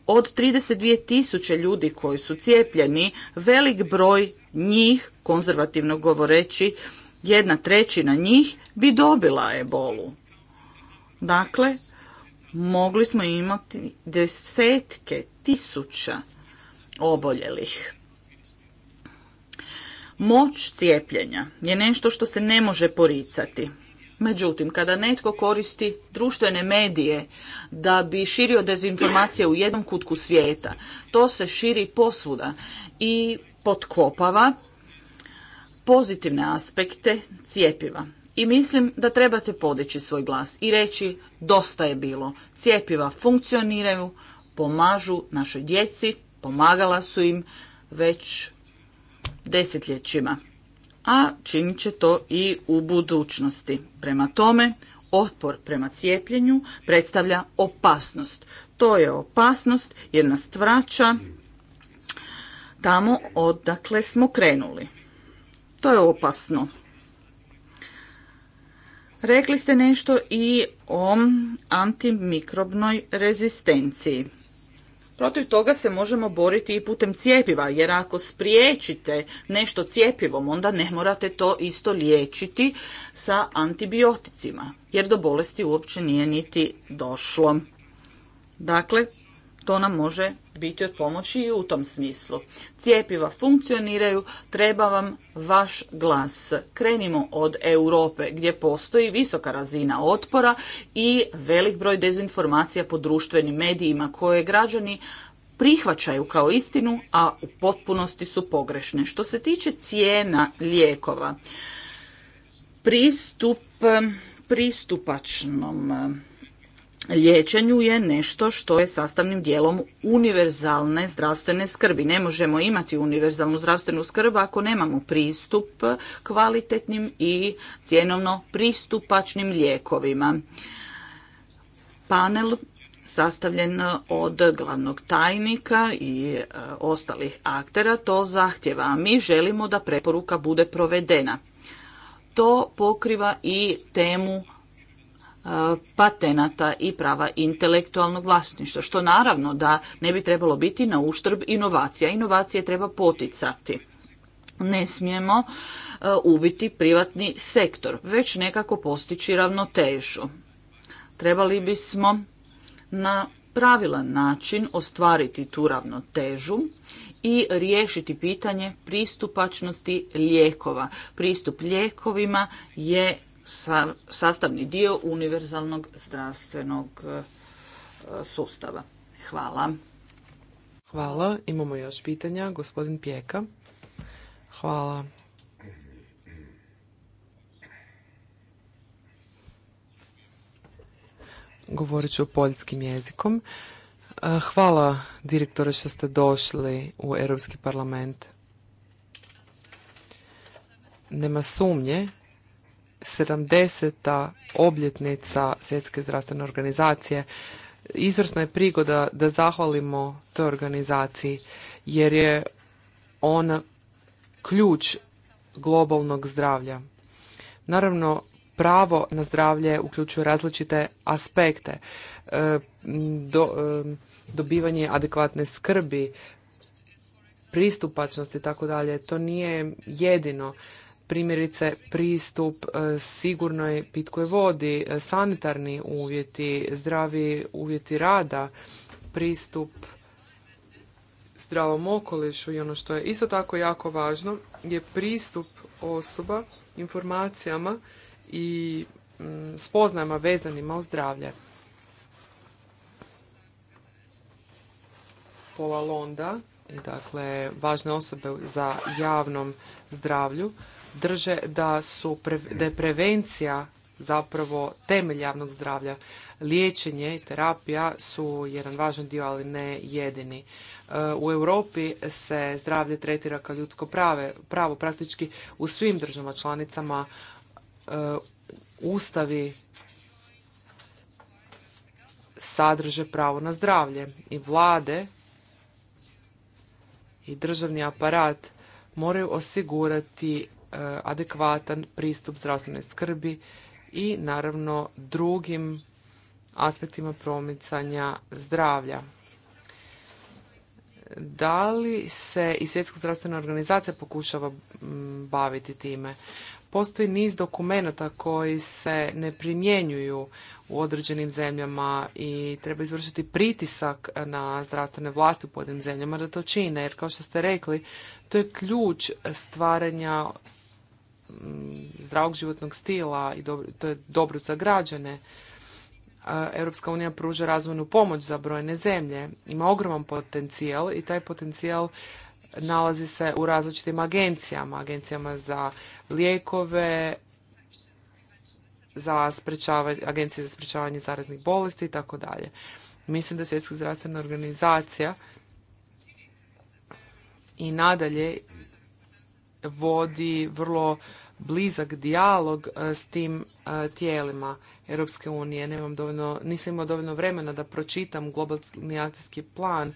od 32 tisuće ljudi koji su cijepljeni, velik broj njih, konzervativno govoreći, jedna trećina njih bi dobila ebolu. Dakle, mogli smo imati desetke tisuća oboljelih. Moć cijepljenja je nešto što se ne može poricati. Međutim, kada netko koristi društvene medije da bi širio dezinformacije u jednom kutku svijeta, to se širi posvuda i potkopava pozitivne aspekte cijepiva. I mislim da trebate podići svoj glas i reći dosta je bilo. Cijepiva funkcioniraju, pomažu našoj djeci, pomagala su im već desetljećima a činit će to i u budućnosti. Prema tome, otpor prema cijepljenju predstavlja opasnost. To je opasnost jer nas vraća tamo odakle smo krenuli. To je opasno. Rekli ste nešto i o antimikrobnoj rezistenciji. Protiv toga se možemo boriti i putem cijepiva, jer ako spriječite nešto cijepivom, onda ne morate to isto liječiti sa antibioticima, jer do bolesti uopće nije niti došlo. Dakle, to nam može biti od pomoći i u tom smislu. Cijepiva funkcioniraju, treba vam vaš glas. Krenimo od Europe gdje postoji visoka razina otpora i velik broj dezinformacija po društvenim medijima koje građani prihvaćaju kao istinu, a u potpunosti su pogrešne. Što se tiče cijena lijekova, pristup pristupačnom liječenju je nešto što je sastavnim dijelom univerzalne zdravstvene skrbi. Ne možemo imati univerzalnu zdravstvenu skrb ako nemamo pristup kvalitetnim i cjenovno pristupačnim lijekovima. Panel sastavljen od glavnog tajnika i e, ostalih aktera to zahtjeva. Mi želimo da preporuka bude provedena. To pokriva i temu E, patenata i prava intelektualnog vlasništva, što naravno da ne bi trebalo biti na uštrb inovacija. Inovacije treba poticati. Ne smijemo e, ubiti privatni sektor, već nekako postići ravnotežu. Trebali bismo na pravilan način ostvariti tu ravnotežu i riješiti pitanje pristupačnosti lijekova. Pristup lijekovima je sastavni dio univerzalnog zdravstvenog e, sustava. Hvala. Hvala. Imamo još pitanja. Gospodin Pijeka. Hvala. Govorit ću poljskim jezikom. E, hvala direktore što ste došli u Europski parlament. Nema sumnje 70. obljetnica Svjetske zdravstvene organizacije izvrsna je prigoda da zahvalimo toj organizaciji jer je ona ključ globalnog zdravlja. Naravno, pravo na zdravlje uključuje različite aspekte. E, do, e, dobivanje adekvatne skrbi, pristupačnost i tako dalje. To nije jedino primjerice pristup e, sigurnoj pitkoj vodi, e, sanitarni uvjeti, zdravi uvjeti rada, pristup zdravom okolišu i ono što je isto tako jako važno je pristup osoba informacijama i mm, spoznajama vezanima uz zdravlje. Pola Londa dakle važne osobe za javnom zdravlju drže da, su, da je prevencija zapravo temelj javnog zdravlja. Liječenje i terapija su jedan važan dio, ali ne jedini. E, u Europi se zdravlje tretira kao ljudsko prave, pravo praktički u svim državama članicama e, ustavi sadrže pravo na zdravlje i vlade i državni aparat moraju osigurati E, adekvatan pristup zdravstvenoj skrbi i naravno drugim aspektima promicanja zdravlja. Da li se i Svjetska zdravstvena organizacija pokušava baviti time? Postoji niz dokumenata koji se ne primjenjuju u određenim zemljama i treba izvršiti pritisak na zdravstvene vlasti u pojedinim zemljama da to čine. Jer kao što ste rekli, to je ključ stvaranja Mm, zdravog životnog stila i to je dobro za građane. E, Europska unija pruža razvojnu pomoć za brojne zemlje. Ima ogroman potencijal i taj potencijal nalazi se u različitim agencijama. Agencijama za lijekove, za agencije za sprečavanje zaraznih bolesti i tako dalje. Mislim da Svjetska zdravstvena organizacija i nadalje vodi vrlo blizak dijalog e, s tim e, tijelima Europske unije. Nemam dovoljno, nisam imao dovoljno vremena da pročitam globalni akcijski plan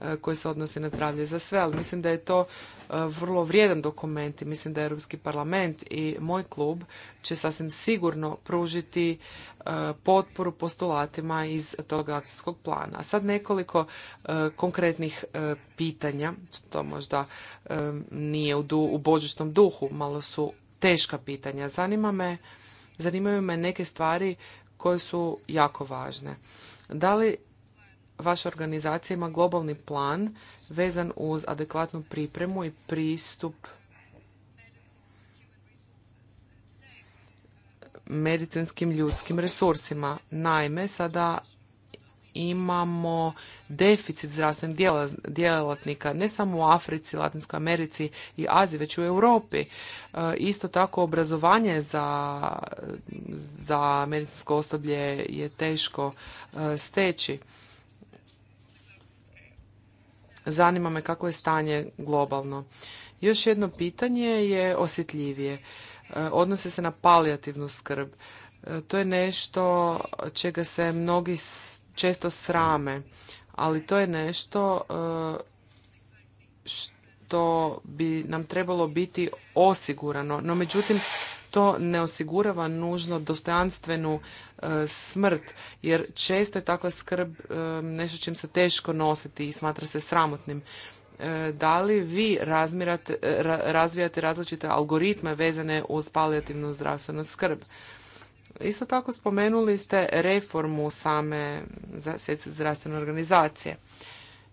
e, koji se odnosi na zdravlje za sve, ali mislim da je to Eh, vrlo vrijedan dokument i mislim da je Europski parlament i moj klub će sasvim sigurno pružiti eh, potporu postulatima iz tog akcijskog plana. sad nekoliko eh, konkretnih pitanja, što možda nije u božičnom duhu, malo su teška pitanja. Zanima me, zanimaju me neke stvari koje su jako važne. Da li vaša organizacija ima globalni plan vezan uz adekvatnu pripremu i pristup medicinskim ljudskim resursima. Naime, sada imamo deficit zdravstvenih djelatnika ne samo u Africi, Latinskoj Americi i Aziji, već u Europi. E, isto tako obrazovanje za, za medicinsko osoblje je teško e, steći. Zanima me kako je stanje globalno. Još jedno pitanje je osjetljivije. E, odnose se na palijativnu skrb. E, to je nešto čega se mnogi često srame, ali to je nešto e, što bi nam trebalo biti osigurano. No međutim, to ne osigurava nužno dostojanstvenu e, smrt jer često je takva skrb e, nešto čim se teško nositi i smatra se sramotnim e, da li vi razmirate, razvijate različite algoritme vezane uz palijativnu zdravstvenu skrb. Isto tako spomenuli ste reformu same zdravstvene organizacije.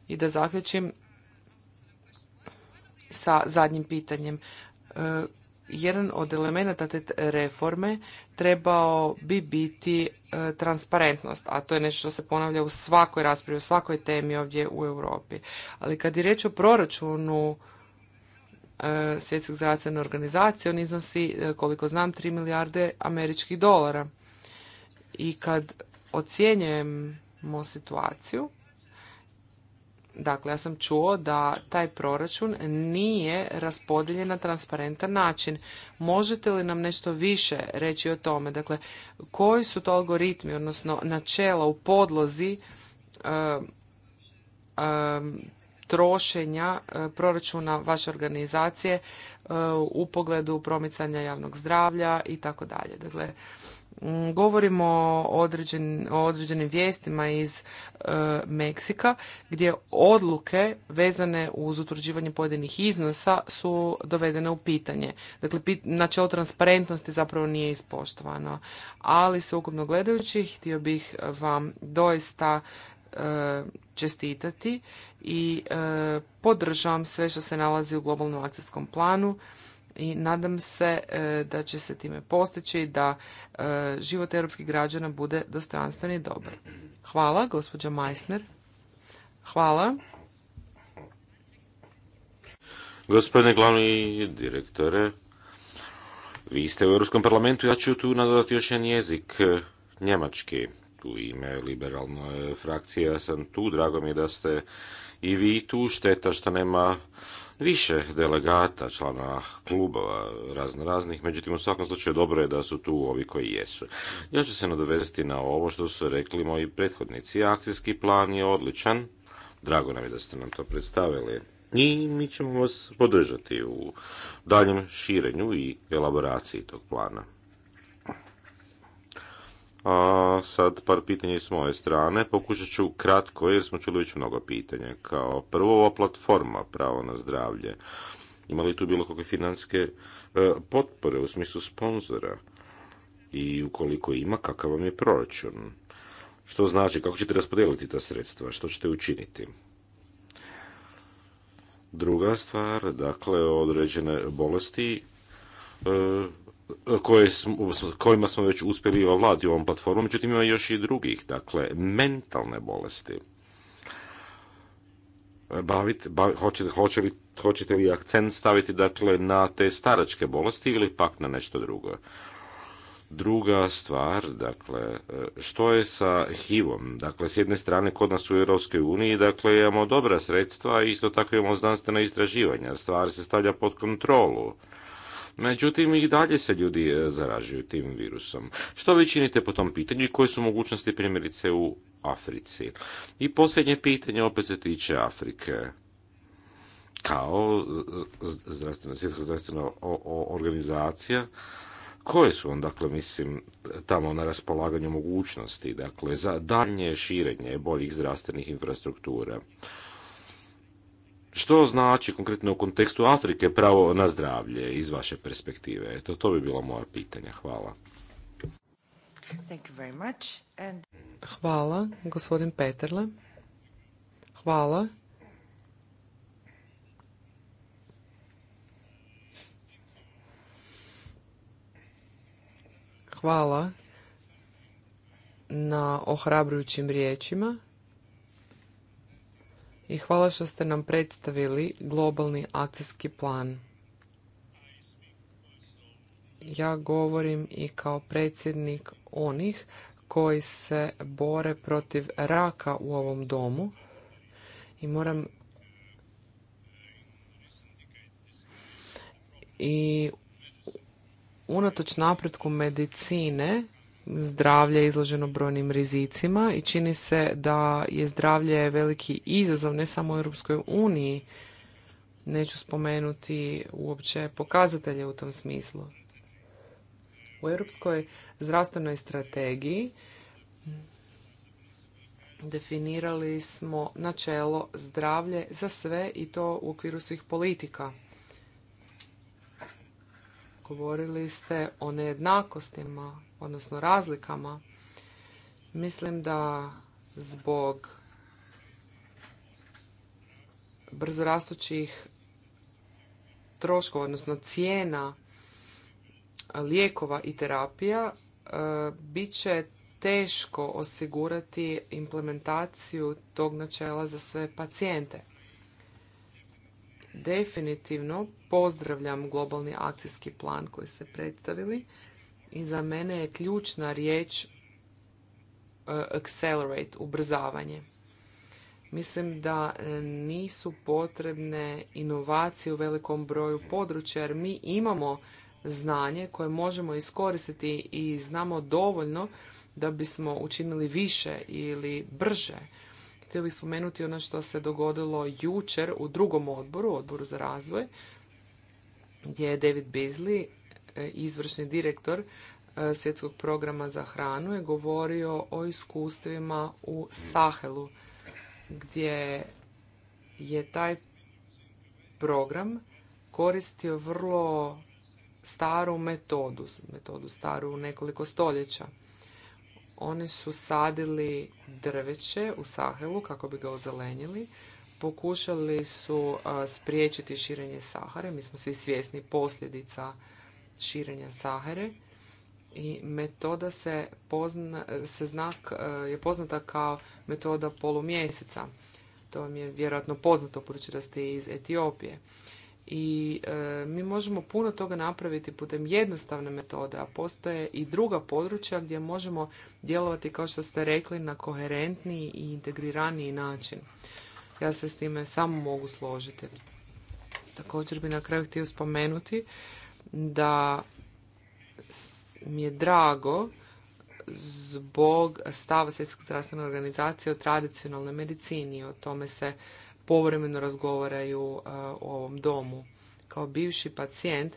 I da zaključim sa zadnjim pitanjem jedan od elemenata te reforme trebao bi biti e, transparentnost, a to je nešto što se ponavlja u svakoj raspravi, u svakoj temi ovdje u Europi. Ali kad je riječ o proračunu e, Svjetske zdravstvene organizacije, on iznosi, e, koliko znam, 3 milijarde američkih dolara. I kad ocjenjujemo situaciju, Dakle, ja sam čuo da taj proračun nije raspodijeljen na transparentan način. Možete li nam nešto više reći o tome? Dakle, koji su to algoritmi, odnosno načela u podlozi e, e, trošenja e, proračuna vaše organizacije u pogledu promicanja javnog zdravlja i tako dalje. Dakle, Mm, govorimo o, određen, određenim vijestima iz e, Meksika gdje odluke vezane uz utvrđivanje pojedinih iznosa su dovedene u pitanje. Dakle, pit, načelo transparentnosti zapravo nije ispoštovano. Ali sveukupno gledajući, htio bih vam doista e, čestitati i e, podržavam sve što se nalazi u globalnom akcijskom planu i nadam se e, da će se time postići da e, život europskih građana bude dostojanstven i dobar. Hvala, gospođa Meissner. Hvala. Gospodine glavni direktore, vi ste u Europskom parlamentu, ja ću tu nadodati još jedan jezik, e, njemački. Tu ime liberalne frakcije ja sam tu, drago mi je da ste i vi tu, šteta što nema više delegata, člana klubova razno raznih, međutim u svakom slučaju dobro je da su tu ovi koji jesu. Ja ću se nadovesti na ovo što su rekli moji prethodnici. Akcijski plan je odličan, drago nam je da ste nam to predstavili i mi ćemo vas podržati u daljem širenju i elaboraciji tog plana. A sad par pitanja s moje strane. Pokušat ću kratko jer smo čuli već mnogo pitanja. Kao prvo ova platforma pravo na zdravlje. Ima li tu bilo kakve financijske e, potpore u smislu sponzora? I ukoliko ima, kakav vam je proračun? Što znači, kako ćete raspodijeliti ta sredstva? Što ćete učiniti? Druga stvar, dakle, određene bolesti e, smo, kojima smo već uspjeli ovladiti ovom platformom, međutim ima još i drugih, dakle, mentalne bolesti. E, bavit, bav, hoćete, li, hoćete akcent staviti dakle, na te staračke bolesti ili pak na nešto drugo? Druga stvar, dakle, e, što je sa HIV-om? Dakle, s jedne strane, kod nas u Europskoj uniji, dakle, imamo dobra sredstva, isto tako imamo znanstvena istraživanja. Stvar se stavlja pod kontrolu Međutim, i dalje se ljudi e, zaražuju tim virusom. Što vi činite po tom pitanju i koje su mogućnosti primjerice u Africi? I posljednje pitanje opet se tiče Afrike kao e, svjetska zdravstvena organizacija, koje su on, dakle, mislim, tamo na raspolaganju mogućnosti, dakle, za daljnje širenje boljih zdravstvenih infrastruktura? Što znači konkretno u kontekstu Afrike pravo na zdravlje iz vaše perspektive? Eto, to bi bilo moja pitanja. Hvala. Hvala, gospodin Peterle. Hvala. Hvala na ohrabrujućim riječima i hvala što ste nam predstavili globalni akcijski plan. Ja govorim i kao predsjednik onih koji se bore protiv raka u ovom domu i moram i unatoč napretku medicine zdravlje izloženo brojnim rizicima i čini se da je zdravlje veliki izazov ne samo u Europskoj uniji. Neću spomenuti uopće pokazatelje u tom smislu. U Europskoj zdravstvenoj strategiji definirali smo načelo zdravlje za sve i to u okviru svih politika. Govorili ste o nejednakostima odnosno razlikama, mislim da zbog brzorastućih troškova, odnosno cijena lijekova i terapija, e, bit će teško osigurati implementaciju tog načela za sve pacijente. Definitivno pozdravljam globalni akcijski plan koji ste predstavili i za mene je ključna riječ e, accelerate, ubrzavanje. Mislim da e, nisu potrebne inovacije u velikom broju područja jer mi imamo znanje koje možemo iskoristiti i znamo dovoljno da bismo učinili više ili brže. Htio bih spomenuti ono što se dogodilo jučer u drugom odboru, odboru za razvoj, gdje je David Beasley E, izvršni direktor e, svjetskog programa za hranu je govorio o iskustvima u Sahelu gdje je taj program koristio vrlo staru metodu, metodu staru nekoliko stoljeća. Oni su sadili drveće u Sahelu kako bi ga ozelenili, pokušali su spriječiti širenje Sahare, mi smo svi svjesni posljedica širenja Sahare i metoda se, se znak e, je poznata kao metoda polumjeseca. To vam je vjerojatno poznato budući da ste iz Etiopije. I e, mi možemo puno toga napraviti putem jednostavne metode, a postoje i druga područja gdje možemo djelovati kao što ste rekli na koherentniji i integriraniji način. Ja se s time samo mogu složiti. Također bi na kraju htio spomenuti da mi je drago zbog stava Svjetske zdravstvene organizacije o tradicionalnoj medicini. O tome se povremeno razgovaraju e, u ovom domu. Kao bivši pacijent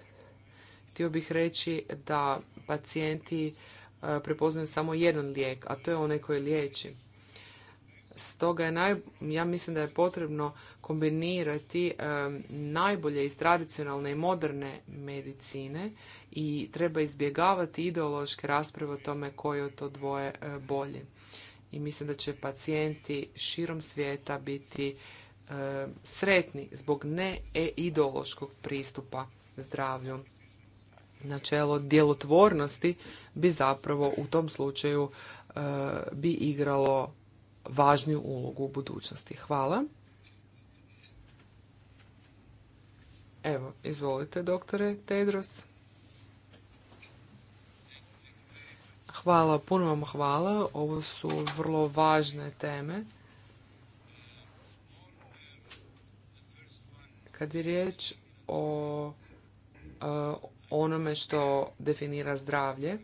htio bih reći da pacijenti e, prepoznaju samo jedan lijek, a to je onaj koji liječi. Stoga je naj, ja mislim da je potrebno kombinirati e, najbolje iz tradicionalne i moderne medicine i treba izbjegavati ideološke rasprave o tome koji od to dvoje e, bolje. I mislim da će pacijenti širom svijeta biti e, sretni zbog ne ideološkog pristupa zdravlju. Načelo djelotvornosti bi zapravo u tom slučaju bi igralo važniju ulogu u budućnosti. Hvala. Evo, izvolite, doktore Tedros. Hvala, puno vam hvala. Ovo su vrlo važne teme. Kad je riječ o e, onome što definira zdravlje,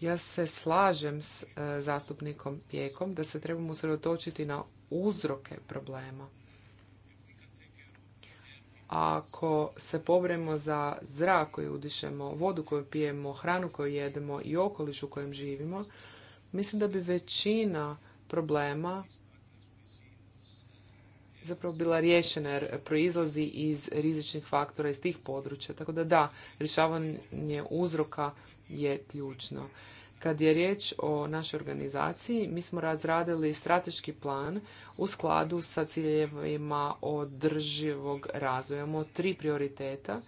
ja se slažem s e, zastupnikom Pijekom da se trebamo usredotočiti na uzroke problema ako se pobremo za zrak koji udišemo, vodu koju pijemo, hranu koju jedemo i okoliš u kojem živimo, mislim da bi većina problema zapravo bila riješena jer proizlazi iz rizičnih faktora iz tih područja. Tako da da, rješavanje uzroka je ključno. Kad je riječ o našoj organizaciji, mi smo razradili strateški plan u skladu sa ciljevima održivog razvoja. Imamo tri prioriteta. E,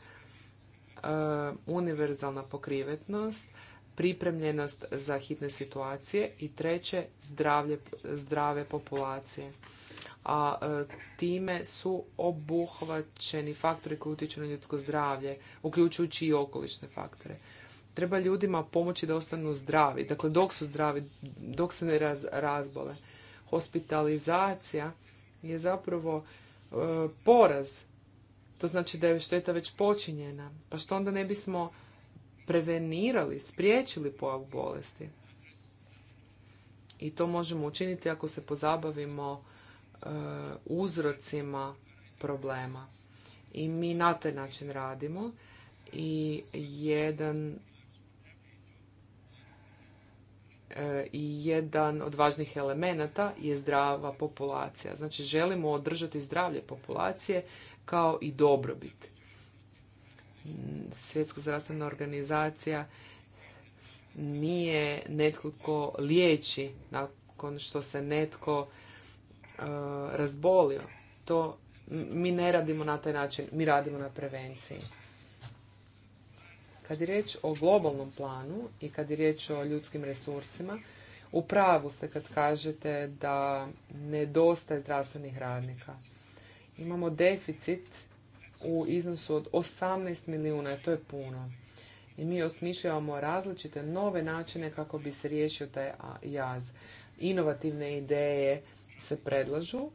univerzalna pokrivetnost, pripremljenost za hitne situacije i treće zdravlje, zdrave populacije. A e, time su obuhvaćeni faktori koji utječu na ljudsko zdravlje, uključujući i okolišne faktore. Treba ljudima pomoći da ostanu zdravi. Dakle, dok su zdravi, dok se ne razbole. Hospitalizacija je zapravo e, poraz. To znači da je šteta već počinjena. Pa što onda ne bismo prevenirali, spriječili pojavu bolesti? I to možemo učiniti ako se pozabavimo e, uzrocima problema. I mi na taj način radimo. I jedan E, i jedan od važnih elemenata je zdrava populacija. Znači želimo održati zdravlje populacije kao i dobrobit. Svjetska zdravstvena organizacija nije netko ko liječi nakon što se netko e, razbolio. To mi ne radimo na taj način, mi radimo na prevenciji. Kad je riječ o globalnom planu i kad je riječ o ljudskim resursima, u pravu ste kad kažete da nedostaje zdravstvenih radnika. Imamo deficit u iznosu od 18 milijuna, to je puno. I mi osmišljavamo različite nove načine kako bi se riješio taj jaz. Inovativne ideje se predlažu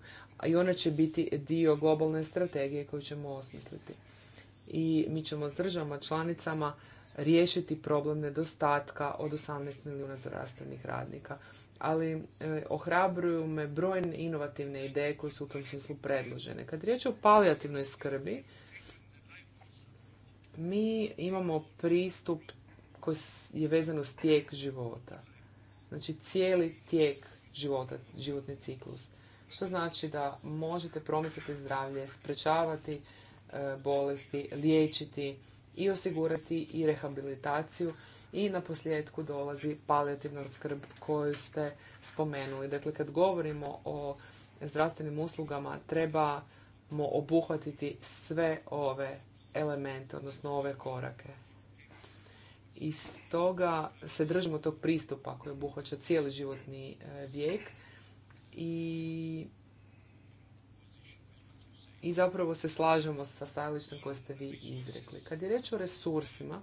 i one će biti dio globalne strategije koju ćemo osmisliti i mi ćemo s državama članicama riješiti problem nedostatka od 18 milijuna zdravstvenih radnika. Ali e, ohrabruju me brojne inovativne ideje koje su u tom smislu predložene. Kad riječ o palijativnoj skrbi, mi imamo pristup koji je vezan uz tijek života. Znači cijeli tijek života, životni ciklus. Što znači da možete promisliti zdravlje, sprečavati E, bolesti, liječiti i osigurati i rehabilitaciju i na posljedku dolazi palijativna skrb koju ste spomenuli. Dakle, kad govorimo o zdravstvenim uslugama, trebamo obuhvatiti sve ove elemente, odnosno ove korake. I stoga se držimo tog pristupa koji obuhvaća cijeli životni e, vijek i i zapravo se slažemo sa stajalištem koje ste vi izrekli. Kad je reč o resursima,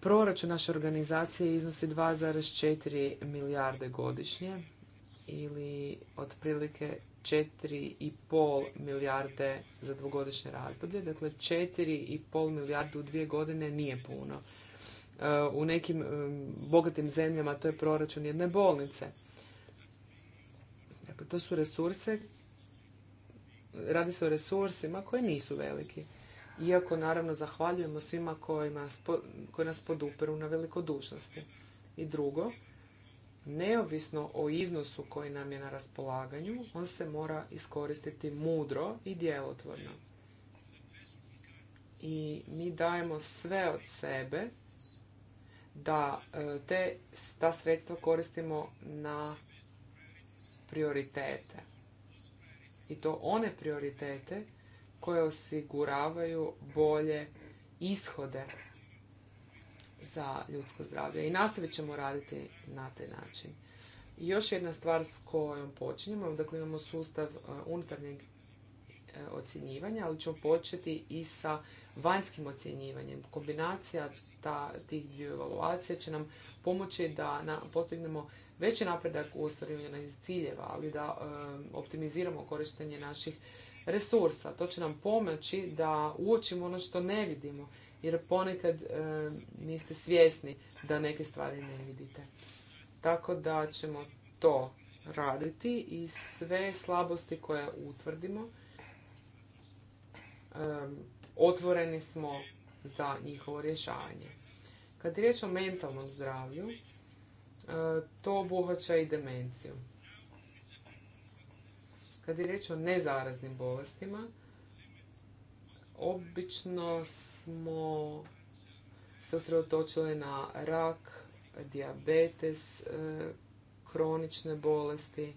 proračun naše organizacije iznosi 2,4 milijarde godišnje ili otprilike 4,5 milijarde za dvogodišnje razdoblje. Dakle, 4,5 milijarde u dvije godine nije puno. E, u nekim e, bogatim zemljama to je proračun jedne bolnice. Dakle, to su resurse radi se o resursima koji nisu veliki. Iako naravno zahvaljujemo svima koji nas podupiru na velikodušnosti. I drugo, neovisno o iznosu koji nam je na raspolaganju, on se mora iskoristiti mudro i djelotvorno. I mi dajemo sve od sebe da e, ta sredstva koristimo na prioritete i to one prioritete koje osiguravaju bolje ishode za ljudsko zdravlje. I nastavit ćemo raditi na taj način. I još jedna stvar s kojom počinjemo, dakle imamo sustav e, unutarnjeg e, ocjenjivanja, ali ćemo početi i sa vanjskim ocjenjivanjem. Kombinacija ta, tih dviju evaluacija će nam pomoći da postignemo veći napredak u ostvarivanju ciljeva, ali da optimiziramo korištenje naših resursa. To će nam pomoći da uočimo ono što ne vidimo, jer ponekad niste svjesni da neke stvari ne vidite. Tako da ćemo to raditi i sve slabosti koje utvrdimo otvoreni smo za njihovo rješavanje. Kad je riječ o mentalnom zdravlju, E, to obuhvaća i demenciju. Kad je riječ o nezaraznim bolestima, obično smo se usredotočili na rak, diabetes, e, kronične bolesti.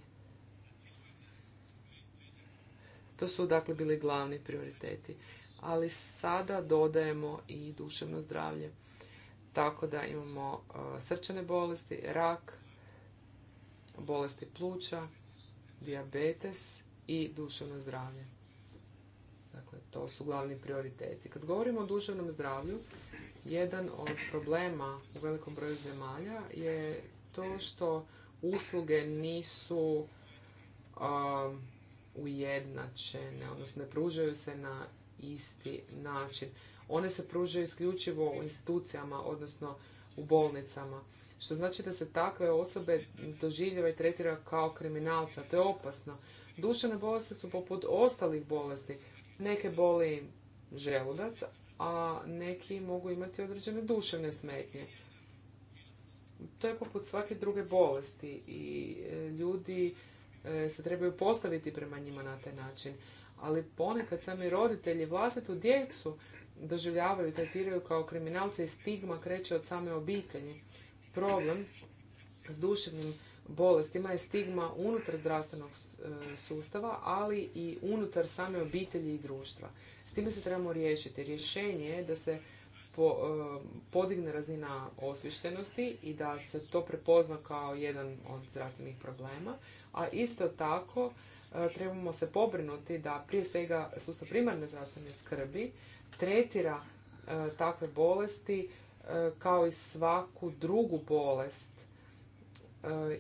To su dakle bili glavni prioriteti. Ali sada dodajemo i duševno zdravlje. Tako da imamo e, srčane bolesti, rak, bolesti pluća, dijabetes i duševno zdravlje. Dakle, to su glavni prioriteti. Kad govorimo o duševnom zdravlju, jedan od problema u velikom broju zemalja je to što usluge nisu um, ujednačene, odnosno ne pružaju se na isti način. One se pružaju isključivo u institucijama, odnosno u bolnicama. Što znači da se takve osobe doživljava i tretira kao kriminalca. To je opasno. Duševne bolesti su poput ostalih bolesti. Neke boli želudac, a neki mogu imati određene duševne smetnje. To je poput svake druge bolesti i e, ljudi e, se trebaju postaviti prema njima na taj način. Ali ponekad sami roditelji vlastitu djecu doživljavaju i tretiraju kao kriminalce i stigma kreće od same obitelji. Problem s duševnim bolestima je stigma unutar zdravstvenog e, sustava, ali i unutar same obitelji i društva. S time se trebamo riješiti. Rješenje je da se e, podigne razina osvištenosti i da se to prepozna kao jedan od zdravstvenih problema, a isto tako E, trebamo se pobrinuti da prije svega sustav primarne zdravstvene skrbi tretira e, takve bolesti e, kao i svaku drugu bolest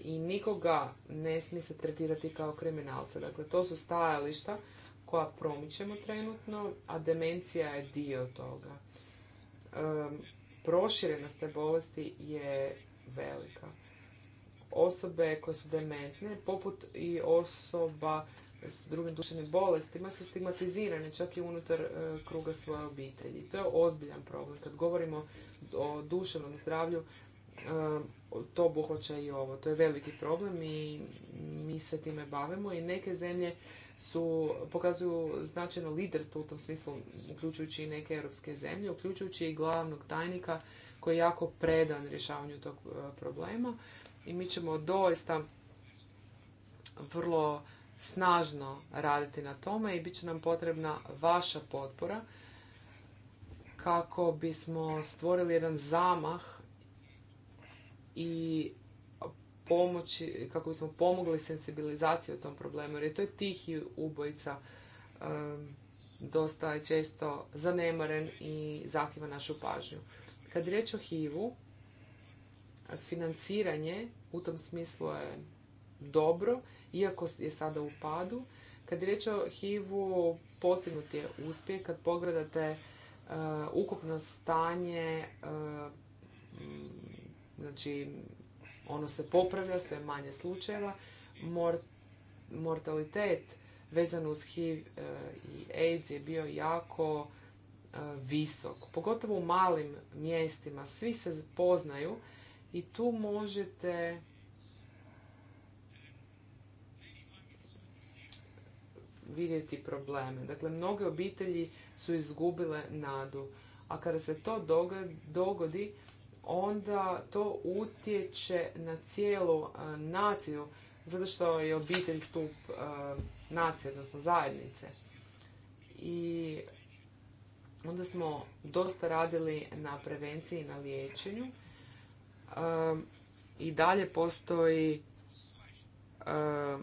i nikoga ne smije se tretirati kao kriminalca. Dakle, to su stajališta koja promičemo trenutno, a demencija je dio toga. Proširenost te bolesti je velika osobe koje su dementne, poput i osoba s drugim duševnim bolestima su stigmatizirane čak i unutar e, kruga svoje obitelji. To je ozbiljan problem. Kad govorimo o duševnom zdravlju, e, to obuhvaća i ovo. To je veliki problem i mi se time bavimo i neke zemlje su, pokazuju značajno liderstvo u tom smislu, uključujući i neke europske zemlje, uključujući i glavnog tajnika koji je jako predan rješavanju tog e, problema i mi ćemo doista vrlo snažno raditi na tome i bit će nam potrebna vaša potpora kako bismo stvorili jedan zamah i pomoći, kako bismo pomogli sensibilizaciju o tom problemu, jer je to tihi ubojica dosta često zanemaren i zahtjeva našu pažnju. Kad riječ o hiv -u, financiranje u tom smislu je dobro, iako je sada u padu. Kad je riječ o HIV-u, postignut je uspjeh. Kad pogledate e, ukupno stanje, e, znači ono se popravlja, sve manje slučajeva. mortalitet vezan uz HIV e, i AIDS je bio jako visok. Pogotovo u malim mjestima. Svi se poznaju i tu možete vidjeti probleme. Dakle, mnoge obitelji su izgubile nadu. A kada se to dogodi, onda to utječe na cijelu e, naciju, zato što je obitelj stup e, nacije, odnosno zajednice. I onda smo dosta radili na prevenciji i na liječenju Ehm, i dalje postoji ehm,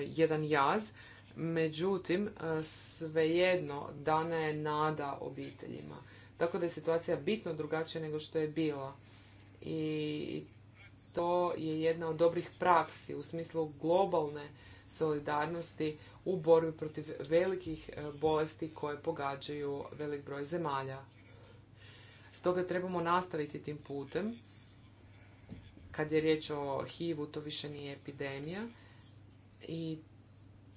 jedan jaz, međutim e, svejedno dana je nada obiteljima. Tako da je situacija bitno drugačija nego što je bila. I to je jedna od dobrih praksi u smislu globalne solidarnosti u borbi protiv velikih e, bolesti koje pogađaju velik broj zemalja. Stoga trebamo nastaviti tim putem. Kad je riječ o HIV-u, to više nije epidemija i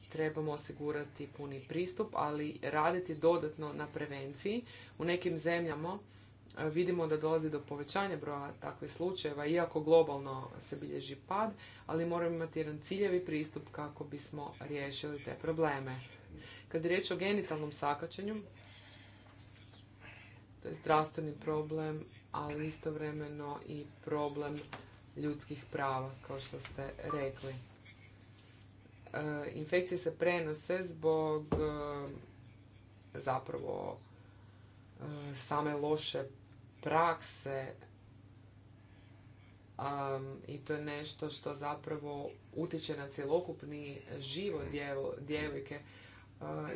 trebamo osigurati puni pristup, ali raditi dodatno na prevenciji. U nekim zemljama e, vidimo da dolazi do povećanja broja takvih slučajeva, iako globalno se bilježi pad, ali moramo imati jedan ciljevi pristup kako bismo riješili te probleme. Kad je riječ o genitalnom sakačenju, to je zdravstveni problem, ali istovremeno i problem ljudskih prava, kao što ste rekli. E, infekcije se prenose zbog e, zapravo e, same loše prakse i to je nešto što zapravo utječe na cjelokupni život djevo, djevojke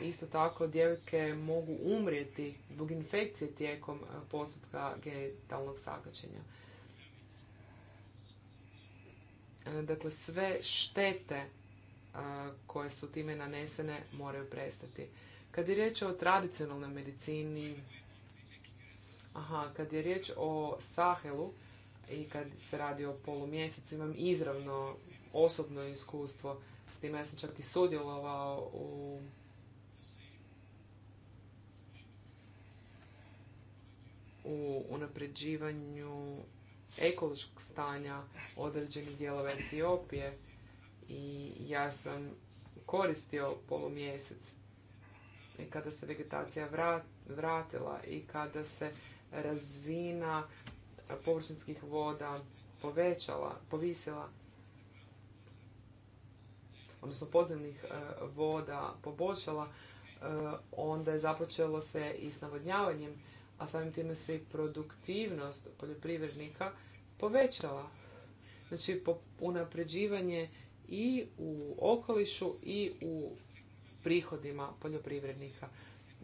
Isto tako, djevojke mogu umrijeti zbog infekcije tijekom postupka genitalnog sakačenja. Dakle, sve štete koje su time nanesene moraju prestati. Kad je riječ o tradicionalnoj medicini, aha, kad je riječ o Sahelu i kad se radi o polumjesecu, imam izravno osobno iskustvo s time. Ja sam čak i sudjelovao u u unapređivanju ekološkog stanja određenih dijelova Etiopije i ja sam koristio polumjesec i kada se vegetacija vratila i kada se razina površinskih voda povećala, povisila, odnosno podzemnih e, voda poboljšala, e, onda je započelo se i s navodnjavanjem a samim time se i produktivnost poljoprivrednika povećala. Znači, unapređivanje i u okolišu i u prihodima poljoprivrednika.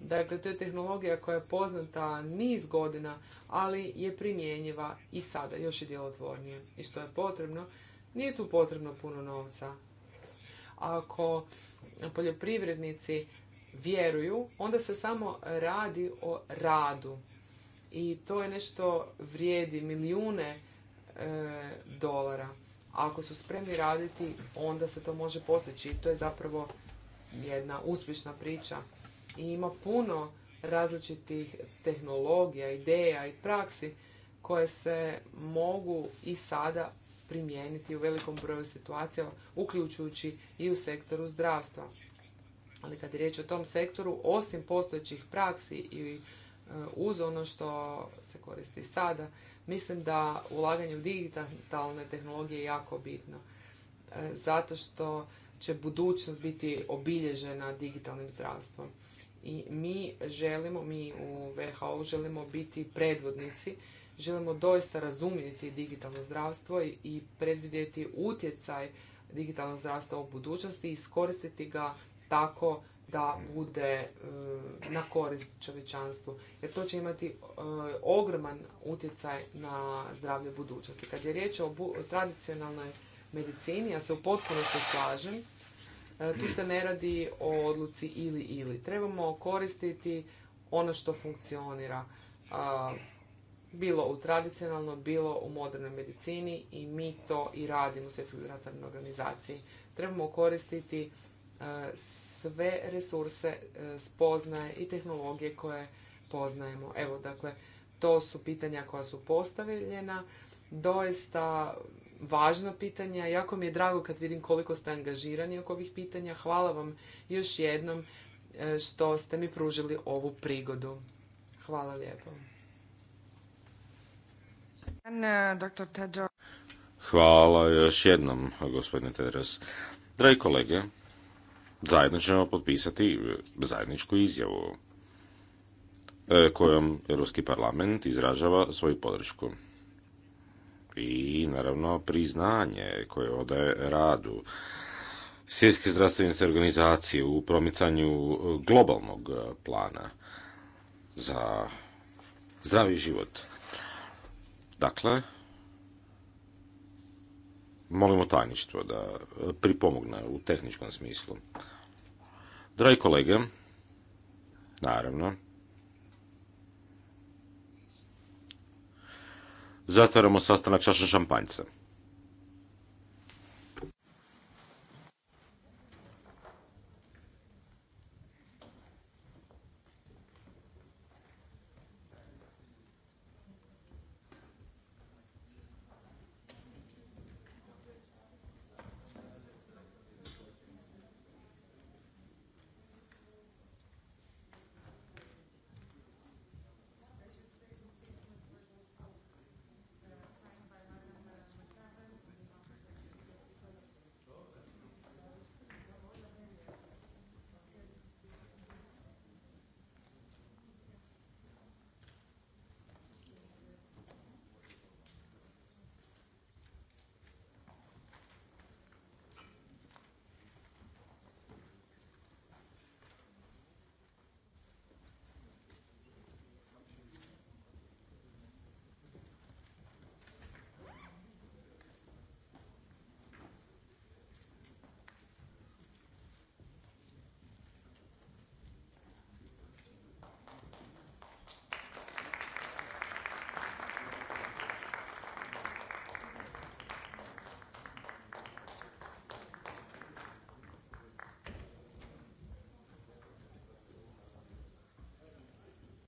Dakle, to je tehnologija koja je poznata niz godina, ali je primjenjiva i sada, još i djelotvornije. I što je potrebno? Nije tu potrebno puno novca. Ako poljoprivrednici vjeruju, onda se samo radi o radu. I to je nešto vrijedi milijune e, dolara. Ako su spremni raditi, onda se to može postići. I to je zapravo jedna uspješna priča. I ima puno različitih tehnologija, ideja i praksi koje se mogu i sada primijeniti u velikom broju situacija, uključujući i u sektoru zdravstva. Ali kad je riječ o tom sektoru, osim postojećih praksi i e, uz ono što se koristi sada, mislim da ulaganje u digitalne tehnologije je jako bitno. E, zato što će budućnost biti obilježena digitalnim zdravstvom. I mi želimo, mi u WHO želimo biti predvodnici, želimo doista razumjeti digitalno zdravstvo i predvidjeti utjecaj digitalnog zdravstva u budućnosti i iskoristiti ga tako da bude e, na korist čovječanstvu. Jer to će imati e, ogroman utjecaj na zdravlje budućnosti. Kad je riječ o tradicionalnoj medicini, ja se u potpunosti slažem, e, tu se ne radi o odluci ili ili. Trebamo koristiti ono što funkcionira. Bilo u tradicionalno, bilo u modernoj medicini i mi to i radimo u Svjetskoj zdravstvenoj organizaciji. Trebamo koristiti sve resurse e, spoznaje i tehnologije koje poznajemo. Evo, dakle, to su pitanja koja su postavljena, doista važna pitanja. Jako mi je drago kad vidim koliko ste angažirani oko ovih pitanja. Hvala vam još jednom e, što ste mi pružili ovu prigodu. Hvala lijepo. Hvala još jednom, gospodine Tedros. Dragi kolege, zajedno ćemo potpisati zajedničku izjavu e, kojom Europski parlament izražava svoju podršku i naravno priznanje koje odaje radu svjetske zdravstvene organizacije u promicanju globalnog plana za zdravi život. Dakle, molimo tajništvo da pripomogne u tehničkom smislu. Dragi kolege, naravno, zatvaramo sastanak čaša šampanjca.